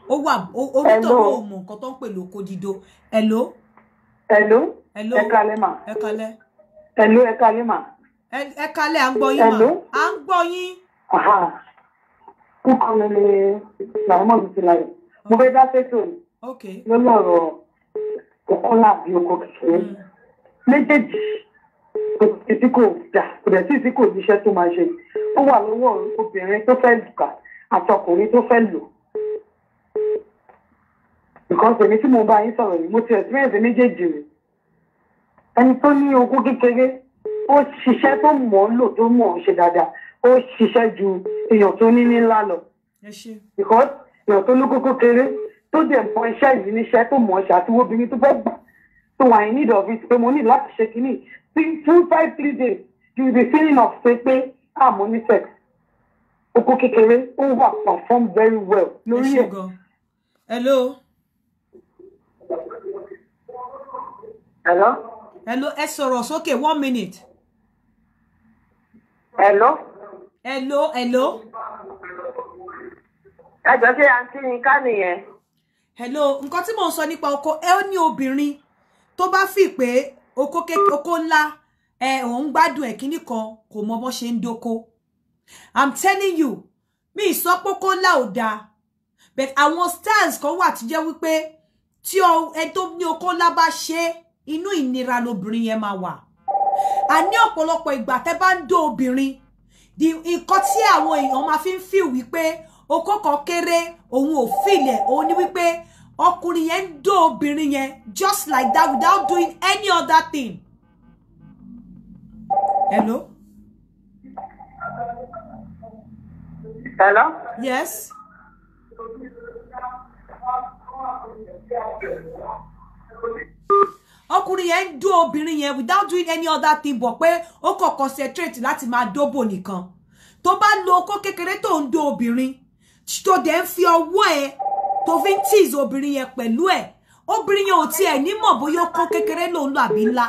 ó wà orítọ̀ ó mọ nǹkan tó ń pè lóko dídó hello. hello ẹ kalẹ́ mà. ẹ hello ẹ kalẹ́ mà. ẹ kalẹ́ à ń gbọ́ yín mà à ń gbọ́ yín. kúkọ mi ni làwọn mi ti láyè mo fẹ́ dá fẹ́tò lórí ọ̀rọ̀ òkú làbí oko mm. méjèèjì tí kò dà kò dẹ̀ sí tí kò níṣẹ́ tó máa ṣe ó wà lọ́wọ́ obìnrin tó fẹ́ lùkà àti ọkùnrin tó fẹ́ lò because èmi tí mo bá yín sọ̀rọ̀ yìí mo ti experience méjèèjì rẹ̀ ẹni tó ní ogún kékeré ó ṣiṣẹ́ tó mọ̀ ọ́ lò tó mọ̀ ọ́ ṣe dáadáa ó ṣiṣẹ́ ju èèyàn tó ní ńlá lọ because èèyàn tó lókó kékeré tó dẹ̀ mọ iṣẹ́ yìí níṣẹ́ tó mọ̀ ọ́ ṣe àti obìnrin tó fẹ́ gbà tó wà ní need pé mo ní láti ṣe kínní two five three days you will be feeling of say pé àmọ́ ah, ní sex oko kékeré ó wà perform very well lórí ẹ̀. hello. hello. hello ẹ sọ̀rọ̀ sókè one minute. hello. hello hello. ẹ jọ ṣe àǹtí Yinka nìyẹn. hello nǹkan tí mò ń sọ nípa ọkọ ẹ ó ní obìnrin tó bá fi pé oko kékeré oko ńlá ẹ òun gbádùn ẹ kíní kan kò mọ bó ṣe ń i'm telling you mi so pé kó ńlá ò but àwọn stars kan wà tó jẹ́ wípé tí ẹ tó ní oko ńlá bá ṣe inú ìnira lobìnrin yẹn máa wà a ní ọ̀pọ̀lọpọ̀ ìgbà tẹ́ bá ń dó obìnrin di nǹkan tí àwọn èèyàn máa fi feel wípé oko kan kéré òun feel ẹ̀ òun ni wípé ọkùnrin yẹn ń dó obìnrin yẹn just like that without doing any other thing. hello. hello. yes. ọkùnrin yẹn ń dó obìnrin yẹn without doing any other thing But pé ó kàn concentrate láti máa dóbò nìkan tó bá lo okó kékeré tó ń dó obìnrin tó dẹ̀ ń fi ọwọ́ ẹ̀ tó fi ń tíìz obìnrin yẹn pẹ̀lú ẹ̀ obìnrin yẹn ò tiẹ̀ ní mọ̀ bóyá kó kékeré lòun lò àbí ńlá.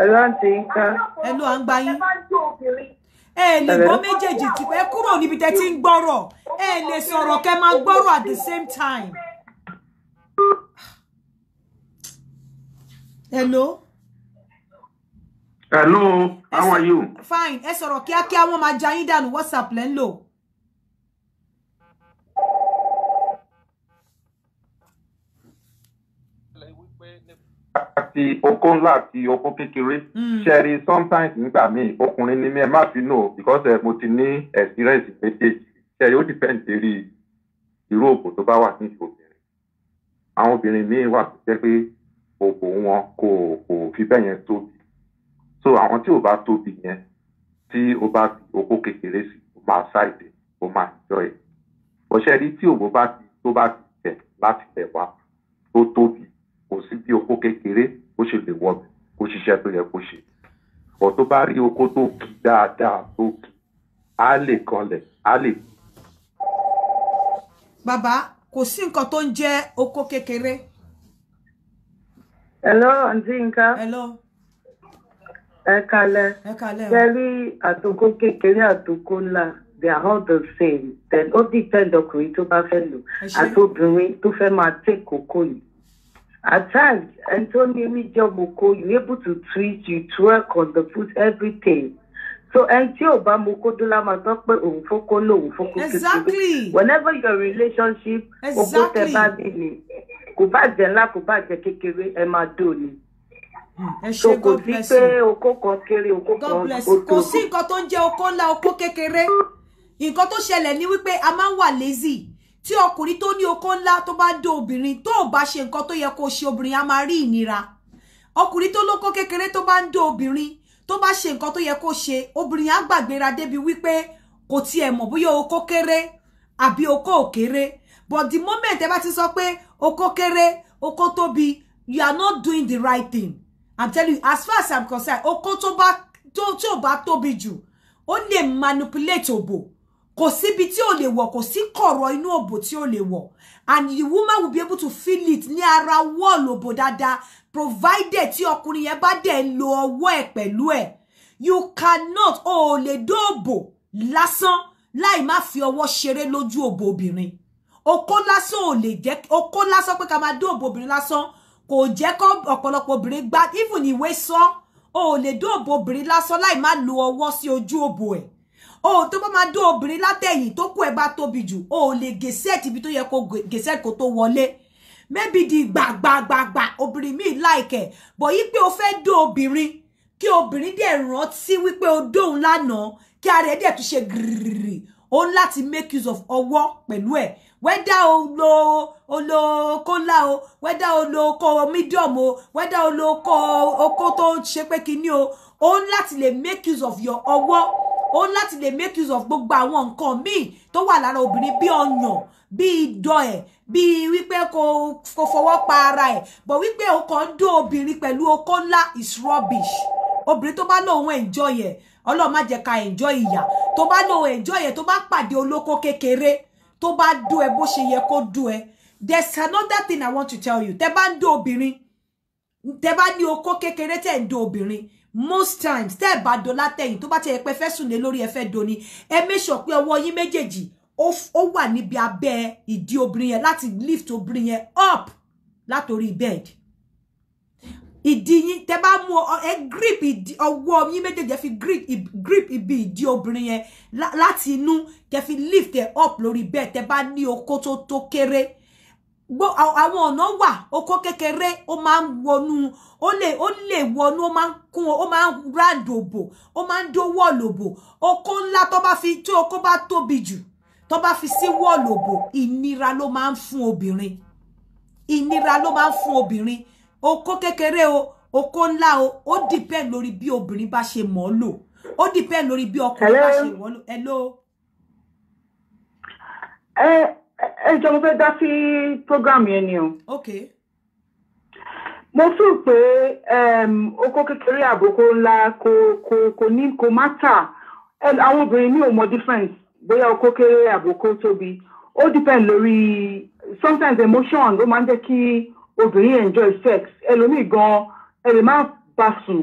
ẹ ló ń ti ń kán. à ń gba yín. ẹ lè gbọ́ méjèèjì tí ẹ kúrò níbi tẹ́ ti ń gbọ́rọ̀ ẹ lè sọ̀rọ̀ kẹ́ máa gbọ́rọ̀ at the same time. hello. hello how are you. fine ẹ sọ̀rọ̀ kíákíá wọ́n máa ja yín dànù whatsapp lẹ́ ń àti okó ńlá àti okó kékeré hmm. ṣẹ́ẹ̀rì sometimes nígbà míì ọkùnrin ni mí ẹ má bínú o because mo ti ní experience méjèèjì ṣẹ́ẹ̀rì ó depend lérí irú òbò tó bá wà ní obìnrin àwọn obìnrin míì wà tó jẹ́ pé òbò wọn kò kò fi bẹ́ẹ̀ yẹn tóbi so àwọn tí ò bá tóbi yẹn tí o bá fi okó kékeré sí o máa ṣáìdè o máa jọ ẹ ọ̀ṣẹ́rí tí òbò bá ti tó bá ti tẹ̀ láti tẹ̀ wá tó tóbi kò sí bí okó kékeré kó ṣe lè wọ́n kó ṣiṣẹ́ tó yẹ kó ṣe ọ̀ bá rí oko tó kì dáadáa tó kì á lè kanlẹ̀ á lè. bàbá kò sí nǹkan tó ń jẹ́ oko kékeré. hello aunty nka. hello. ẹ kalẹ. ẹ kalẹ o. kẹrí àtòkò kékeré àtòkò ńlá they are all the same then ó dìtẹ́ ọkùnrin tó bá fẹ́ lò àtòbìnrin tó fẹ́ máa tẹ́ kókó yìí. At times, Antonio Mijomoko, you able to twist, you twerk on the foot, everything. So ẹnití ò bá mu kó dúlá máa sọ pé òun fókó lòun fókó kékeré. Whenever your relationship oko tẹ bá bí ni kò bá jẹ ńlá kò bá jẹ kékeré ẹ máa dò ni. So kò sí pé oko kan kéré oko kan o tó. Kò sí nǹkan tó ń jẹ oko ńlá oko kékeré. Nǹkan tó ṣẹlẹ̀ ni wípé a máa ń wà lazy tí ọkùnrin tó ní okó ńlá tó bá dé obìnrin tó ò bá ṣe nǹkan tó yẹ kó ṣe obìnrin á máa rí ìnira ọkùnrin tó lókó kékeré tó bá ń dé obìnrin tó bá ṣe nǹkan tó yẹ kó ṣe obìnrin á gbàgbéra débi wípé kò tiẹ̀ mọ̀ bóyá okó kéré àbí okó ò kéré but the moment ẹ bá ti sọ pé okó kéré okó tóbi you are not doing the right thing i'm telling you as far as i'm concerned okó tó bá tó tó bá tóbi jù ó lè manipulate òbò kò síbi tí ò lè wọ̀ kò sí kọ̀rọ̀ inú òbò tí ò lè wọ̀ and the woman will be able to feel it ní ara wọ́ọ̀lù òbò dáadáa provided tí ọkùnrin yẹn ba de lo ọwọ́ ẹ̀ pẹ̀lú you cannot o ò lè dóòbò lásán láì má fi ọwọ́ ṣeré lójú òbò obìnrin okó lásán ò lè jẹ́ okó lásán pé ká máa dóòbò obìnrin lásán kò jẹ́ kó ọ̀pọ̀lọpọ̀ obìnrin gbá even ìwé sọ o ò lè dóòbò obìnrin lásán láì má lo ọwọ́ sí ojú òbò ẹ̀ o tó bá máa dó obìnrin látẹ̀yìn tó kú ẹ bá tóbi jù o lè geset ibi tó yẹ kó gèsẹ́ẹ̀tì kó tó wọlé maybe di gbàgbàgbàgbà obìnrin míì láìkẹ̀ bọ̀ yí pé o fẹ́ dó obìnrin kí obìnrin dẹ̀ rántí wípé o dóhun lánàá kí ara ẹ̀ dẹ̀ tún ṣe gírírì o ń make use of ọwọ́ pẹ̀lú ẹ̀ wẹ́dá o lo o lo kólá o wẹ́dá o lo kó medium o wẹ́dá o lo kó okó tó ṣe pé kinní o o ń láti make use of your ọwọ́ ó láti lè make use of gbogbo àwọn nǹkan míì tó wà lára obìnrin bí ọyàn bí idọ̀ ẹ̀ bí wípé kò fọwọ́ pa ara ẹ̀ but wípé o kàn ń dó obìnrin pẹ̀lú okó ńlá is rubbish obìnrin tó bá lóun enjoy ẹ̀ ọlọ́run má jẹ́ ká enjoy ìyà tó bá lóun enjoy ẹ̀ tó bá pàdé olóko kékeré tó bá dó ẹ bó ṣe yẹ kó dó ẹ there's another thing i want to tell you tẹ́ bá ń dó obìnrin tẹ́ bá ní okó kékeré tẹ́ ń dó obìnrin most times tẹ́ ẹ̀ bá dola tẹ̀yìn tó bá ti yẹ pé fẹ́ sùn lé lórí ẹ fẹ́ doni ẹ make sure pé ọwọ́ yín méjèèjì ó wà níbi abẹ́ ìdí obìnrin yẹn láti lift obìnrin yẹn up látòrí bed ìdí yín tẹ́ bá mú ẹ grip ìdí ọwọ́ yín méjèèjì fi grip grip ibi ìdí obìnrin yẹn láti inú kẹ́ fi lift ẹ up lórí bed tẹ́ bá ní okó tó tó kéré gbọ́ àwọn ọ̀nà wà oko kékeré ó máa ń wọnú ó lè ó lè wọnú ó máa ń kún ó máa ń ráǹdòbò ó máa ń dó wọ́ọ̀lòbò oko ńlá tó bá fi tí oko bá tóbi jù tó bá fi sí wọ́ọ̀lòbò ìnira ló máa ń fún obìnrin ìnira ló máa ń fún obìnrin oko kékeré o oko ńlá o ó dìpẹ́ lórí bí obìnrin bá ṣe mọ̀ ọ́ lò ó dìpẹ́ lórí bí ọkùnrin bá ṣe wọ́ọ́ lò hello. Eh ẹ jọ mo fẹ́ dá sí program yẹn ni o. okay. mo fi pé ehm, oko kékeré àbòkó ńlá kò kò kò ní kò má tà àwọn obìnrin ní ò mọ difference bóyá oko kéré àbòkó tóbi ó depend lórí sometimes emotion ló máa ń jẹ́ kí obìnrin enjoy sex ẹlòmíì gan ẹ lè má bá sùn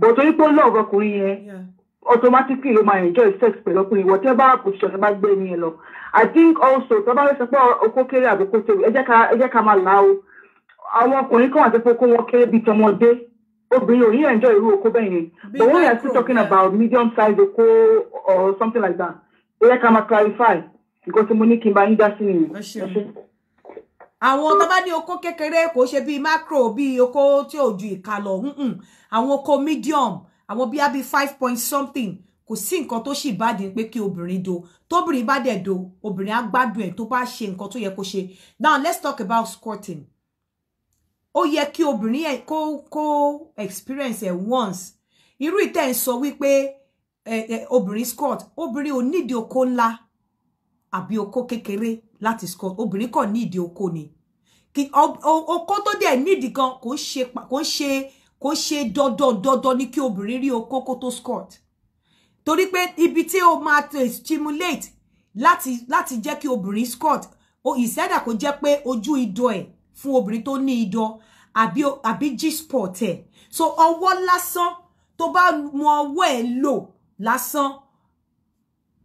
bọ̀ torí pé ó lọ́ọ̀ ọkùnrin yẹn automatically ló máa enjoy sex pẹ̀lú ọkùnrin whatever position ẹ bá gbé ní ẹ lọ i think also tó bá fẹ́ sọ pé okó kéré àbí kó tóbi ẹ jẹ́ ká máa là ó àwọn ọkùnrin kan àti poko wọn kéré bíi tọmọdé obìnrin ò ní ẹ̀ńjọ́ irú okó bẹ́ẹ̀ yẹn but when we are still talking about medium size okó or something like that ẹ jẹ́ ká máa clarify because tí mo ní kí n bá yín dá sí nìyẹn. àwọn tó ní okó kékeré kò ṣe bíi macro bíi okó tí ò ju ìka lọ àwọn okó medium àwọn bíi àbí five point something kò sí nǹkan tó sì bàdí pé kí obìnrin do tóbìnrin bá dẹ̀ do obìnrin á gbádùn ẹ̀ tó bá ṣe nǹkan tó yẹ kó ṣe now let's talk about squatting ó yẹ kí obìnrin ẹ̀ kó kó experience ẹ̀ once irú ìtẹ́ ń sọ wípé obìnrin squat obìnrin ò nídìí okó ńlá àbí okó kékeré láti squat obìnrin kò nídìí okó ni okó tó dẹ̀ nídìí gan kò ń ṣe kò ń ṣe kò ń ṣe dọ́dọ́dọ́dọ́ ní kí obìnrin rí okó kó tó squat torí pé ibi tí o máa to stimulate láti láti jẹ́ kí obìnrin squirt o ìṣẹ́dà kò jẹ́ pé ojú idọ̀ ẹ̀ fún obìnrin tó ní idọ̀ àbí àbí G-spot ẹ̀ so ọwọ́ lásán tó bá mu ọwọ́ ẹ̀ lò lásán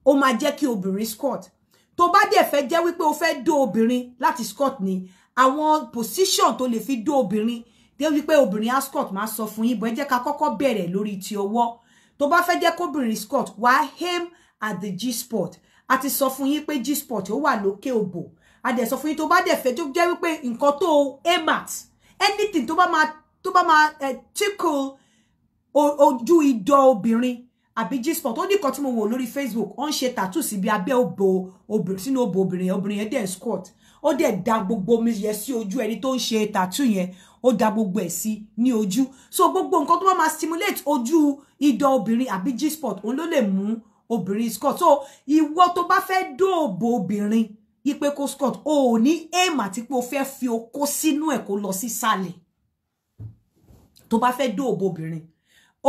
ó máa jẹ́ kí obìnrin squirt tó bá dẹ̀ fẹ́ jẹ́ wípé o fẹ́ dó obìnrin láti squirt ni àwọn position tó lè fi dó obìnrin dé wípé obìnrin á squirt máa sọ fún yín bọ́ ẹ jẹ́ ká kọ́kọ́ bẹ̀rẹ̀ lórí ti ọwọ́ tó bá fẹ́ jẹ́ kóbìnrin squat wà him at the G-spot Ati ti sọ fún yín G-spot ó wà lókè òbò a dẹ̀ sọ fún yín tó bá dẹ̀ fẹ́ tó jẹ́ wípé nǹkan tó aim at anything tó ma máa tó bá máa eh, tickle ojú ìdọ̀ obìnrin àbí G-spot ó ní kan tí mo wò lórí Facebook ó ń ṣe tattoo sí bí abẹ́ òbò obìnrin sínú òbò obìnrin obìnrin yẹn dẹ̀ squat ó dẹ̀ da gbogbo omi yẹn sí ojú ẹni tó ń tattoo yẹn O da gbogbo ẹ̀ sí ní ojú so gbogbo nǹkan tó ma stimulate oju ìdọ̀ obìnrin àbí G-spot òun ló lè mú obìnrin scott so ìwọ tó bá fẹ́ dóòbò obìnrin ipe kó scott o ò ní aim àti pé o fe fi okó sínú ẹ̀ kó lọ sí sàlẹ̀ tó bá fẹ́ dóòbò obìnrin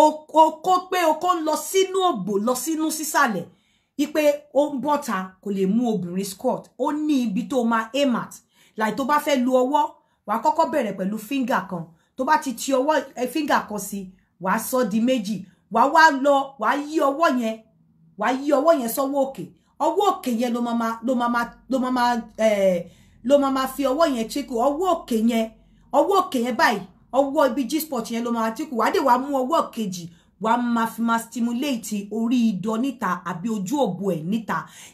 okó pé okó ń lọ sínú òbò lọ sínú sísàlẹ̀ ipe ó ń bọ́ta kò lè mú scott ó ní ibi tó máa aim at láì tó bá fẹ́ lu ọwọ́ wàá kọ́kọ́ bẹ̀rẹ̀ pẹ̀lú fíńgà kan tó bá ti ti ọwọ́ fíńgà kan sí wàá sọ di méjì wa wá wa wàá yí ọwọ́ yẹn wàá yí ọwọ́ yẹn sọ́wọ́ òkè ọwọ́ òkè yẹn ló máa ló máa ló máa eh, ló máa fi ọwọ́ yẹn chiku ọwọ́ òkè yẹn ọwọ́ òkè yẹn báyìí ọwọ́ ibi G-spot yẹn ló máa chiku wàá dé wàá mú ọwọ́ kejì wàá máa fi máa stimulate orí idọ níta àbí ojú òbò ẹ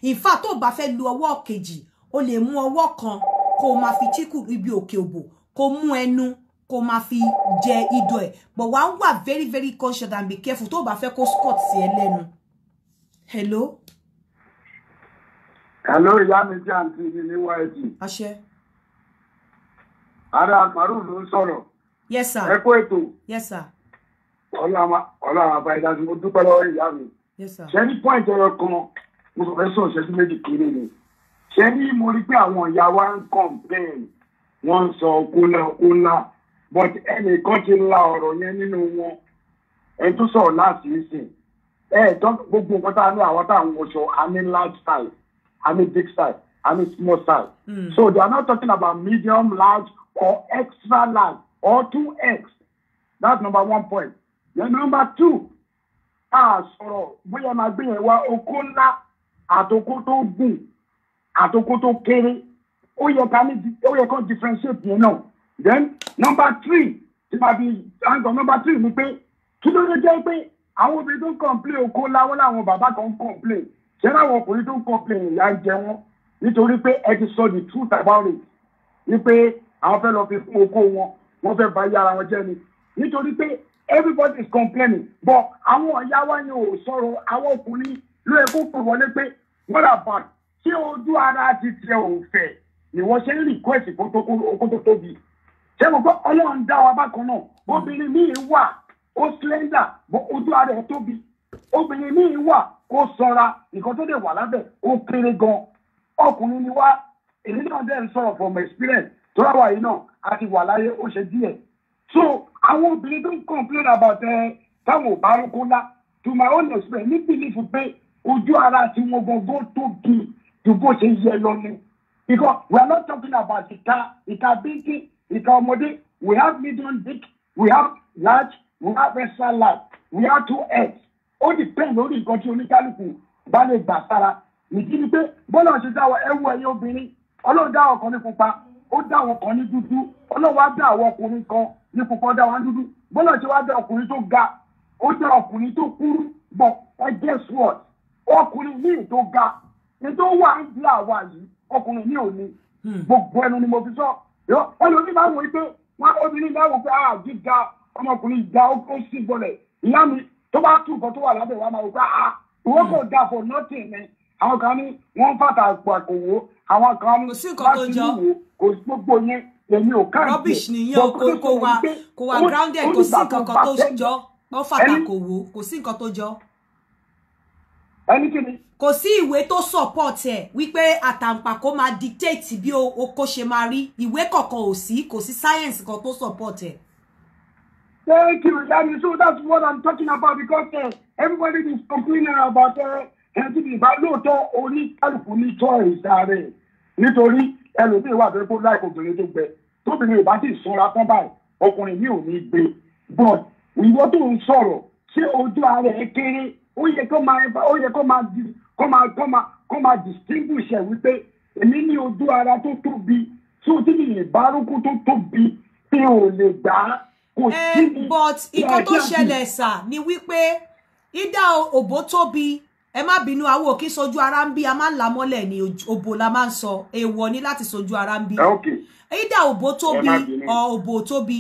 in fact tó o bá lu ọwọ́ kejì o lè mú ọwọ́ kan kó o máa fi chíkù ibi òkè òbò kó mú ẹnu kó máa fi jẹ idọ̀ ẹ̀ but wàá wà very very conscious and be careful tó o bá fẹ́ kó scott sí ẹ lẹ́nu. hello. hello ìyá mi jẹ́ àǹtí mi ní wáyéjì. àṣẹ. ara àpárò ló ń sọ̀rọ̀. yes sir. ẹ kó ètò. yes sir. ọlọ́run àbáyé dájú mo dúpẹ́ lọ́wọ́ ìyá mi. yes sir. ṣé pọ́ìntì ọ̀rọ̀ kan mo sọ fẹ́ sọ̀rọ̀ ṣẹ́jú méjì kéré ni ṣe ní mo rí pé àwọn ìyá wa ń complain wọ́n ń sọ kólá kólá but ẹnìkan ti la ọ̀rọ̀ yẹn nínú wọn ẹni tó sọ̀rọ̀ láti ìsìn ẹ tó gbogbo nǹkan tá a ní àwọn tá à ń wọṣọ a ní large size a ní big size a ní small size mm. so they are not talking about medium large or extra large or two x that's number one point then number two a sọ̀rọ̀ bóyá máa gbìyànjú wa okó ńlá àtòkó tó gùn àtòkó tó kéré ó yẹ ká ní ó yẹ kó differentiate yẹn náà then number three tí màá fi àǹgọ̀ number three ni pé kí ló dé jẹ́ pé àwọn obìnrin tó ń complain oko láwọn làwọn bàbá kan ń complain ṣé láwọn ọkùnrin tó ń complain ìyá ń jẹ wọn nítorí pé ẹ ti sọ the truth about it ni pé àwọn fẹ́ lọ fi fún oko wọn wọ́n fẹ́ bà yàrá wọn jẹ́ ni nítorí pé everybody is complaining but àwọn ọ̀yá wa yẹn ò sọ̀rọ̀ àwọn ọkùnrin ló yẹ kó pè wọlé pé what about ṣé ojú ara ti tẹ òfẹ ni wọn ṣe ń request kó tó tóbi ṣé mo gbọ́ ọlọ́run dá wa bákan náà obìnrin míì wà ó slender bó ojú ara ẹ̀ tóbi obìnrin míì wà ó sanra nǹkan tó dẹ̀ wà lábẹ́ ó kéré gan ọkùnrin ni wá èmi náà dẹ̀ sọ̀rọ̀ from experience tó ráwà yìí náà a wà láyé ó ṣe díẹ̀ so àwọn obìnrin tó ń complain about ẹ eh, táwọn ò bá rúkó ńlá to my own experience ní bílífù pé ojú ara tiwọn gangan tóbi You go ṣe yẹ learning because we are not talking about the car, ìka bíntì ìka ọmọdé we have medium big we have large we have extra large we have two heads ó depend lórí nǹkan tí oníkálukú bá lè gbà sára ìdí ni pé bọ́lá ṣe dáwọ́ ẹwú ẹyẹ obìnrin ọlọ́run dáwọ́ kan ní pupa ó dáwọ́ kan ní dúdú ọlọ́run wá dá àwọn ọkùnrin kan ní pupa ó dáwọ́ dúdú bọ́lá ṣe wá dá ọkùnrin tó ga ó dá ọkùnrin tó kúrú bọ̀ ẹ guess what ọkùnrin míì to ga nítorí wà ń bí àwa yìí ọkùnrin mi ò ní hmm. gbogbo ẹnu ni mo fi sọ ẹlòmíì máa wò ó pé wọn obìnrin máa wò pé a ah, gíga ọmọkùnrin ìgbà ó sì gbọlẹ̀ ìyá mi tó bá tún nǹkan tó wà lábẹ́ wa máa wò pé a ah, ìwọ kò dà fọ nọ́ọ̀tì mi àwọn kan ní wọ́n fàtà àpàkò wò àwọn kan ní láti wò kò gbogbo yẹn èmi ò káàkiri rubbish nìyẹn o kò kò wà kò wà grounded kò sí nǹkan tó jọ wọ́n fàtà kò wò kò sí nǹkan tó jọ kò sí ìwé tó support ẹ wípé àtàǹpàkò máa dictate bí oko ṣe máa rí ìwé kọ̀ọ̀kan ò sí kò sí science kan tó support ẹ. Thank you. That is, so that's what I'm talking about because uh, everybody is complaining about eh, health uh, ìgbà lóòótọ́ oníkálukú ní choice ààrẹ nítorí ẹlòmíín wà tó láìpẹ́ obìnrin tó gbẹ tóbìnrin ò bá sì sanra tán báyìí ọkùnrin mi ò ní gbé but ìwọ tó ń sọ̀rọ̀ ṣé ojú ara kéré ó yẹ kó máa ó yẹ kó máa kó máa kó máa kó máa distinguish ẹ̀ wípé èmi ní ojú ara tó tóbi tí o ti ní ìbárúkú tó tóbi tí o lè gbà á kò sí eh, ní. but nǹkan tó ṣẹlẹ̀ sà ni wípé ida òbó tóbi ẹ má bínú àwọn òkè sojú ara ń bí a máa ń là mọ́lẹ̀ ní òbò la máa ń sọ èèwọ̀ ni láti sojú ara ń bí ida eh, òbó tóbi eh, ọ òbò tóbi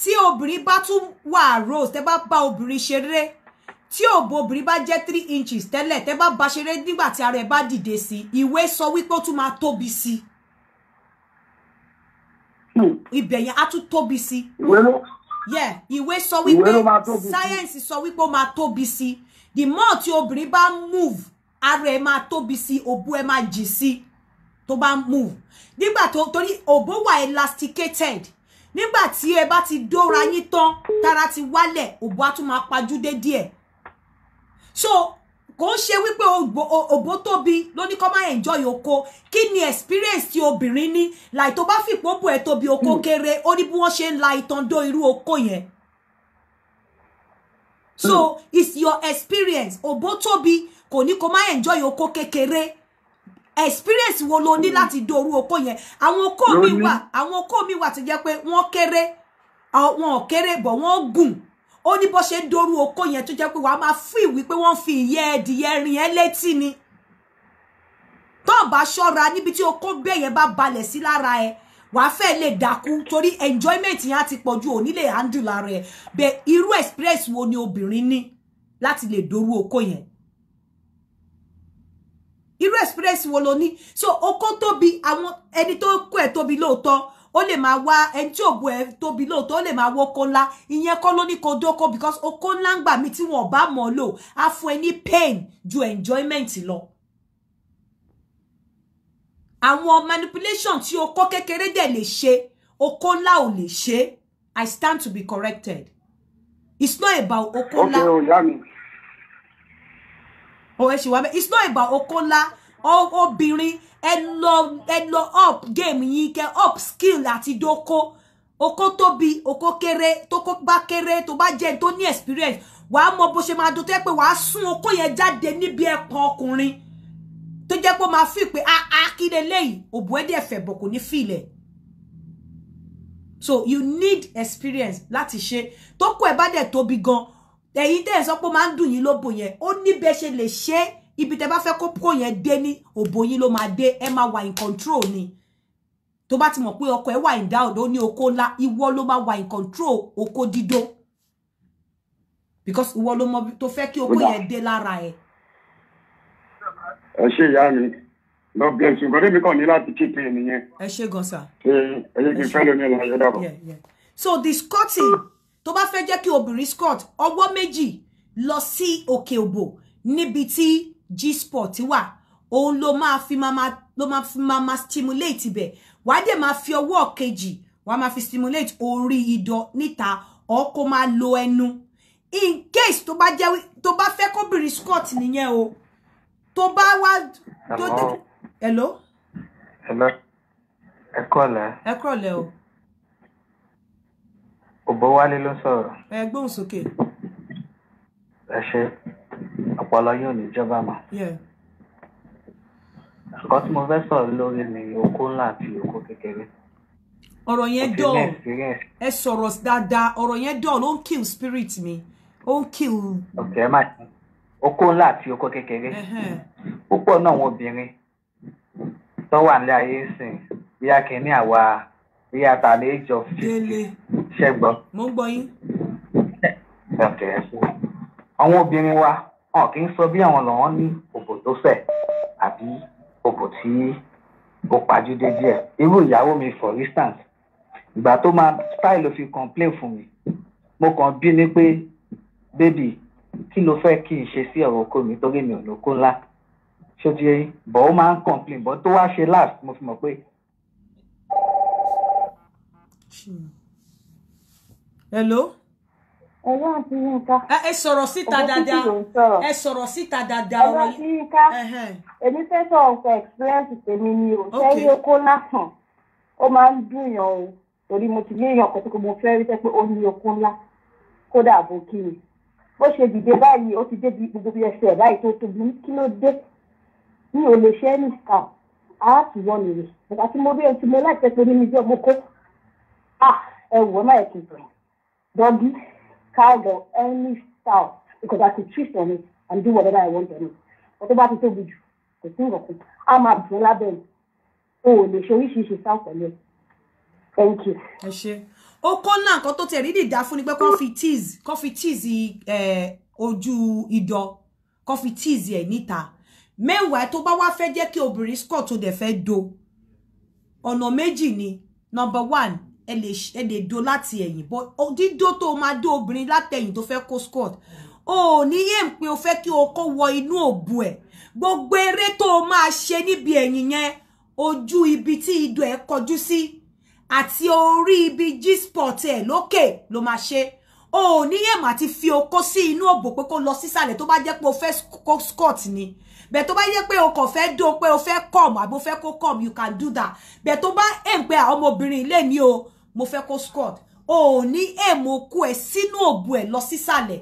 tí obìnrin bá tún wà rose tẹ bá bá obìnrin ṣeré tí òbò obìnrin bá jẹ́ three inches tẹ́lẹ̀ tẹ́ bá ba ṣeré nígbà tí ara ẹ̀ bá dìde sí ìwé sọ wípé ó tún máa tóbi sí ibẹ̀ yẹn á tún tóbi sí ìwé sọ wípé sáyẹ́ǹsì sọ wípé ó máa tóbi sí the more tí obìnrin bá move ara ẹ̀ máa tóbi sí òbú ẹ̀ máa jì sí tó bá move nígbà tó torí òbó wà elasticated nígbà tí ẹ bá ti dóra yín tán tára ti wálẹ̀ òbó á tún máa pajúdé díẹ̀ so kò ń ṣe wípé òbó tóbi ló ní kó máa enjoy oko kí ni experience ti obìnrin ní láì tó bá fìpó bù ẹ tóbi oko hmm. kéré ó ní bí wọ́n ṣe ń la ìtàn dó irú oko yẹn so hmm. it's your experience òbó tóbi kò ní kó máa enjoy oko kékeré experience wo ló ní hmm. láti dó irú oko yẹn àwọn oko mi wà àwọn oko mi wà ti jẹ́ pé wọ́n kéré àwọn kéré bọ̀ wọ́n gùn ó ní bó ṣe ń dorú oko yẹn tó jẹ́ pé wàá máa fún ìwí pé wọ́n fi ìyẹ́ ẹdìyẹ rin ẹ́ létí ni tó bá ṣọ́ra níbi tí oko bẹ́ẹ̀ yẹn bá balẹ̀ sí lára ẹ̀ wàá fẹ́ lè dákú torí enjoyment yẹn á ti pọ̀ ju òní lè handle lára ẹ̀ bẹ́ẹ̀ irú express wo ni obìnrin ní láti lè dorú oko yẹn irú express wo lo ní so oko tóbi àwọn ẹni tó kó ẹ̀ tóbi lóòótọ́ ó lè máa wá ẹni tí òbu ẹ tóbi lóòótọ́ ó lè máa wo oko ńlá ìyẹn kọ́ ló ní kó dóko because oko ńlá ń gbà mí tí wọn ò bá mọ̀ lò á pain ju enjoyment lọ àwọn manipulation tí oko kékeré dẹ̀ lè ṣe oko ńlá ò lè ṣe i stand to be corrected it's not about oko ńlá. ok o oh, yá mi. o oh, ẹ it's not about oko ńlá obìnrin ẹ lọ ẹ lọ up game yín kẹ up skill àti dóko oko tóbi oko kéré tó kó bá kéré tó bá jẹ tó ní experience wàá mọ bó ṣe máa dún tó yẹ pé wàá sún oko yẹn jáde níbi ẹpọn ọkùnrin tó jẹ pé máa fi pé áá ah, ah, kíni eléyìí òbú ẹ díẹ̀ bọ kò ní fìlẹ so you need experience láti ṣe tó kó ẹ bá dẹ tóbi gan ẹ̀yin tẹ́ ẹ sọ pé ó máa ń dùn yín lóbò yẹn ó níbẹ̀ ṣe lè ṣe é ibi tẹ́ bá fẹ́ kó pò yẹn dé ní òbò yín ló máa dé ẹ máa wà in control ni tó bá ti mọ̀ pé ọkọ ẹ wà in doubt ó ní oko ńlá ìwọ ló máa wà in control oko dídó because ìwọ ló mọ tó fẹ́ kí oko yẹn dé lára ẹ. ẹ ṣe ìyá mi lọ bí ẹsùn kọ́ni mi kàn ní láti kíkì ènìyàn. ẹ ṣe gan sa. ṣe ẹyẹ kì í fẹ́ lómi ọ̀la yóò dàbọ̀. so the scotting tó bá fẹ́ jẹ́ kí obìnrin scott ọwọ́ méjì lọ sí òkè òbò níbi tí G-spot wà O ló máa fi máa ló máa fi máa stimulate ibẹ̀ wàá dẹ̀ máa fi ọwọ́ kejì wàá máa fi stimulate orí ìdọ̀ níta ọ̀ kó máa lo ẹnu in case tó bá jẹ́ tó bá fẹ́ kóbìnrin squirt nìyẹn o tó bá wá tó dé hello. hello ẹ kọ́lẹ̀. ẹ kọ́lẹ̀ o. òbó wálé ló sọ̀rọ̀. ẹ gbóhùn sókè. ẹ ṣe ọpọlọ yóò ní jọba mà. nǹkan tí mo fẹ́ sọ̀rọ̀ lórí ni okó ńlá àti okó kékeré. ọ̀rọ̀ yẹn dọ̀ ẹ sọ̀rọ̀ dáadáa ọ̀rọ̀ yẹn dọ̀ ló ń kill spirit mi ó ń kill. ọ̀kẹ́ ẹ má okó ńlá àti okó kékeré púpọ̀ náà wọn obìnrin tó wà nílé ayé sìn bí a kìíní àwa bí a tà ní ìjọ fìdí ṣẹgbọn. mo ń gbọ́ yín. ọ̀kẹ́ ẹ sọ àwọn obìnrin wa wọn kì í sọ bí àwọn lọ́wọ́ ní òbò tó fẹ̀ àbí òbò tí ó pajúdé díẹ̀ irú ìyàwó mi for instance ìgbà tó máa style fi complain fún mi mo kàn bí ni pé bébì kí ló fẹ́ kí n ṣe sí ọ̀rọ̀ oko mi torí mi ò lóko ńlá ṣó ti yẹn bọ̀ ó máa ń complain bọ̀ tó wá ṣe last mo fi mọ̀ pé. hello ẹ̀rọ àti yínká. ẹ sọ̀rọ̀ síta dáadáa ẹ sọ̀rọ̀ síta dáadáa ọ̀rọ̀ yìí. ẹ̀rọ àti yínká èmi fẹ́ sọ ọ̀pọ̀ experience tèmi ni o sẹ́yìn okó lásán ó máa ń dùnyàn o torí mo ti ní èèyàn kan tó mo fẹ́ rí sẹ́ pé ó ní okó ńlá kódà bó kí ni bó ṣe dìde báyìí ó ti débi gbogbo bí ẹsẹ̀ báyìí tó tóbi kí ló dé mi ò lè ṣe ẹnì kan àátì wọ́n nìyẹn nígbà tí mo rí ẹni tí mo láì tẹ́ pé nínú ìjọba kó ah, ẹ wò ó ẹ̀ kì cow or any style because I could twist on it and do whatever I want on it. But tó bá ti you, the thing of it, I'm a dùn Oh, ẹ̀ show ò lè ṣe oríṣiríṣi sáà Thank you. Ẹ ṣe. Ó kọ́ to nǹkan tó tẹ̀ rí dìdá fún ni pé kó fi tíìsì kó fi tíìsì ojú ìdọ̀ kó fi tíìsì ẹ̀ níta. Mẹ́wàá tó bá wá fẹ́ jẹ́ kí obìnrin score tó dẹ̀ fẹ́ do. Ono meji ni. Number one, ẹ lè ẹ lè do láti ẹ̀yìn bọ́ dídó tó máa dó obìnrin látẹ̀yìn tó fẹ́ kó squat o ò ní yé ń pin o fẹ́ kí o kó wọ inú òbu ẹ̀ gbogbo eré tó o máa ṣe níbi ẹ̀yìn yẹn ojú ibi tí idò ẹ̀ kọjú sí àti orí ibi g-spot ẹ̀ lókè ló máa ṣe o ò ní yé mà ti fi okó sí inú òbò pé kó lọ sísàlẹ̀ tó bá jẹ́ pé o fẹ́ squat ni bẹ tó bá yẹ pé o kàn fẹ́ dó pé o fẹ́ come àbí o fẹ́ kó come you can do that bẹ tó bá ẹ̀ ń pé àwọn le ilé o mo fẹ́ kó squat o ò ní èèmọ̀ okú ẹ̀ sínú òbu ẹ̀ lọ sísàlẹ̀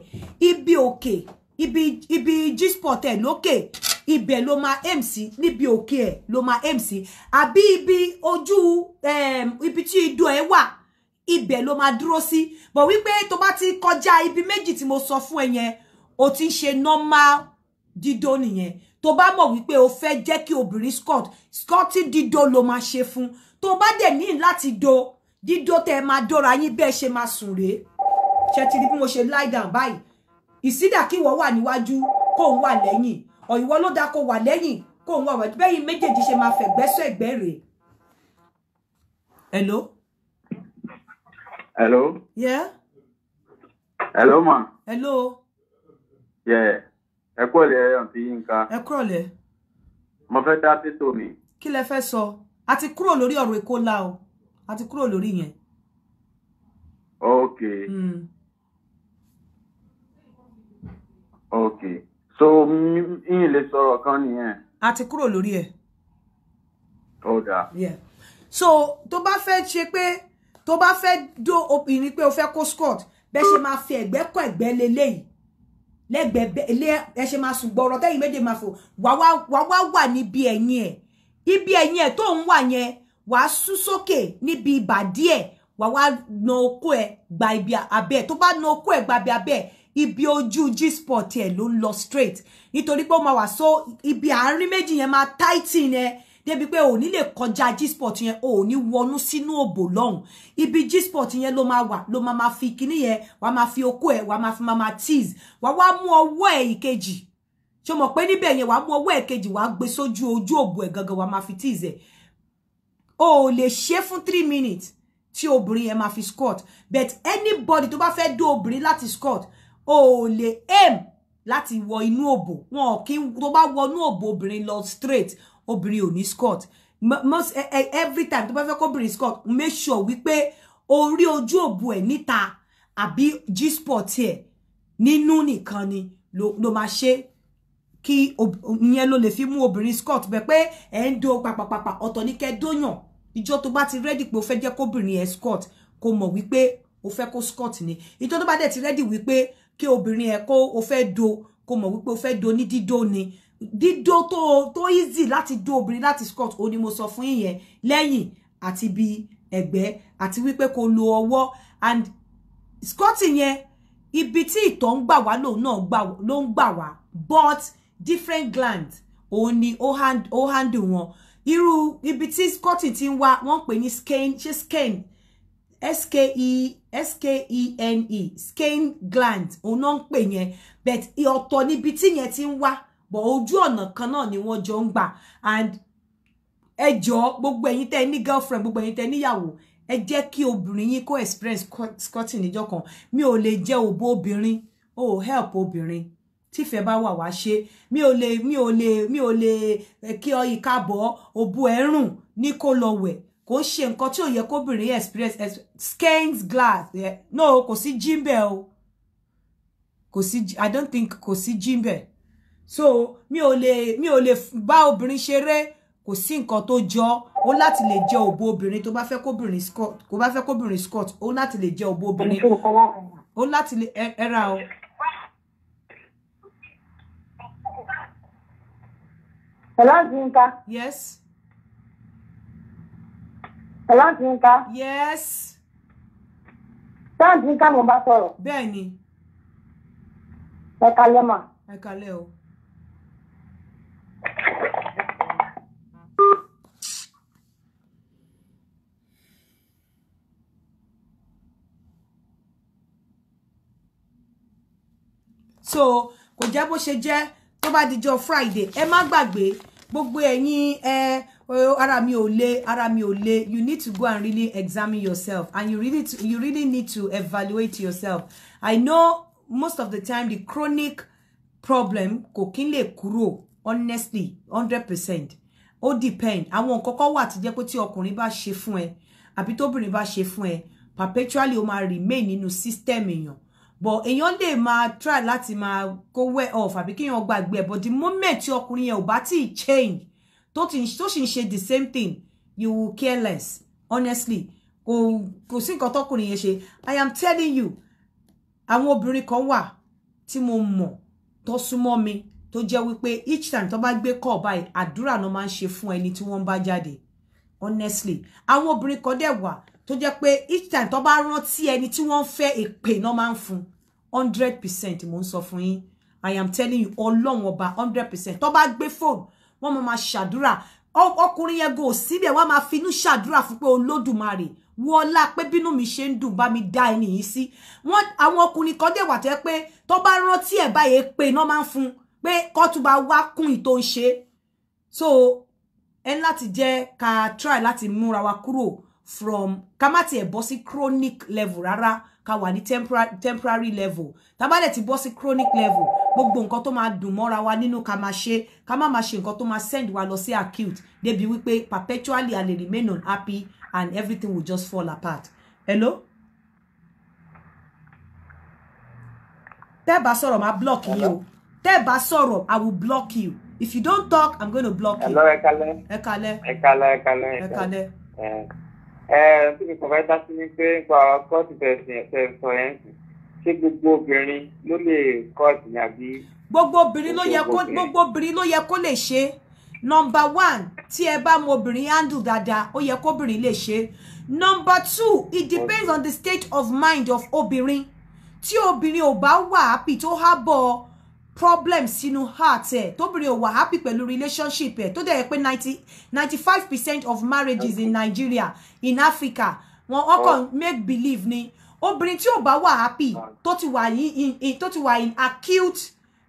ibi òkè ibi ibi g-spot ẹ̀ lókè ibẹ̀ ló máa aim sí níbi òkè ẹ̀ ló máa aim sí ibi oju um, ibi tí idú ẹ̀ wà ibẹ̀ ló máa dúró sí bọ̀ wípé tó bá ti kọjá ibi meji tí mo sọ fún ẹ o ti ń normal dido nìyẹn tó bá mọ̀ wípé o fẹ́ jẹ́ kí obìnrin scott scott dido ló máa ṣe fún tó bá dẹ̀ ní láti do dídó tẹ máa dóra yín bẹ́ẹ̀ ṣe máa sùn rèé ṣe ti rí bí mo ṣe lie down báyìí ìsídà kí ìwọ wà níwájú kó ń wà lẹ́yìn ọ̀ ìwọ ló dáa kó wà lẹ́yìn kó ń wà wájú bẹ́yìn méjèèjì ṣe máa fẹ̀gbẹ́sọ̀ ẹ̀gbẹ́ rèé. hello. hello. yeah. hello ma. hello. yeah ẹ kúrọ̀lẹ́ àǹtí Yínká. ẹ kúrọ̀lẹ́. mo fẹ́ dá títò mi. kí lẹ fẹ́ sọ a ti kúrò lórí ọ̀rọ̀ Èkó la o a ti kúrò lórí yẹn. ok. Mm. ok so yín lè sọ̀rọ̀ kan nìyẹn. a ti kúrò lórí ẹ̀. ó dáa. so tó bá fẹ́ ṣe pé tó bá fẹ́ dó obìnrin pé o fẹ́ kó squat bẹ́ẹ̀ ṣe máa fi ẹ̀gbẹ́ kọ́ ẹ̀gbẹ́ lélẹ́yìí lẹ́gbẹ̀ẹ́ ilé ẹ ṣe máa sùn gbọ́rọ̀ tẹ́yìn méje máa fò wá wà níbi ẹ̀yìn ẹ̀ ibi ẹ̀yìn ẹ̀ tó ń wà yẹn wà á sún sókè níbi ìbàdí ẹ̀ wà wá na okó ẹ̀ gba ibi abẹ́ ẹ̀ tó bá na okó ẹ̀ gba ibi abẹ́ ibi ojú g-spot ẹ̀ ló ń straight nítorí pé ó máa wà so ibi àárín méjì yẹn máa tighten ẹ̀ débi pé òní lè kọjá g-spot yẹn òní wọnú sínú òbò lọ́hùn ibi g-spot yẹn ló máa wà ló máa ma fi kíní yẹn wàá máa fi okó ẹ wàá máa fi máa ma tease wàá wá mú ọwọ́ ẹ ìkejì ṣé o mọ̀ pé níbẹ̀ yẹn wàá mú ọwọ́ ẹ kejì wàá gbé sójú ojú òbò ẹ gangan wàá fi tease ẹ o le ṣe fún 3 minutes Ti obìnrin ẹ máa fi squat but anybody tó bá fẹ́ do obìnrin lati squat o le aim lati wọ inú òbò wọn kì tó bá wọ inú òbò obìnrin lọ straight obìnrin ò ní squat most every time tó bá fẹ́ kó obìnrin squat make sure wípé orí ojú òbò ẹ̀ níta àbí G-spot ẹ̀ nínú nìkan ni ló máa ṣe kí ìyẹn ló lè fi mú obìnrin squat bẹ́ẹ̀ pé ẹ̀ do papapapa ọ̀tọ̀ ní kẹ́ dóyàn ìjọ tó bá ti ready pé o fẹ́ jẹ́ kóbìnrin escort kó mọ̀ wípé o fẹ́ kó scot ni ìjọ tó bá dẹ̀ ti rẹ́dì wípé ke obìnrin ẹ̀ kó o fẹ́ do kó mọ̀ wípé o fẹ́ do ní dídó ni dídó tó tó easy láti do obìnrin láti scot o ni mo sọ fún ìyẹn lẹ́yìn àti bí ẹ̀gbẹ́ àti wípé kó lo ọwọ́ and scot yẹn ibi tí ìtọ̀ ń gbà wá lòun náà ló ń gbà wá but different gland òun ni ó handle wọn irú ibi tí scotty ti ń wá wọ́n pè ní skein ṣe skein s-k-e-s-k-e-n-e e e, skein gland òun náà ń pè but ọ̀tọ̀ níbi tí yẹn ti ń wá bọ̀ ojú ọ̀nà kan náà ni wọ́n jọ ń and ẹ jọ̀ọ́ gbogbo ẹ̀yin tẹ́ ní girlfriend gbogbo ẹ̀yin tẹ́ níyàwó ẹ jẹ́ kí obìnrin yín kó experience scotty níjọ́ kan mi ò lè jẹ́ òbó obìnrin o help obìnrin tífẹ́ bá wà wá ṣe mi ò lè mi ò lè mi ò lè kí ọ ìkàbọ̀ òbu ẹ̀rùn ní kó lọ wẹ̀ kò ṣe nǹkan tí ò yẹ kóbìnrin experience skeins glass yeah. no kò sí jíǹbẹ̀ o kò sí i don't think kò sí jíǹbẹ̀ so mi ò lè mi ò lè bá obìnrin ṣeré kò sí nǹkan tó jọ ó láti lè jẹ òbò obìnrin tó bá fẹ́ kóbìnrin scott kó bá fẹ́ kóbìnrin scott ó láti lè jẹ òbò obìnrin ó láti lè ẹra o. Hello, Zinka. Yes. Hello, Zinka. Yes. Sáà Zinka mo bá sọ̀rọ̀. Bẹ́ẹ̀ni. Ẹ kalẹ́ mà. Ẹ kalẹ́ o. So kò jẹ́ bó ṣe jẹ́ tó bá dijọ́ friday ẹ má gbàgbé gbogbo ẹ̀yin ẹ ara mi ò le ara mi ò le you need to go and really examine yourself and you really to, you really need to evaluate yourself i know most of the time the chronic problem kò kí n lè kúrò honestly hundred percent ó depend àwọn nǹkan kan wà tí jẹ́ pé tí ọkùnrin bá ṣe fún ẹ àbí tóbìnrin bá ṣe fún ẹ perpetually ó máa remain nínú system èèyàn but èèyàn lè máa try láti máa go wẹ́ off àbí kéèyàn gbàgbé ẹ̀ but the moment tí ọkùnrin yẹn ò bá tí change tó ti tó sì ń ṣe the same thing you will care less honestly kò kò sí nǹkan tọkùnrin yẹn ṣe i am telling you àwọn obìnrin kan wà tí mo mọ̀ tó súnmọ́ mi tó jẹ́ wípé each time tó bá gbé call báyìí àdúrà náà máa ń ṣe fún ẹni tí wọ́n bá jáde honestly àwọn obìnrin kan dẹ̀ wà tó jẹ́ pé each time tó bá rántí ẹni tí wọ́n fẹ́ èpè náà máa ń fún hundred percent mo ń sọ fún i am telling you ọlọ́run ọba hundred percent tó bá gbé fóònù wọ́n mọ̀ máa ṣàdúrà ọkùnrin yẹn gò síbẹ̀ wọ́n máa shadura. ṣàdúrà fún pé olódùmarè wọ́lá pé bínú mi ṣe ń dùn bá mi dá ẹni yìí sí wọ́n àwọn ọkùnrin kan dẹ̀ wà tẹ́ pé tó bá rántí ẹ̀ báyìí pé iná máa ń fún pé kọ́tùbà wá kún ìtò ń ṣe so ẹ lati je ka try lati múra wa kuro from Kamati, má tiẹ̀ chronic level rárá ká wà ní temporary level tá bá ti bọ́ chronic level gbogbo nǹkan tó máa dùn mọ́ra wa nínú ká máa ṣe ká má máa ṣe nǹkan tó máa send wa lọ sí acute débi wípé perpetually a lè remain unhappy and everything will just fall apart. hello. tẹ́ bá sọ̀rọ̀ máa block you. o tẹ́ bá i will block you if you don't talk i'm going to block you. hello Ekale. Ekale. Ekale. Ekale. Ekale. kálẹ́ tí mi kàn fẹ́ dá sí ni pé nípa kóòtù tẹ̀sìn ẹ̀fẹ́ sọ yẹn ṣé gbogbo obìnrin ló lè kóòtù ní àbí. gbogbo obìnrin ló yẹ kó gbogbo obìnrin ló yẹ kó lè ṣe nọmba one tí ẹ bá mọ obìnrin handle dáadáa ó yẹ kóbìnrin lè ṣe nọmba two it depends on the state of mind of obìnrin tí obìnrin ò bá wà á pì tó hábọ̀ ọ́ problem sínú heart ẹ tóbìnrin ò wà happy pẹ̀lú relationship Eh. tó dẹ̀ yẹ pé ninety ninety five percent of marriages in Nigeria in Africa wọn ọkàn oh. make believe ni obìnrin tí ò bá wà happy ah. tó ti wà in tó ti wà in acute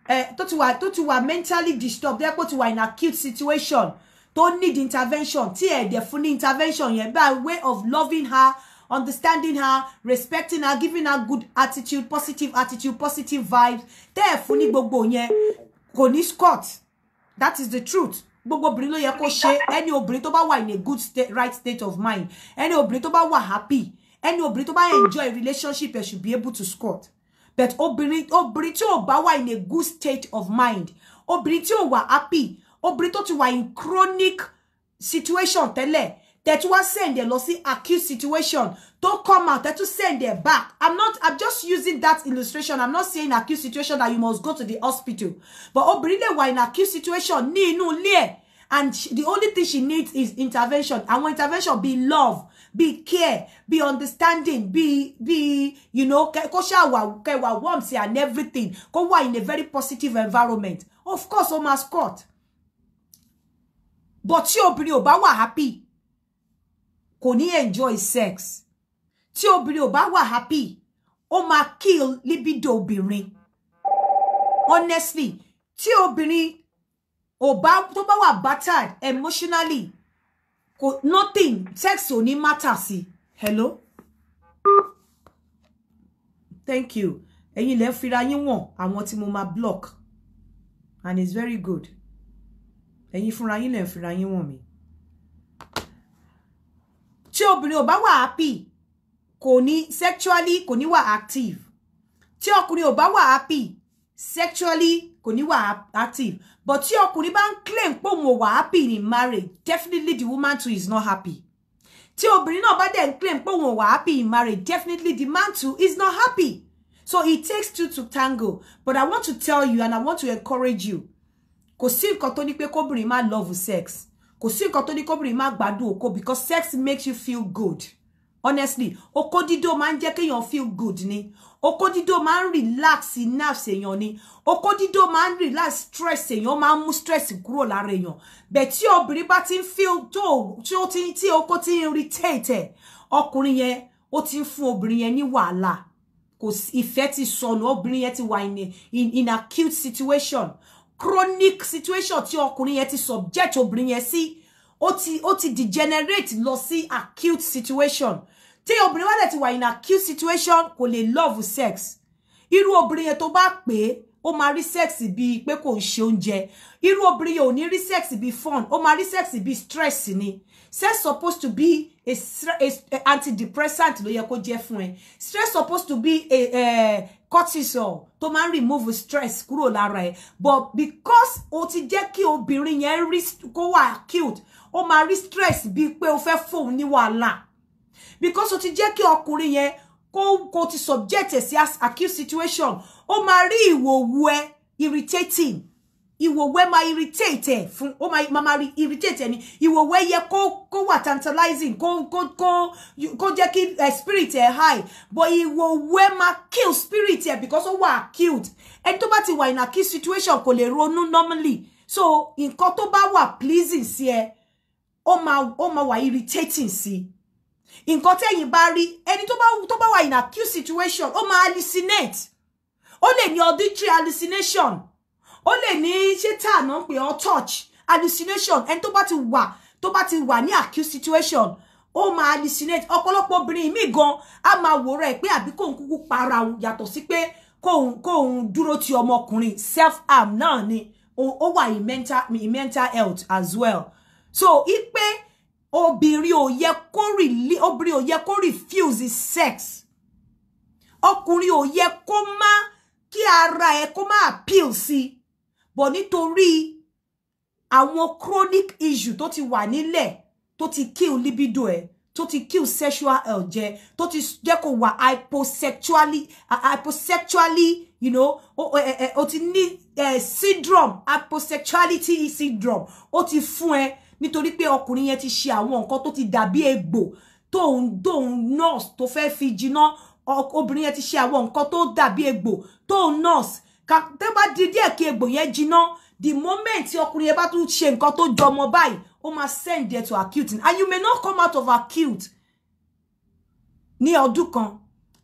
eh, tó ti wà tó ti wà mentally disturbed ẹ pé ó ti wà in acute situation tó need intervention tí ẹ̀ dẹ̀ fún intervention yẹn by way of loving her understanding her respecting her giving her good attitude positive attitude positive vibes tẹ́ ẹ̀ fún ní gbogbo yẹn kò ní scott that is the truth gbogbo obìnrin ló yẹ kó ṣe ẹni obìnrin tó bá wà in a good state, right state of mind ẹni obìnrin tó bá wà happy ẹni obìnrin tó bá enjoy relationship ẹ should be able to scott but obìnrin obìnrin tí ò bá wà in a good state of mind obìnrin tí ò wà happy obìnrin tó ti wà in chronic situation tẹ́lẹ̀ that was want send them lossy accused situation don't come out that to send them back i'm not i'm just using that illustration i'm not saying acute situation that you must go to the hospital but obìnrin why in acute situation ní inú ilé and she, the only thing she needs is intervention And when intervention be love be care be understanding be be you know kó ṣáà wà warmth and everything kó why in a very positive environment of course ó máa but tí obìnrin ò bá happy kò ní enjoy sex tí obìnrin ò bá wà happy ó máa kill libido obìnrin honestly tí obìnrin ò bá tó bá wà battered emotionally kò nothing sex ò ní matter sí hello thank you ẹ̀yin lẹ fira yín wọ̀n àwọn tí mo máa block and it's very good ẹ̀yin fúnra yín lẹ fira yín wọ̀n mi tí obìnrin ò bá wà happy kò ní sexually kò ní wà active tí ọkùnrin ò bá wà happy sexually kò ní wà active but tí ọkùnrin bá ń claim pé òun ò wà happy in marriage definitely the woman too is not happy tí obìnrin náà bá dẹ̀ ń claim pé òun ò wà happy in marriage definitely the man too is not happy so it takes two to tango but i want to tell you and i want to encourage you kò sí nǹkan tó ní pé kóbìnrin má love sex kò sí nǹkan tó ní kóbìnrin má gbádùn okó because sex makes you feel good honestly okó dídó máa ń jẹ́ kéèyàn feel good ni okó dídó máa ń relax nerves èèyàn ni okó dídó máa ń relax stress èèyàn máa ń mú stress kúrò lára èèyàn bẹ́ẹ̀ tí obìnrin bá ti ń feel tó tí ó ti tí okó ti ń irritate ọkùnrin yẹn ó ti ń fún obìnrin yẹn ní wàhálà kò ìfẹ́ ti sọnù obìnrin yẹn ti wà in, in, in acute situation chronic situation tí ọkùnrin yẹn ti subject obìnrin yẹn sí ó ti ó ti degenerate lọ sí acute situation tí obìnrin wá dẹ̀ ti wà in acute situation kò lè love sex irú obìnrin yẹn to bá pé ó máa rí sex bíi pé kò ń ṣe oúnjẹ irú obìnrin yẹn ò sex bíi fun ó máa rí sex bíi stress ni sex supposed to be a, a, a antidepressant ló yẹ kó jẹ́ fun. ẹ stress supposed to be a, a eh, cortisol tó máa ń remove stress kúrò lára ẹ but because o ti jẹ́ kí obìnrin yẹn rí kó wà acute ó máa rí stress bíi pé o fẹ́ fóun ní wàhálà because o ti jẹ́ kí ọkùnrin yẹn kó kó ti subject ẹ̀ sí acute situation ó máa rí ìwòwò ẹ irritating ìwòwẹ́ máa irritate ẹ̀ fún ó mama máa irritate ẹ̀ ni ìwòwẹ́ yẹ kó kó wà tantalizing kó kó kó kó jẹ́ kí uh, spirit ẹ̀ high but ìwòwẹ́ máa kill spirit ẹ̀ because ó wà killed. ẹni tó bá ti wà in acute situation kò lè ronú normally so nǹkan tó bá wà pleasing sí ẹ ó máa ó máa wà irritating sí nǹkan tẹ́yìn bá rí ẹni tó bá tó bá wà in acute situation ó máa hallucinate ó lè ní auditory hallucination ó lè ní ṣé tá à náà pé ọ touch hallucination ẹni tó bá ti wà tó bá ti wà ní acute situation ó máa hallucinate ọ̀pọ̀lọpọ̀ obìnrin míì gan á máa wòrán ẹ̀ pé àbí kóun kúkú para òun yàtọ̀ sí pé kóun kóun dúró ti ọmọkùnrin self harm náà ni ó wà in mental in mental health as well so ipe obìnrin ò yẹ kó obìnrin ò yẹ kó refuse sex ọkùnrin ò yẹ kó má kí ara ẹ kó má appeal sí but nítorí àwọn chronic issue tó ti wà nílẹ̀ tó ti kill libido ẹ̀ tó ti kill sexual health jẹ tó ti jẹ́ kó wà hyposexually hyposexually you know o, o o o ti ní eh, syndrome hyposexuality syndrome ó ti fún ẹ nítorí pé ọkùnrin yẹn ti ṣe àwọn nǹkan tó ti dàbí egbò tó ń dóun nurse tó fẹ́ fi jiná obìnrin yẹn ti ṣe àwọn nǹkan tó dàbí egbò tó nurse tẹ́ bá di díẹ̀ kí egbò yẹn jiná the moment tí ọkùnrin yẹn bá tún ṣe nǹkan tó jọmọ báyìí ó máa send there to acute and you may not come out of acute ní ọdún kan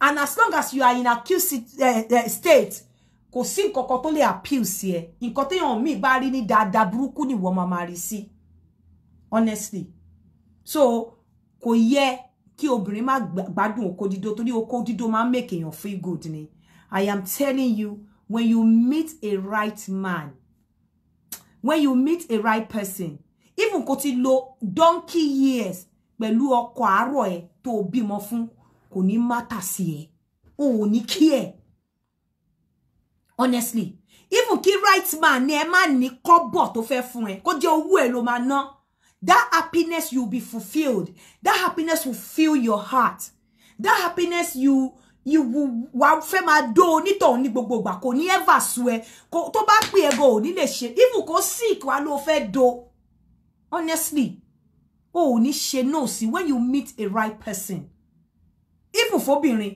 and as long as you are in acute uh, uh, state kò sí nǹkan kan tó lè appeal sí ẹ nǹkan téèyàn míì bá rí ní dáadáa ni nìwọ máa máa rí sí honestly so kò yẹ kí obìnrin má gbádùn oko dídó torí oko dídó máa ń make èèyàn feel good ni i am telling you when you meet a right man when you meet a right person even kò ti lo donkey years pẹ̀lú ọkọ àárọ̀ e tó bímọ fún kò ní mátà sí ẹ o ni ní kí honestly even kí right man ni ẹ ni ní kọ́bọ̀ tó fẹ́ fún ẹ kó jẹ́ owó ẹ ló máa ná that happiness you be fulfilled that happiness will fill your heart that happiness you ìwù wà fẹ́ máa dó onítọ̀hún ní gbogbo ìgbà kò ní ẹ́fà sú ẹ tó bá pè ẹ́ gan ò ní lè ṣe ìfù sick wá ló fẹ́ do honestly o ò ní ṣe no sí when you meet a right person ìfù fóbìnrin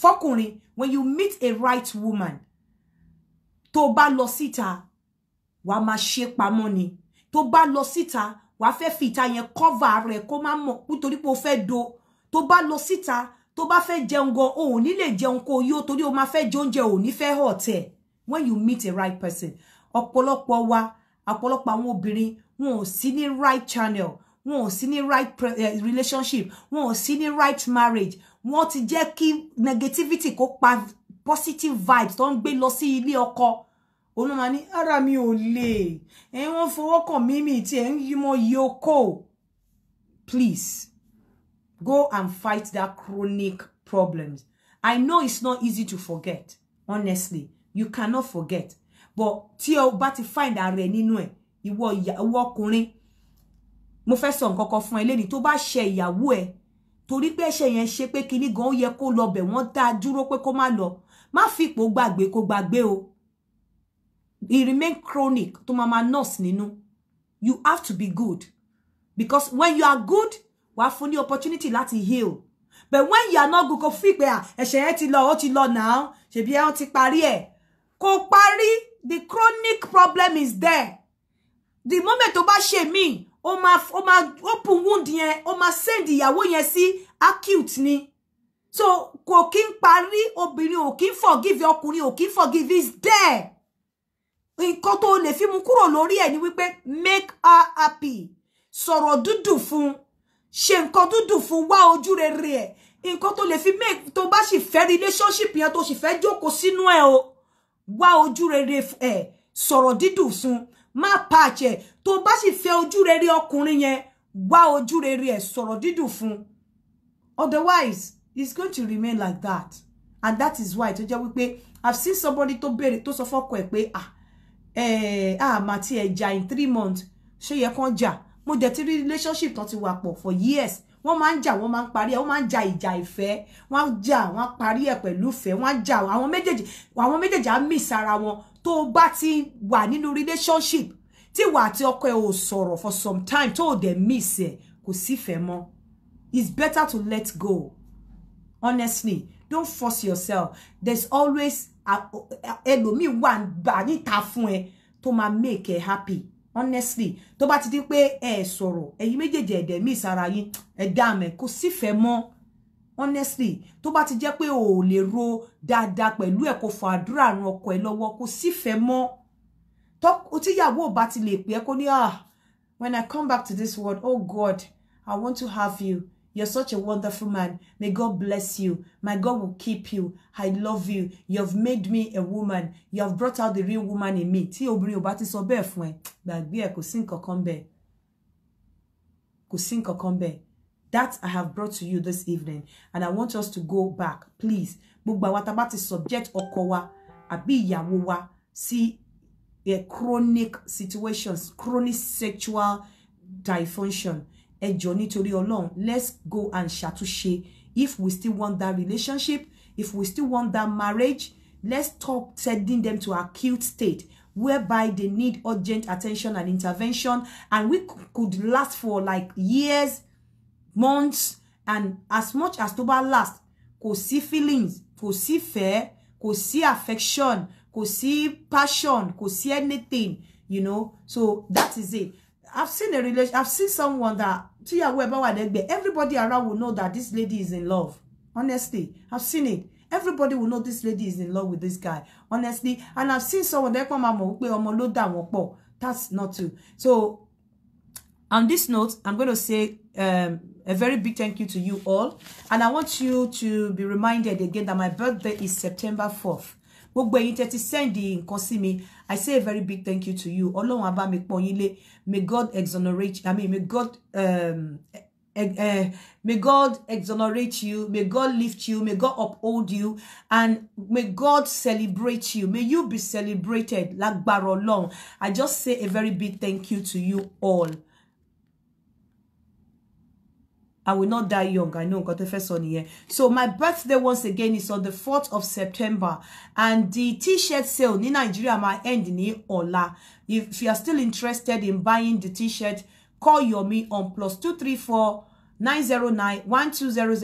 fọkùnrin when you meet a right woman to bá lọ síta wàá máa ṣe pamọ́ ni tó bá lọ síta wàá fẹ́ fi ìta cover rẹ̀ kó má mọ̀ nítorí pé o fẹ́ do tó bá lọ síta tó bá fẹ́ jẹun gan o ò ní lè jẹun kó yó o máa fẹ́ jẹ oúnjẹ ò ní fẹ́ when you meet a right person ọ̀pọ̀lọpọ̀ wa ọ̀pọ̀lọpọ̀ àwọn obìnrin wọn ò sí ní right channel wọn ò sí ní right eh, relationship wọn ò sí ní right marriage wọn ti jẹ́ kí negativity kó pa positive vibes tó ń gbé lọ sí ilé ọkọ òun máa ní ara mi ò lè ẹ wọn fọwọ́ kàn mímì tí ẹ ń yí please Go and fight that chronic problems. I know it's not easy to forget. Honestly, you cannot forget. But till o bá ti find that reni ẹ̀, you ìyàwó ọkùnrin. Mo fẹ́ sọ nǹkan kan fun. ẹ lẹ́ni tó bá ṣe ìyàwó ẹ̀ torí pé ẹ̀ṣẹ̀ yẹn ṣe pé kinní gan ó yẹ kó lọ bẹ̀ wọ́n dá dúró pé kó má lọ. Má fipò gbàgbé kó gbàgbé o. It remain chronic To mama ma nurse nínú. You have to be good because when you are good wàá fún ní opportunity láti heal but when you are not go kò fi pé ah, ẹ̀ṣẹ̀ yẹn ti lọ ó ti lọ náà ṣèbí ẹ̀ ti parí ẹ̀ kò parí the chronic problem is there the moment tó bá ṣe míì ó máa ó máa open wound yẹn ó máa send ìyàwó yẹn si acute ni so kò kí ń parí obìnrin ò forgive ọkùnrin ò kí ń forgive is there nǹkan tó lè fi mú kúrò lórí ẹ̀ ni wípé make her happy sọ̀rọ̀ dúdú fún un ṣe nǹkan dúdùn fún wa oju rere ẹ̀ nǹkan tó lè fi make tó bá sì fẹ́ relationship yẹn tó sì fẹ́ jókòó sínú ẹ̀ o wa oju rere ẹ̀ Soro dídùn fún ma pache ẹ̀ tó bá sì fẹ́ ojú rere ọkùnrin yẹn wá ojú rere ẹ̀ sọ̀rọ̀ dídùn fún otherwise it's going to remain like that and that is why tó jẹ́ wípé i've seen somebody tó béèrè tó sọ fọ́kọ ẹ̀ pé ah eh ah mà ti ẹ̀ jà in three months ṣé yẹ kán jà mo dẹ̀ ti rí relationship tó ti wà pọ̀ for years wọ́n máa ń jà wọ́n máa ń parí ẹ̀ wọ́n máa ń ja ìjà ìfẹ́ wọ́n á jà wọ́n á parí ẹ̀ pẹ̀lú ìfẹ́ wọ́n á jà àwọn méjèèjì àwọn méjèèjì á miss ara wọn tó o bá ti wà nínú relationship tí wà àti ọkọ ẹ ò sọ̀rọ̀ for some time tó o dẹ̀ miss ẹ̀ kò sífẹ̀ẹ́ mọ́ it's better to let go honestly don't force yourself there's always e, ẹlòmíì wà níta fún ẹ tó máa make ẹ happy honestly to bá ti di pé ẹ sọ̀rọ̀ ẹ̀yin méjèèjì ẹ̀dẹ̀ mí ìsara yín ẹ̀dá mẹ́ kò sífẹ̀ẹ́ mọ́ honestly to bá ti jẹ́ pé o ò lè ro dáadáa pẹ̀lú ẹ̀ kò fọ àdúrà ran ọkọ ẹ lọ́wọ́ kò sífẹ̀ẹ́ mọ́ tíyàwó ò bá ti lè pè é kó ní ah when I come back to this world oh God I want to have you You're such a wonderful man. May God bless you. My God will keep you. I love you. You have made me a woman. You have brought out the real woman in me. Tí obìnrin ò bá ti sọ bẹ́ẹ̀ fún ẹ, gbàgbé ẹ̀ kò sí nǹkan kan bẹ́ẹ̀. Kò sí nǹkan That I have brought to you this evening and I want us to go back please. Gbogbo àwa tá a bá ti subject ọkọ wa àbí ìyàwó wa sí eh, chronic situations, chronic sexual dysfunction ẹ jọ nítorí Ọlọ́run let's go and ṣàtúnṣe if we still want that relationship if we still want that marriage let's stop sending them to acute state whereby they need urgent attention and intervention and we could last for like years months and as much as to bá last kò sí feelings kò sí fẹ́ kò sí affection kò sí passion kò sí anything you know so that is it I've seen a relation, I've seen someone that, see a bá wà everybody around will know that this lady is in love. Honestly, I've seen it. Everybody will know this lady is in love with this guy. Honestly, and I've seen someone that come mọ̀ pé ọmọ ló dà wọ́n pọ̀. That's not true. So, on this note, I'm going to say um, a very big thank you to you all. And I want you to be reminded again that my birthday is September fourth gbogbo ẹ̀yin tẹ́ ti send nǹkan sí mi i say a very big thank you to you ọlọ́run á bá mi pọ́n yín lé may god exonerate i mean may god um, Uh, may God exonerate you. May God lift you. May God uphold you. And may God celebrate you. May you be celebrated. Lágbára Ọlọ́run. I just say a very big thank you to you all. I will not die young. I know, got the first one here. So my birthday once again is on the 4th of September. And the t-shirt sale in Nigeria my end ní Ola, If you are still interested in buying the t-shirt, call your me on plus 234 909 1200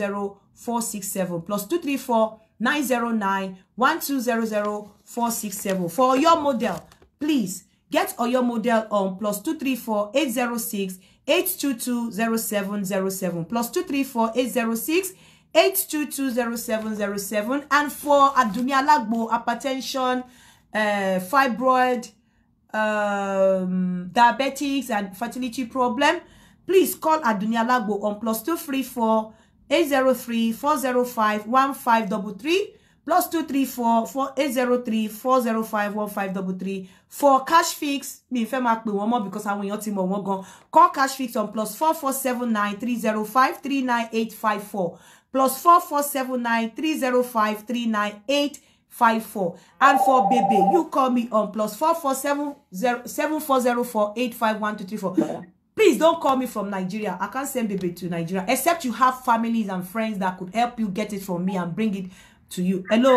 467 plus 234 909 1200 467. For your model, please get your model on plus 234 806 8220707 plus 234806 8220707 and for Adunia Alagbo hypertension uh, fibroid um, diabetics and fertility problem please call Adunia Alagbo on plus 234 803 405 1533 plus two three four four eight zero three four zero five one five double three for cash fix mi fẹ́ máa pè one more because I àwọn èèyàn ti mọ̀ wọ́n gan call cash fix on plus four four seven nine three zero five three nine eight five four plus four four seven nine three zero five three nine eight five four and for baby you call me on plus four four seven zero seven four zero four eight five one two three four please don't call me from Nigeria. I can't send baby to Nigeria except you have families and friends that could help you get it from me and bring it to you. Hello.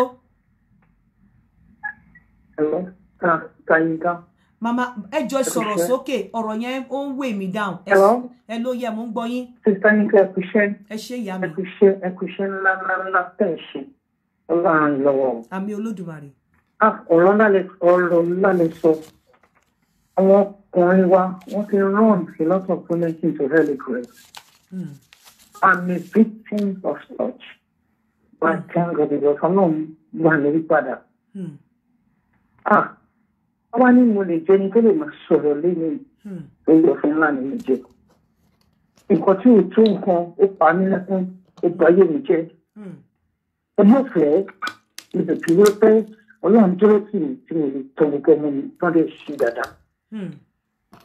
Hello. Kàyínká. Ah, Màmá ẹ jọ sọ̀rọ̀ sókè ọ̀rọ̀ yẹn ó ń wè mí down. Hello. Hello. Yeah, yẹ mo ń gbọ́ yín. Sista Yínká ẹ kú iṣẹ́. Ẹ ṣe ìyá mi. Ẹ kú iṣẹ́ ẹ kú iṣẹ́ ńlá ńlá ńlá tẹ̀ ṣe. Ọlọ́run lọ́wọ́. Àmì Olódùmarè. Ah, ọ̀rọ̀ ńlá lè sọ. Àwọn ọkùnrin wa wọ́n ti rán sí lọ́tọ̀ fún Nation to Hell Grace. I'm hmm. a victim of such máa thank God because ọlọ́run wà lórí padà. wọ́n wá ní mo lè jẹ́ ni tó lè máa sọ̀rọ̀ lẹ́nu lórí ọ̀fẹ́ ńlá ni mo jẹ́. nǹkan tí ò tó nǹkan ó pa mí lẹ́kún ó bá yé mi jẹ́. ẹ má fẹ́ ìbẹ̀tù ló pẹ́ ọlọ́run dúró sí mi tí mo lè tọ́ gbogbo ọmọ mi tán lè ṣí dáadáa.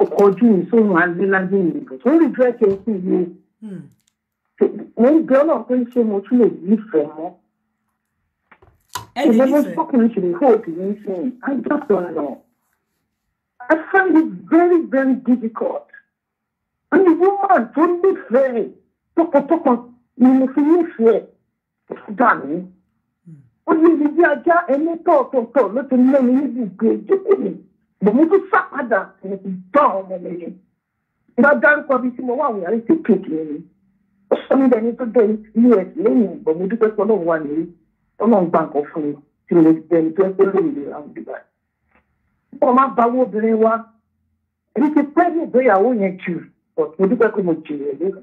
ọkọ̀ ojú ìṣòro alẹ́ lágbè ìbò tó rí dírẹ́kẹ̀ sí iye mo ń bẹ ọlọ́run pé ṣé mo tún lè nífẹ̀ẹ́ mọ́. ẹnì nífẹ̀ẹ́. ọkùnrin ṣì ní hope ní I just don't know. I find it very very difficult. and the woman very, tó nífẹ̀ẹ́ tọkàntọkàn ni mo you nífẹ̀ẹ́ dà mí. Hmm. ó ní ibi bí ajá ẹni tọ̀ọ̀tọ̀ọ̀tọ̀ ló ti mẹ́rin níbi ìgbé ìjókòó mi bòmú tún sá padà mo ti bá ọmọ mi ni. ìgbà dárúkọ bíi tí mo wà wíyá ní ti kéèkì mi ni ó ní ẹni tó dé us lẹ́yìn ìgbọ̀n mo dúpẹ́ pé ọlọ́run wà nílé ọlọ́run gba nǹkan fún mi tí mo jẹ ẹni tó ẹ pé lóyún lè ráhùn dìgbà. wọ́n máa bá owó obìnrin wa èyí ti pẹ́ ní ìgbéyàwó yẹn jù mo dúpẹ́ pé mo jèrè ẹ̀ lẹ́yìn.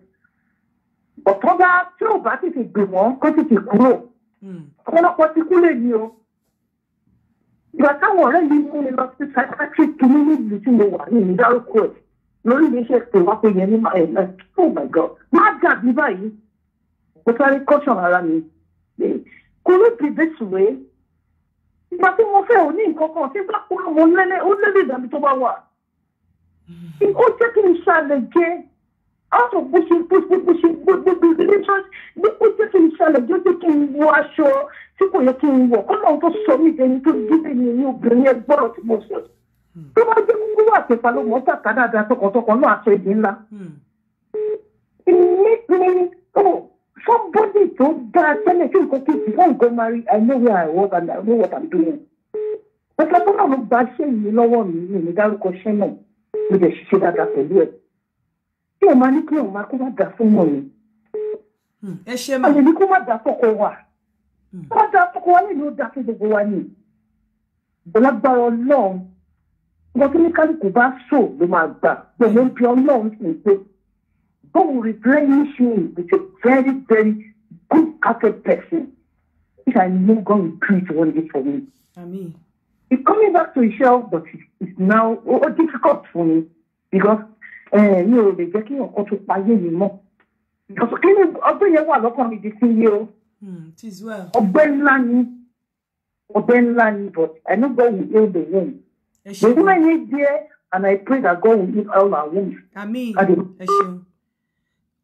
ọ̀tọ́ bá tí ò bá tètè gbè wọ́n kó tètè kúrò hmm. ọ̀pọ̀lọpọ̀ ti kú lè ní o. ìgbà táwọn ọ̀rẹ́ yìí mú mi lọ sí psychiatric clinic tí mo wà ní ìdárúkọ ẹ̀ lórí mi ṣe pè wá pé yẹn ní ma ẹ ẹ oh my god má dàbí báyìí mo sáré caution ara mi kò ní bí this way ìgbà tí mo fẹ́ ò ní nǹkan kan tí bá kúrò mo lẹ́lẹ́ ó lẹ́lẹ́ ìdàbí tó bá wà ó jẹ́ kí n ṣàlẹ̀ jẹ́ out of pushing push push pushing gbogbo relations ní ó jẹ́ kí n ṣàlẹ̀ jẹ́ jẹ́ kí n wọ aṣọ tí kò yẹ kí n wọ̀ kọ́ tó sọ mí ìdẹni tó dúdú ní obìnrin ẹgbọ́rọ̀ tí mo sọ Hmm. tó bá jẹ́ wíwá àtẹ̀fà ló mọ̀ kàkà dáadáa tọkàntọkàn náà aṣọ ìdí ńlá. Hmm. ìmíkiri somebody tó dáa tẹ́lẹ̀ tí nǹkan kí ti nǹkan máa rí I know where I was and I know what I'm doing. ẹ̀ka tó náà ló gba ṣé yìí lọ́wọ́ mi mi ní dárúkọ ṣẹ́ náà mo lè ṣiṣẹ́ dáadáa pẹ̀lú ẹ̀. kí o máa ní kí o máa hmm. kó má dà fún mọ̀ mi. ẹ ṣe mọ. àyè ní kó má dà fọkọ wa. má dà fọkọ wa nílùú dà fún gbogbo wa ni. bọ́lá ọlọ́run wọ́n tún ní kálukú bá sò ló máa gbà gbọ̀mọ́ bí ọlọ́run sì ń pé God will replenish me with a very very good hearted person if I no God will create one day for me. Amen. It's coming back to Israel but it's now oh, difficult for me because eh, mi ò lè jẹ́ kí ọkọ tó payé mi mọ́ because kí ni ọgbẹ́ yẹn wà lọ́kàn mi di sí yé o hmm, ọgbẹ́ ńlá ni ọgbẹ́ ńlá ni but I know God will heal the wound. The woman is there, and I pray that God will heal all our wounds. Amen.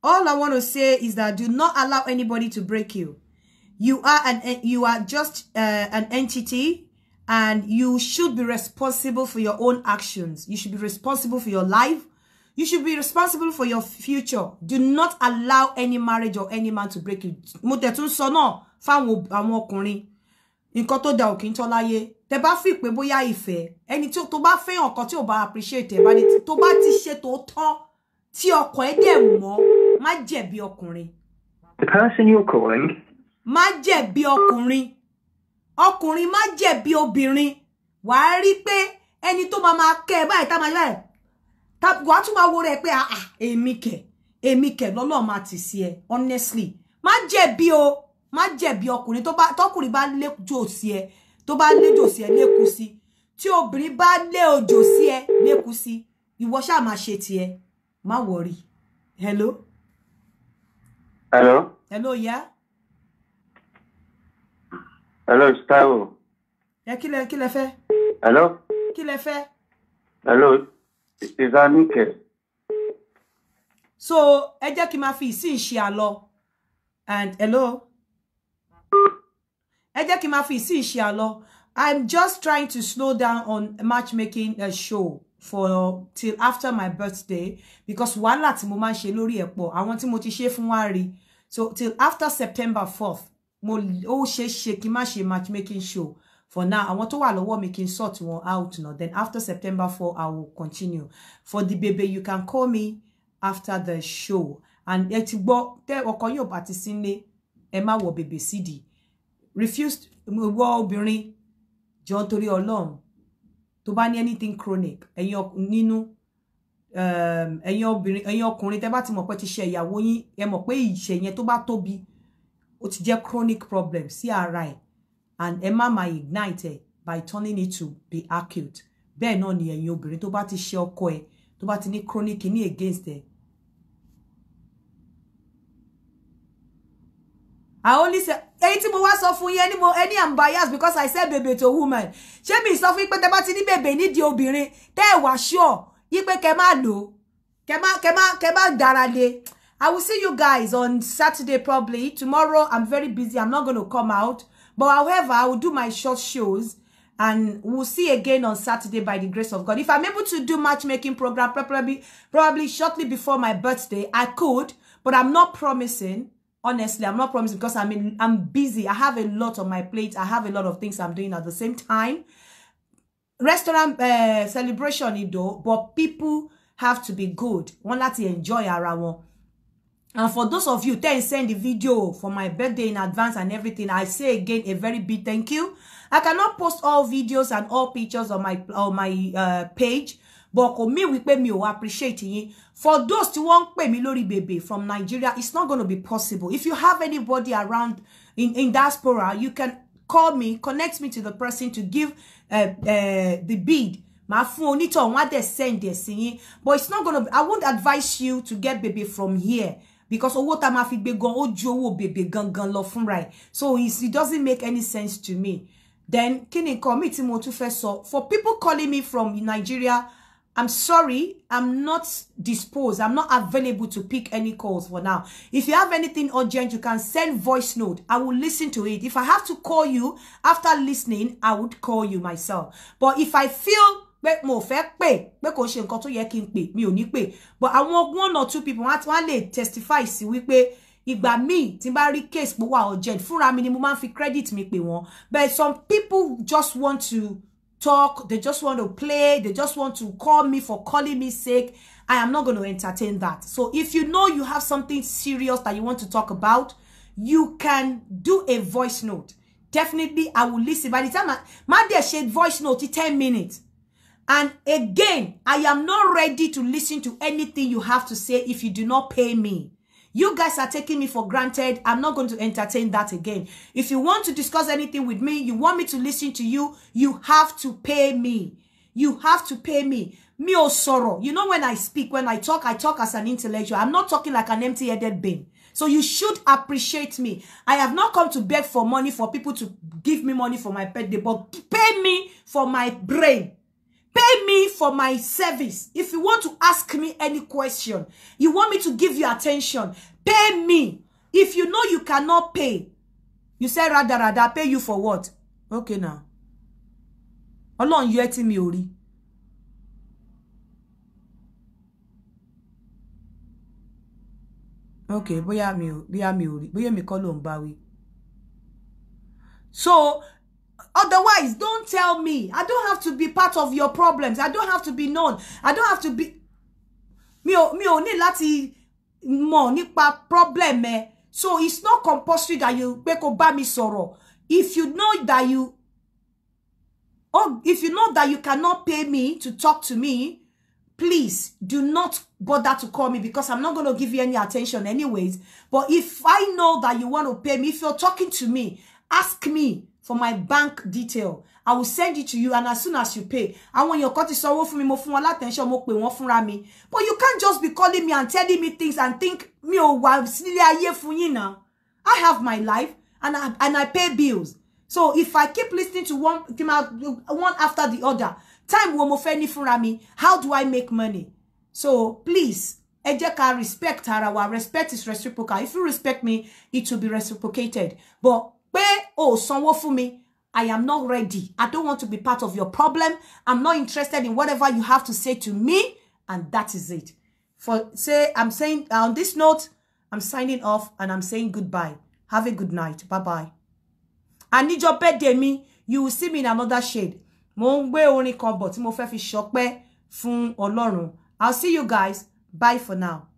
All I want to say is that do not allow anybody to break you. You are an you are just uh, an entity, and you should be responsible for your own actions. You should be responsible for your life. You should be responsible for your future. Do not allow any marriage or any man to break you. Mo tẹ̀ tún sọ náà fáwọn àwọn ọkùnrin. Nǹkan tó da ò kí ń tọ́ tẹ bá fi pé bóyá ìfẹ́ ẹni tí tó bá fẹ́ ọ̀kan tí ò bá appreciate ẹ bá ní tó bá ti ṣe tòótọ́ tí ọkọ ẹ dẹ̀ mọ́ má jẹ̀bi ọkùnrin. the person you're calling. má jẹ̀bi ọkùnrin ọkùnrin má jẹ̀bi obìnrin wàá rí pé ẹni tó máa máa kẹ́ ẹ báyìí tá máa yọ ẹ wàá tún máa wo rẹ pé àà ah, ah, èmi kẹ̀ èmi kẹ̀ lọ́lọ́ máa tì sí ẹ honestly má jẹ̀bi o má jẹ̀bi ọkùnrin tó bá ba bá lé jò sí ẹ tó bá lé jò ẹ léku sí tí obìnrin bá lé òjò sí ẹ léku sí ìwọ ṣáà máa ṣe tiẹ̀ má wọrí hello. hello. hello ya. Yeah? hello Taiwo. ẹ kí lẹ kí lẹ fẹ́. hello. kí lẹ fẹ́. hello isanike. so ẹ jẹ́ kí n máa fi ìsìn ṣe àlọ and hello ẹ jẹ́ kí n máa fi ìsìn ṣe àlọ i'm just trying to slow down on matchmaking uh, show for till after my birthday because wàhálà tí mo máa ń ṣe lórí ẹ̀ pọ̀ àwọn tí mo ti ṣe fún wa rí so till after september 4th mo ó ṣe ṣe kí n má matchmaking show for now àwọn tó wà lọ́wọ́ mi kí sort wọn out now then after september 4 i will continue for the baby you can call me after the show and ẹ ti gbọ́ tẹ ọkọ yóò bá ti sí ní ẹ má wọ bèbè sídìí refuse wọ obìnrin jọ nítorí Ọlọ́run tó bá ní anything chronic ẹ̀yin nínú um, ẹ̀yin obìnrin ẹ̀yin ọkùnrin tẹ́ bá ti mọ̀ pé ti ṣe ìyàwó yín ẹ mọ̀ pé ìṣẹ́ yẹn tó bá tóbi ó ti jẹ́ chronic problem sí ara ẹ̀ and ẹ má máa ignite ẹ̀ by turning it to be acute bẹ́ẹ̀ náà ni ẹ̀yin obìnrin tó bá ti ṣe ọkọ ẹ̀ tó bá ti ní chronic ní against ẹ̀. I only say èyí tí mo wá sọ fún yẹn ni mo ẹni am biased because i said baby to woman She mi so fún pé tẹ bá ti ní bèbè nídìí obìnrin tẹ ẹ wá ṣọ yí pé kẹ má lò ó kẹ má kẹ má kẹ má i will see you guys on saturday probably tomorrow i'm very busy i'm not going to come out but however i will do my short shows and we'll see again on Saturday by the grace of God. If I'm able to do matchmaking program probably probably shortly before my birthday, I could, but I'm not promising honestly i'm not promising because I mean i'm busy i have a lot on my plate i have a lot of things i'm doing at the same time restaurant uh, celebration ido but people have to be good One that you enjoy around. and for those of you thank send the video for my birthday in advance and everything i say again a very big thank you i cannot post all videos and all pictures on my on my uh, page but for me, we pay me. ò appreciate yín for those tí wọ́n ń pè mí lórí from Nigeria it's not going to be possible if you have anybody around in in diaspora you can call me connect me to the person to give uh, uh, the bid màá fún onítọ̀hún what they send ẹ̀ singing. but it's not gonna be, I won't advise you to get baby from here because owó tá máa fi gbé gan ó ju owó bèbè gangan lọ fúnra ẹ̀ so it doesn't make any sense to me then can you nǹkan mi tí mo tún for people calling me from Nigeria I'm sorry, I'm not disposed. I'm not available to pick any calls for now. If you have anything urgent, you can send voice note. I will listen to it. If I have to call you after listening, I would call you myself. But if I feel pé mo fẹ́ pè pé kò ṣe nǹkan tó yẹ kí n pè mi ò ní pè but àwọn one or two people want one wọ́n testify sí wípé ìgbà míì tí n bá rí case pé wà urgent fúnra mi ni mo máa fi credit mi pè wọ́n but some people just want to talk they just want to play they just want to call me for calling me sake i am not going to entertain that so if you know you have something serious that you want to talk about you can do a voice note definitely i will listen by the time i my dear shade voice note 10 minutes and again i am not ready to listen to anything you have to say if you do not pay me You guys are taking me for granted. I'm not going to entertain that again. If you want to discuss anything with me, you want me to listen to you, you have to pay me. You have to pay me. Me or sorrow. You know when I speak, when I talk, I talk as an intellectual. I'm not talking like an empty-headed bin. So you should appreciate me. I have not come to beg for money for people to give me money for my birthday, but pay me for my brain. Pay me for my service. If you want to ask me any question, you want me to give you attention, pay me if you know you cannot pay you say rather rather pay you for what okay now Ọlọ́run yọ ẹ́ tí mi ò okay bóyá mi ò bóyá mi ò rí bóyá mi kọ́ ló ń báwí so otherwise don't tell me i don't have to be part of your problems i don't have to be known i don't have to be mi ò mi ò ní láti mọ̀ nípa problem ẹ so it's not compulsory that you pé kó bá mi sọ̀rọ̀ if you know that you oh if you know that you cannot pay me to talk to me please do not bother to call me because I'm not going to give you any attention anyways but if I know that you want to pay me if you're talking to me ask me for my bank detail I will send it to you and as soon as you pay. Àwọn èèyàn kan ti sanwó fún mi mo fún wọn látẹ̀ńṣọ́ mo pè wọ́n fúnra But you can't just be calling me and telling me things and think me oh ò wà sílé ayé for you now. I have my life and I, and I pay bills. So if I keep listening to one one after the other, time wo mo fẹ́ ní me. how do I make money? So please ẹ respect her. Our respect is reciprocal if you respect me it will be reciprocated but pé o sanwó fún me. I am not ready. I don't want to be part of your problem. I'm not interested in whatever you have to say to me. And that is it. For say, I'm saying on this note, I'm signing off and I'm saying goodbye. Have a good night. Bye-bye. I need your bed, Demi. You will see me in another shade. Mo ń gbé orin kan bọ̀ tí mo fẹ́ fi I'll see you guys. Bye for now.